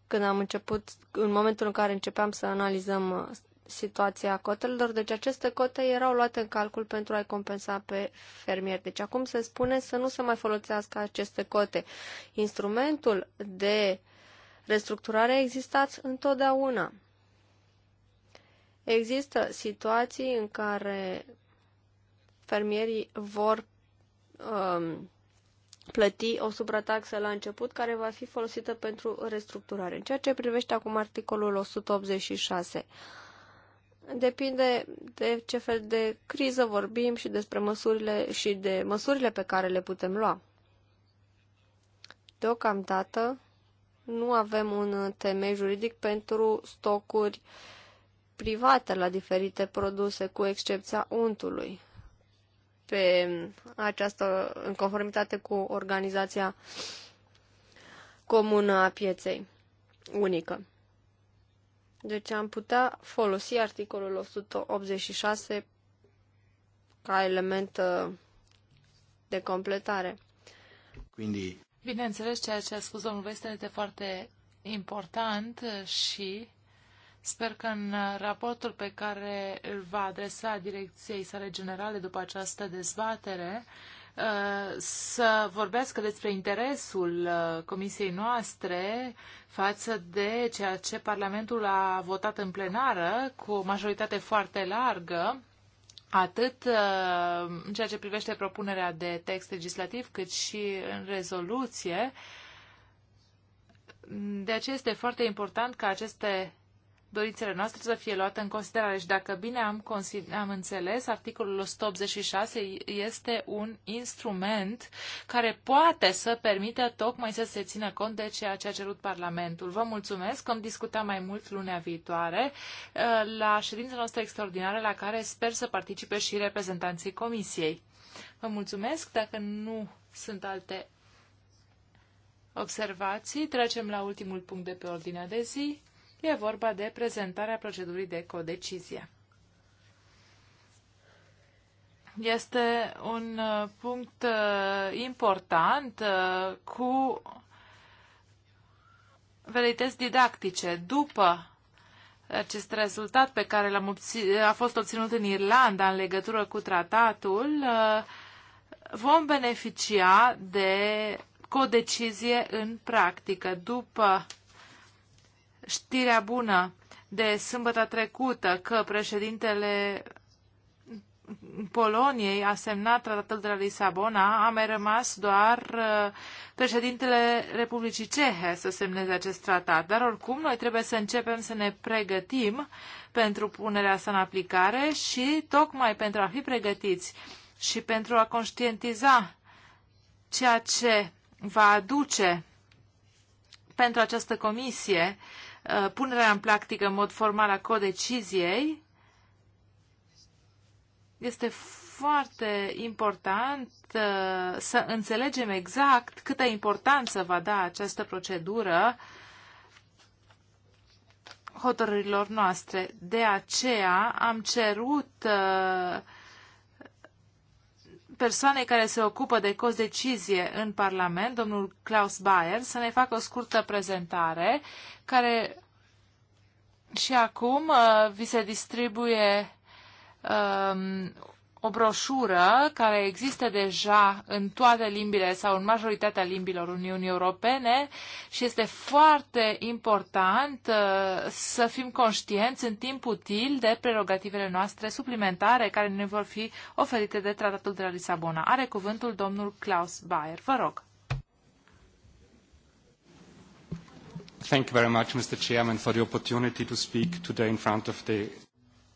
când am început, în momentul în care începeam să analizăm uh, situația cotelor, deci aceste cote erau luate în calcul pentru a-i compensa pe fermieri. Deci acum se spune să nu se mai folosească aceste cote. Instrumentul de restructurare a existat întotdeauna. Există situații în care fermierii vor um, plăti o suprataxă la început care va fi folosită pentru restructurare. În ceea ce privește acum articolul 186, depinde de ce fel de criză vorbim și despre măsurile și de măsurile pe care le putem lua. Deocamdată nu avem un temei juridic pentru stocuri private la diferite produse, cu excepția untului pe această, în conformitate cu organizația comună a pieței unică. Deci am putea folosi articolul 186 ca element uh, de completare. Quindi... Bineînțeles, ceea ce a spus domnul Vestel este foarte important și Sper că în raportul pe care îl va adresa Direcției sale generale după această dezbatere, uh, să vorbească despre interesul uh, comisiei noastre față de ceea ce Parlamentul a votat în plenară cu o majoritate foarte largă, atât uh, în ceea ce privește propunerea de text legislativ, cât și în rezoluție. De aceea este foarte important ca aceste dorințele noastre să fie luate în considerare. Și dacă bine am, am înțeles, articolul 186 este un instrument care poate să permită tocmai să se țină cont de ceea ce a cerut Parlamentul. Vă mulțumesc, vom discuta mai mult lunea viitoare uh, la ședința noastră extraordinară la care sper să participe și reprezentanții Comisiei. Vă mulțumesc. Dacă nu sunt alte observații, trecem la ultimul punct de pe ordinea de zi E vorba de prezentarea procedurii de codecizie. Este un uh, punct uh, important uh, cu verități didactice. După acest rezultat pe care l-am a fost obținut în Irlanda în legătură cu tratatul, vom beneficia de codecizie în practică. După Știrea bună de sâmbătă trecută că președintele Poloniei a semnat tratatul de la Lisabona, a mai rămas doar uh, președintele Republicii Cehe să semneze acest tratat. Dar oricum, noi trebuie să începem să ne pregătim pentru punerea sa în aplicare și tocmai pentru a fi pregătiți și pentru a conștientiza ceea ce va aduce pentru această comisie Uh, punerea în practică în mod formal a codeciziei este foarte important uh, să înțelegem exact câtă importanță va da această procedură hotărârilor noastre. De aceea am cerut uh, persoanei care se ocupă de cost decizie în Parlament, domnul Klaus Bayer, să ne facă o scurtă prezentare care și acum uh, vi se distribuie um, o broșură care există deja în toate limbile sau în majoritatea limbilor Uniunii Europene și este foarte important uh, să fim conștienți în timp util de prerogativele noastre suplimentare care ne vor fi oferite de Tratatul de la Lisabona. Are cuvântul domnul Klaus Bayer. Vă rog. Thank you very much, Mr. Chairman, for the opportunity to speak today in front of the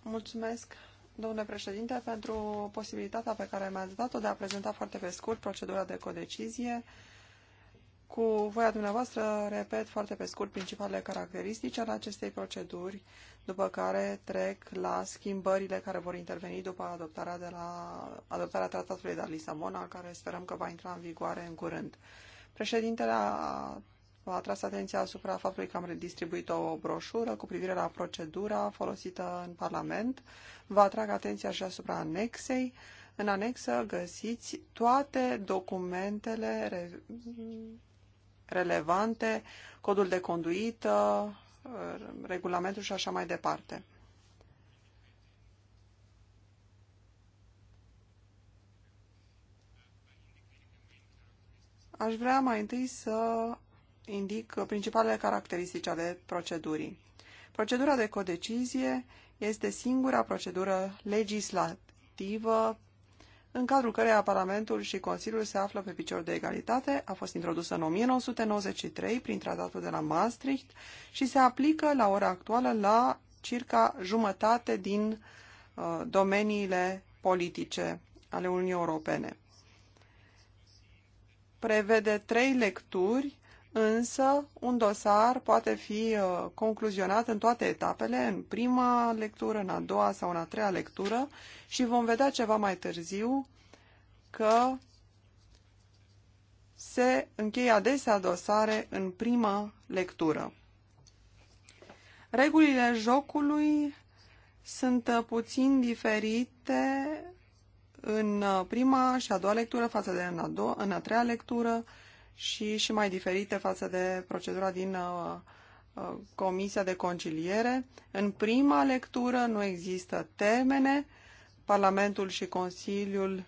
Mulțumesc domnule președinte, pentru posibilitatea pe care mi-ați dat-o de a prezenta foarte pe scurt procedura de codecizie. Cu voia dumneavoastră, repet foarte pe scurt principalele caracteristici ale acestei proceduri, după care trec la schimbările care vor interveni după adoptarea, de la, adoptarea tratatului de la Lisabona, care sperăm că va intra în vigoare în curând. Președintele a v-a atras atenția asupra faptului că am redistribuit o broșură cu privire la procedura folosită în Parlament. Vă atrag atenția și asupra anexei. În anexă găsiți toate documentele re relevante, codul de conduită, regulamentul și așa mai departe. Aș vrea mai întâi să indic principalele caracteristici ale procedurii. Procedura de codecizie este singura procedură legislativă în cadrul căreia Parlamentul și Consiliul se află pe picior de egalitate, a fost introdusă în 1993 prin tratatul de la Maastricht și se aplică la ora actuală la circa jumătate din uh, domeniile politice ale Uniunii Europene. Prevede trei lecturi însă un dosar poate fi uh, concluzionat în toate etapele, în prima lectură, în a doua sau în a treia lectură și vom vedea ceva mai târziu că se încheie adesea dosare în prima lectură. Regulile jocului sunt uh, puțin diferite în uh, prima și a doua lectură față de în a, doua, în a treia lectură și și mai diferite față de procedura din uh, uh, Comisia de Conciliere. În prima lectură nu există termene. Parlamentul și Consiliul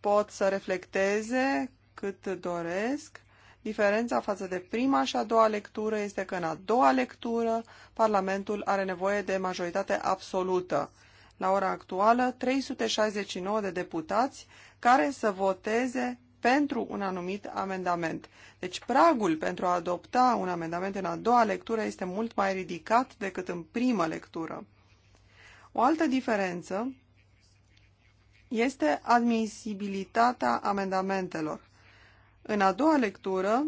pot să reflecteze cât doresc. Diferența față de prima și a doua lectură este că în a doua lectură Parlamentul are nevoie de majoritate absolută. La ora actuală, 369 de deputați care să voteze pentru un anumit amendament. Deci pragul pentru a adopta un amendament în a doua lectură este mult mai ridicat decât în primă lectură. O altă diferență este admisibilitatea amendamentelor. În a doua lectură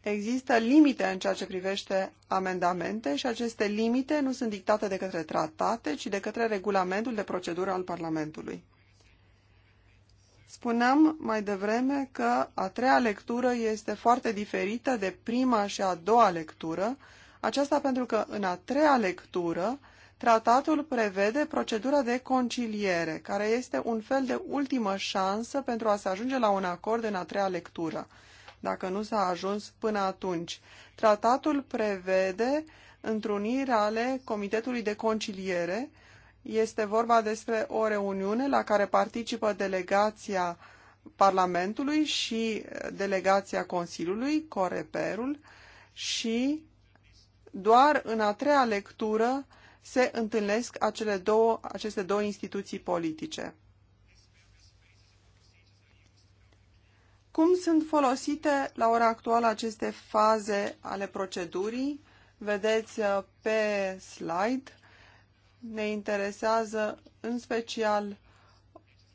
există limite în ceea ce privește amendamente și aceste limite nu sunt dictate de către tratate, ci de către regulamentul de procedură al Parlamentului. Spuneam mai devreme că a treia lectură este foarte diferită de prima și a doua lectură, aceasta pentru că în a treia lectură tratatul prevede procedura de conciliere, care este un fel de ultimă șansă pentru a se ajunge la un acord în a treia lectură, dacă nu s-a ajuns până atunci. Tratatul prevede întrunirea ale Comitetului de Conciliere, este vorba despre o reuniune la care participă delegația Parlamentului și delegația Consiliului, Coreperul, și doar în a treia lectură se întâlnesc acele două, aceste două instituții politice. Cum sunt folosite la ora actuală aceste faze ale procedurii? Vedeți uh, pe slide ne interesează în special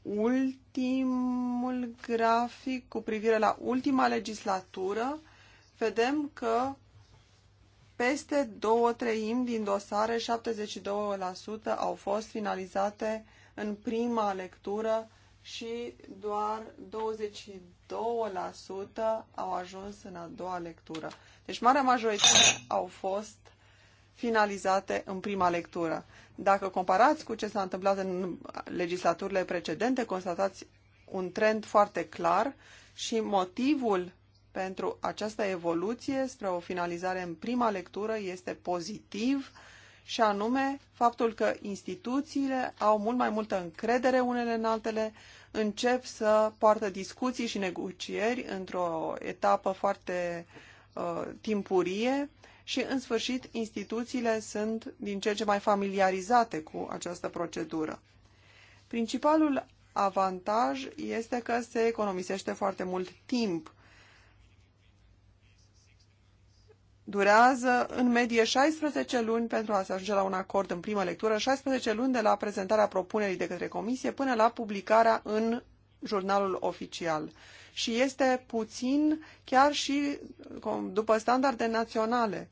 ultimul grafic cu privire la ultima legislatură, vedem că peste două treimi din dosare, 72%, au fost finalizate în prima lectură și doar 22% au ajuns în a doua lectură. Deci marea majoritate au fost finalizate în prima lectură. Dacă comparați cu ce s-a întâmplat în legislaturile precedente, constatați un trend foarte clar și motivul pentru această evoluție spre o finalizare în prima lectură este pozitiv și anume faptul că instituțiile au mult mai multă încredere unele în altele, încep să poartă discuții și negocieri într-o etapă foarte uh, timpurie, și, în sfârșit, instituțiile sunt din ce ce mai familiarizate cu această procedură. Principalul avantaj este că se economisește foarte mult timp. Durează în medie 16 luni pentru a se ajunge la un acord în primă lectură, 16 luni de la prezentarea propunerii de către comisie până la publicarea în jurnalul oficial. Și este puțin chiar și după standarde naționale.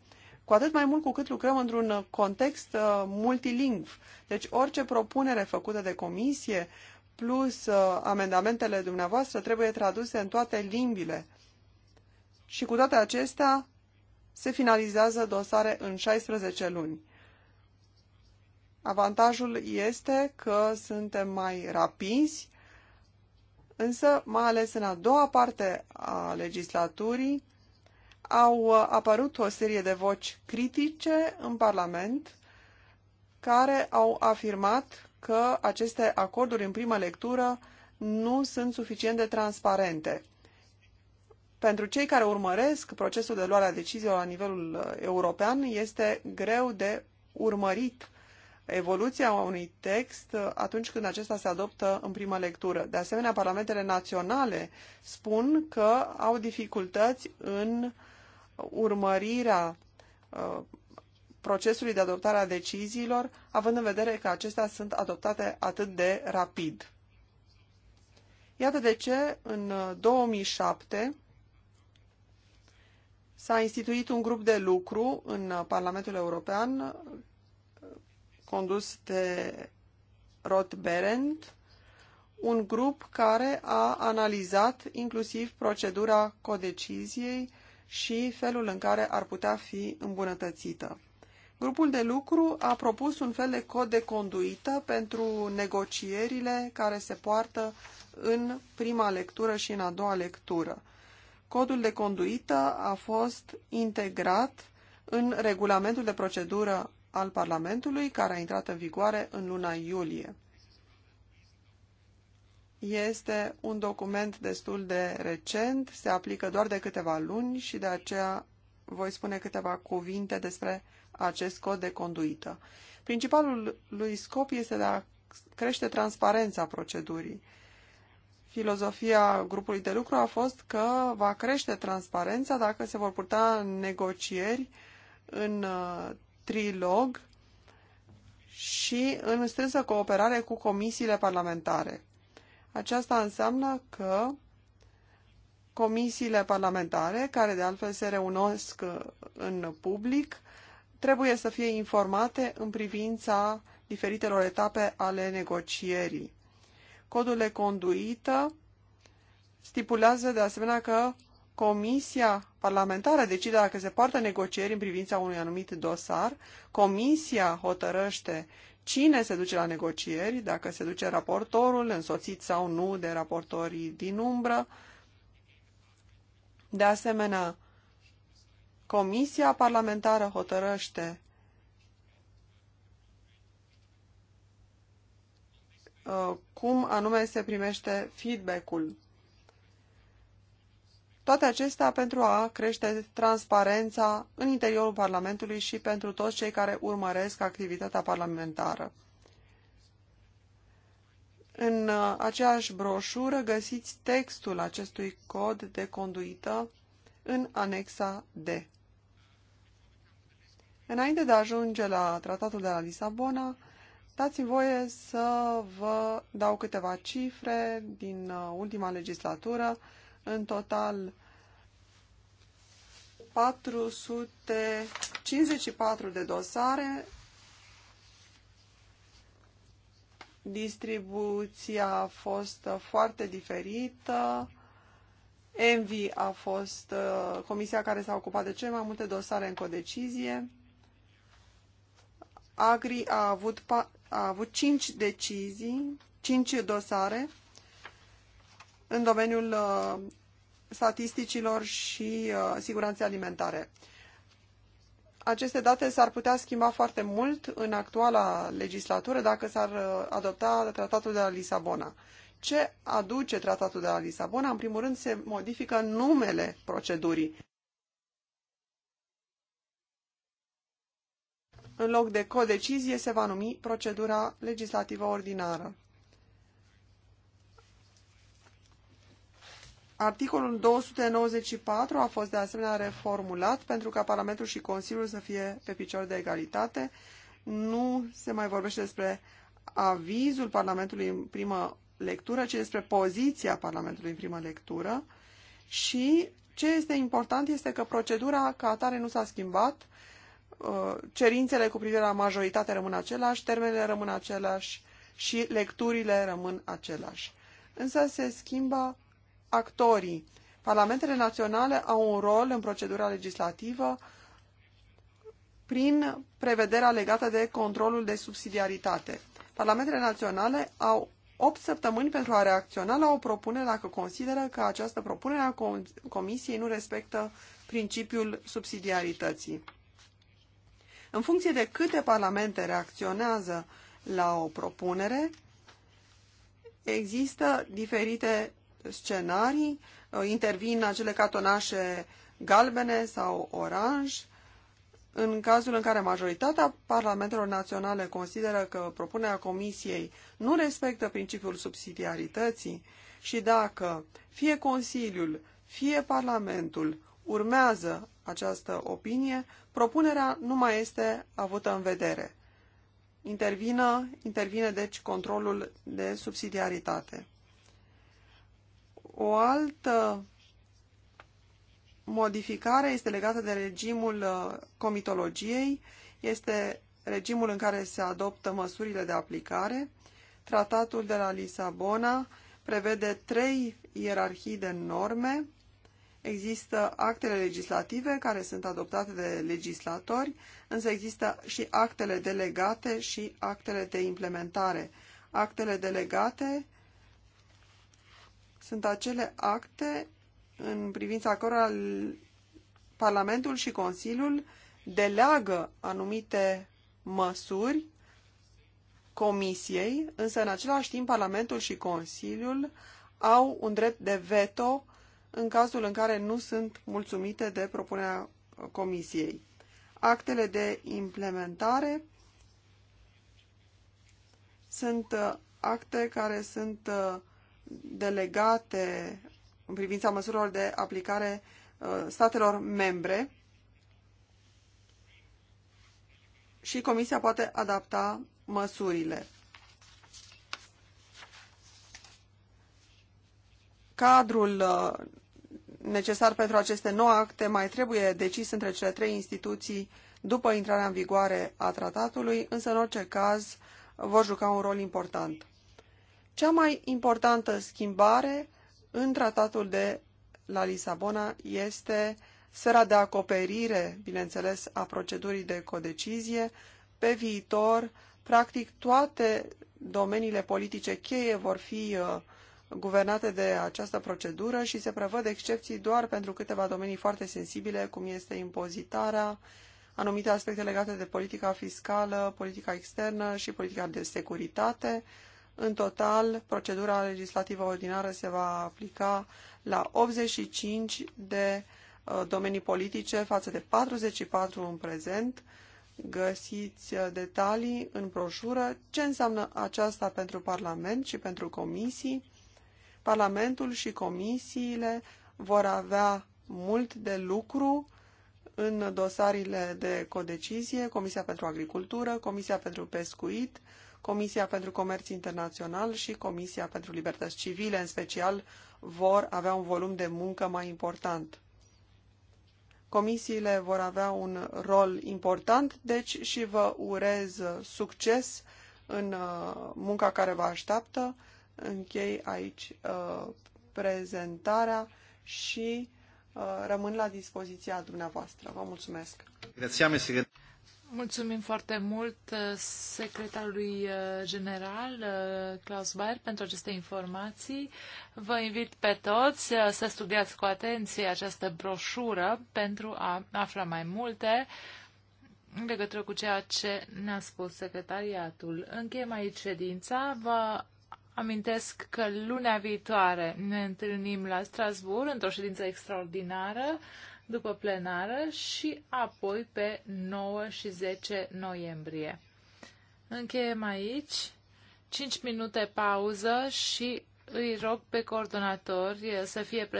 Cu atât mai mult cu cât lucrăm într-un uh, context uh, multilingv. Deci orice propunere făcută de comisie plus uh, amendamentele dumneavoastră trebuie traduse în toate limbile. Și cu toate acestea se finalizează dosare în 16 luni. Avantajul este că suntem mai rapizi, însă, mai ales în a doua parte a legislaturii, au uh, apărut o serie de voci critice în Parlament care au afirmat că aceste acorduri în primă lectură nu sunt suficient de transparente. Pentru cei care urmăresc procesul de luare a deciziilor la nivelul uh, european, este greu de urmărit evoluția unui text uh, atunci când acesta se adoptă în primă lectură. De asemenea, parlamentele naționale spun că au dificultăți în urmărirea uh, procesului de adoptare a deciziilor, având în vedere că acestea sunt adoptate atât de rapid. Iată de ce, în 2007, uh, s-a instituit un grup de lucru în uh, Parlamentul European, condus de Roth Berend, un grup care a analizat inclusiv procedura codeciziei și felul în care ar putea fi îmbunătățită. Grupul de lucru a propus un fel de cod de conduită pentru negocierile care se poartă în prima lectură și în a doua lectură. Codul de conduită a fost integrat în regulamentul de procedură al Parlamentului, care a intrat în vigoare în luna iulie. Este un document destul de recent, se aplică doar de câteva luni și de aceea voi spune câteva cuvinte despre acest cod de conduită. Principalul lui scop este de a crește transparența procedurii. Filozofia grupului de lucru a fost că va crește transparența dacă se vor purta negocieri în uh, trilog și în strânsă cooperare cu comisiile parlamentare. Aceasta înseamnă că comisiile parlamentare, care de altfel se reunesc uh, în public, trebuie să fie informate în privința diferitelor etape ale negocierii. Codul de conduită stipulează de asemenea că Comisia parlamentară decide dacă se poartă negocieri în privința unui anumit dosar, Comisia hotărăște cine se duce la negocieri, dacă se duce raportorul, însoțit sau nu de raportorii din umbră. De asemenea, Comisia Parlamentară hotărăște uh, cum anume se primește feedback-ul toate acestea pentru a crește transparența în interiorul Parlamentului și pentru toți cei care urmăresc activitatea parlamentară. În uh, aceeași broșură găsiți textul acestui cod de conduită în anexa D. Înainte de a ajunge la tratatul de la Lisabona, dați-mi voie să vă dau câteva cifre din uh, ultima legislatură în total, 454 de dosare, distribuția a fost uh, foarte diferită, Envi a fost uh, comisia care s-a ocupat de cele mai multe dosare în codecizie, Agri a avut, a avut 5 decizii, 5 dosare, în domeniul uh, statisticilor și uh, siguranței alimentare. Aceste date s-ar putea schimba foarte mult în actuala legislatură dacă s-ar uh, adopta tratatul de la Lisabona. Ce aduce tratatul de la Lisabona? În primul rând se modifică numele procedurii. În loc de codecizie se va numi procedura legislativă ordinară. Articolul 294 a fost de asemenea reformulat pentru ca Parlamentul și Consiliul să fie pe picior de egalitate. Nu se mai vorbește despre avizul Parlamentului în primă lectură, ci despre poziția Parlamentului în primă lectură. Și ce este important este că procedura ca atare nu s-a schimbat, uh, cerințele cu privire la majoritate rămân aceleași, termenele rămân aceleași și lecturile rămân aceleași. Însă se schimbă actorii. Parlamentele naționale au un rol în procedura legislativă prin prevederea legată de controlul de subsidiaritate. Parlamentele naționale au 8 săptămâni pentru a reacționa la o propunere dacă consideră că această propunere a Comisiei nu respectă principiul subsidiarității. În funcție de câte parlamente reacționează la o propunere, există diferite scenarii, uh, intervin acele catonașe galbene sau oranj, în cazul în care majoritatea parlamentelor naționale consideră că propunerea Comisiei nu respectă principiul subsidiarității și dacă fie Consiliul, fie Parlamentul urmează această opinie, propunerea nu mai este avută în vedere. Intervină, intervine deci controlul de subsidiaritate. O altă modificare este legată de regimul uh, comitologiei, este regimul în care se adoptă măsurile de aplicare. Tratatul de la Lisabona prevede trei ierarhii de norme. Există actele legislative care sunt adoptate de legislatori, însă există și actele delegate și actele de implementare. Actele delegate sunt acele acte în privința cărora Parlamentul și Consiliul deleagă anumite măsuri Comisiei, însă în același timp Parlamentul și Consiliul au un drept de veto în cazul în care nu sunt mulțumite de propunerea Comisiei. Actele de implementare sunt uh, acte care sunt uh, delegate în privința măsurilor de aplicare uh, statelor membre și Comisia poate adapta măsurile. Cadrul uh, necesar pentru aceste noi acte mai trebuie decis între cele trei instituții după intrarea în vigoare a tratatului, însă în orice caz vor juca un rol important. Cea mai importantă schimbare în tratatul de la Lisabona este sfera de acoperire, bineînțeles, a procedurii de codecizie. Pe viitor, practic, toate domeniile politice cheie vor fi uh, guvernate de această procedură și se prevăd excepții doar pentru câteva domenii foarte sensibile, cum este impozitarea, anumite aspecte legate de politica fiscală, politica externă și politica de securitate, în total, procedura legislativă ordinară se va aplica la 85 de uh, domenii politice față de 44 în prezent. Găsiți uh, detalii în broșură ce înseamnă aceasta pentru Parlament și pentru comisii. Parlamentul și comisiile vor avea mult de lucru în dosarele de codecizie, Comisia pentru Agricultură, Comisia pentru Pescuit, Comisia pentru Comerț Internațional și Comisia pentru Libertăți Civile, în special, vor avea un volum de muncă mai important. Comisiile vor avea un rol important, deci și vă urez succes în uh, munca care vă așteaptă. Închei aici uh, prezentarea și uh, rămân la dispoziția dumneavoastră. Vă mulțumesc! Mulțumim foarte mult uh, secretarului uh, general uh, Klaus Bayer pentru aceste informații. Vă invit pe toți să studiați cu atenție această broșură pentru a afla mai multe în legătură cu ceea ce ne-a spus secretariatul. Încheiem aici ședința. Vă amintesc că lunea viitoare ne întâlnim la Strasbourg într-o ședință extraordinară după plenară și apoi pe 9 și 10 noiembrie. Încheiem aici. 5 minute pauză și îi rog pe coordonatori să fie prezent.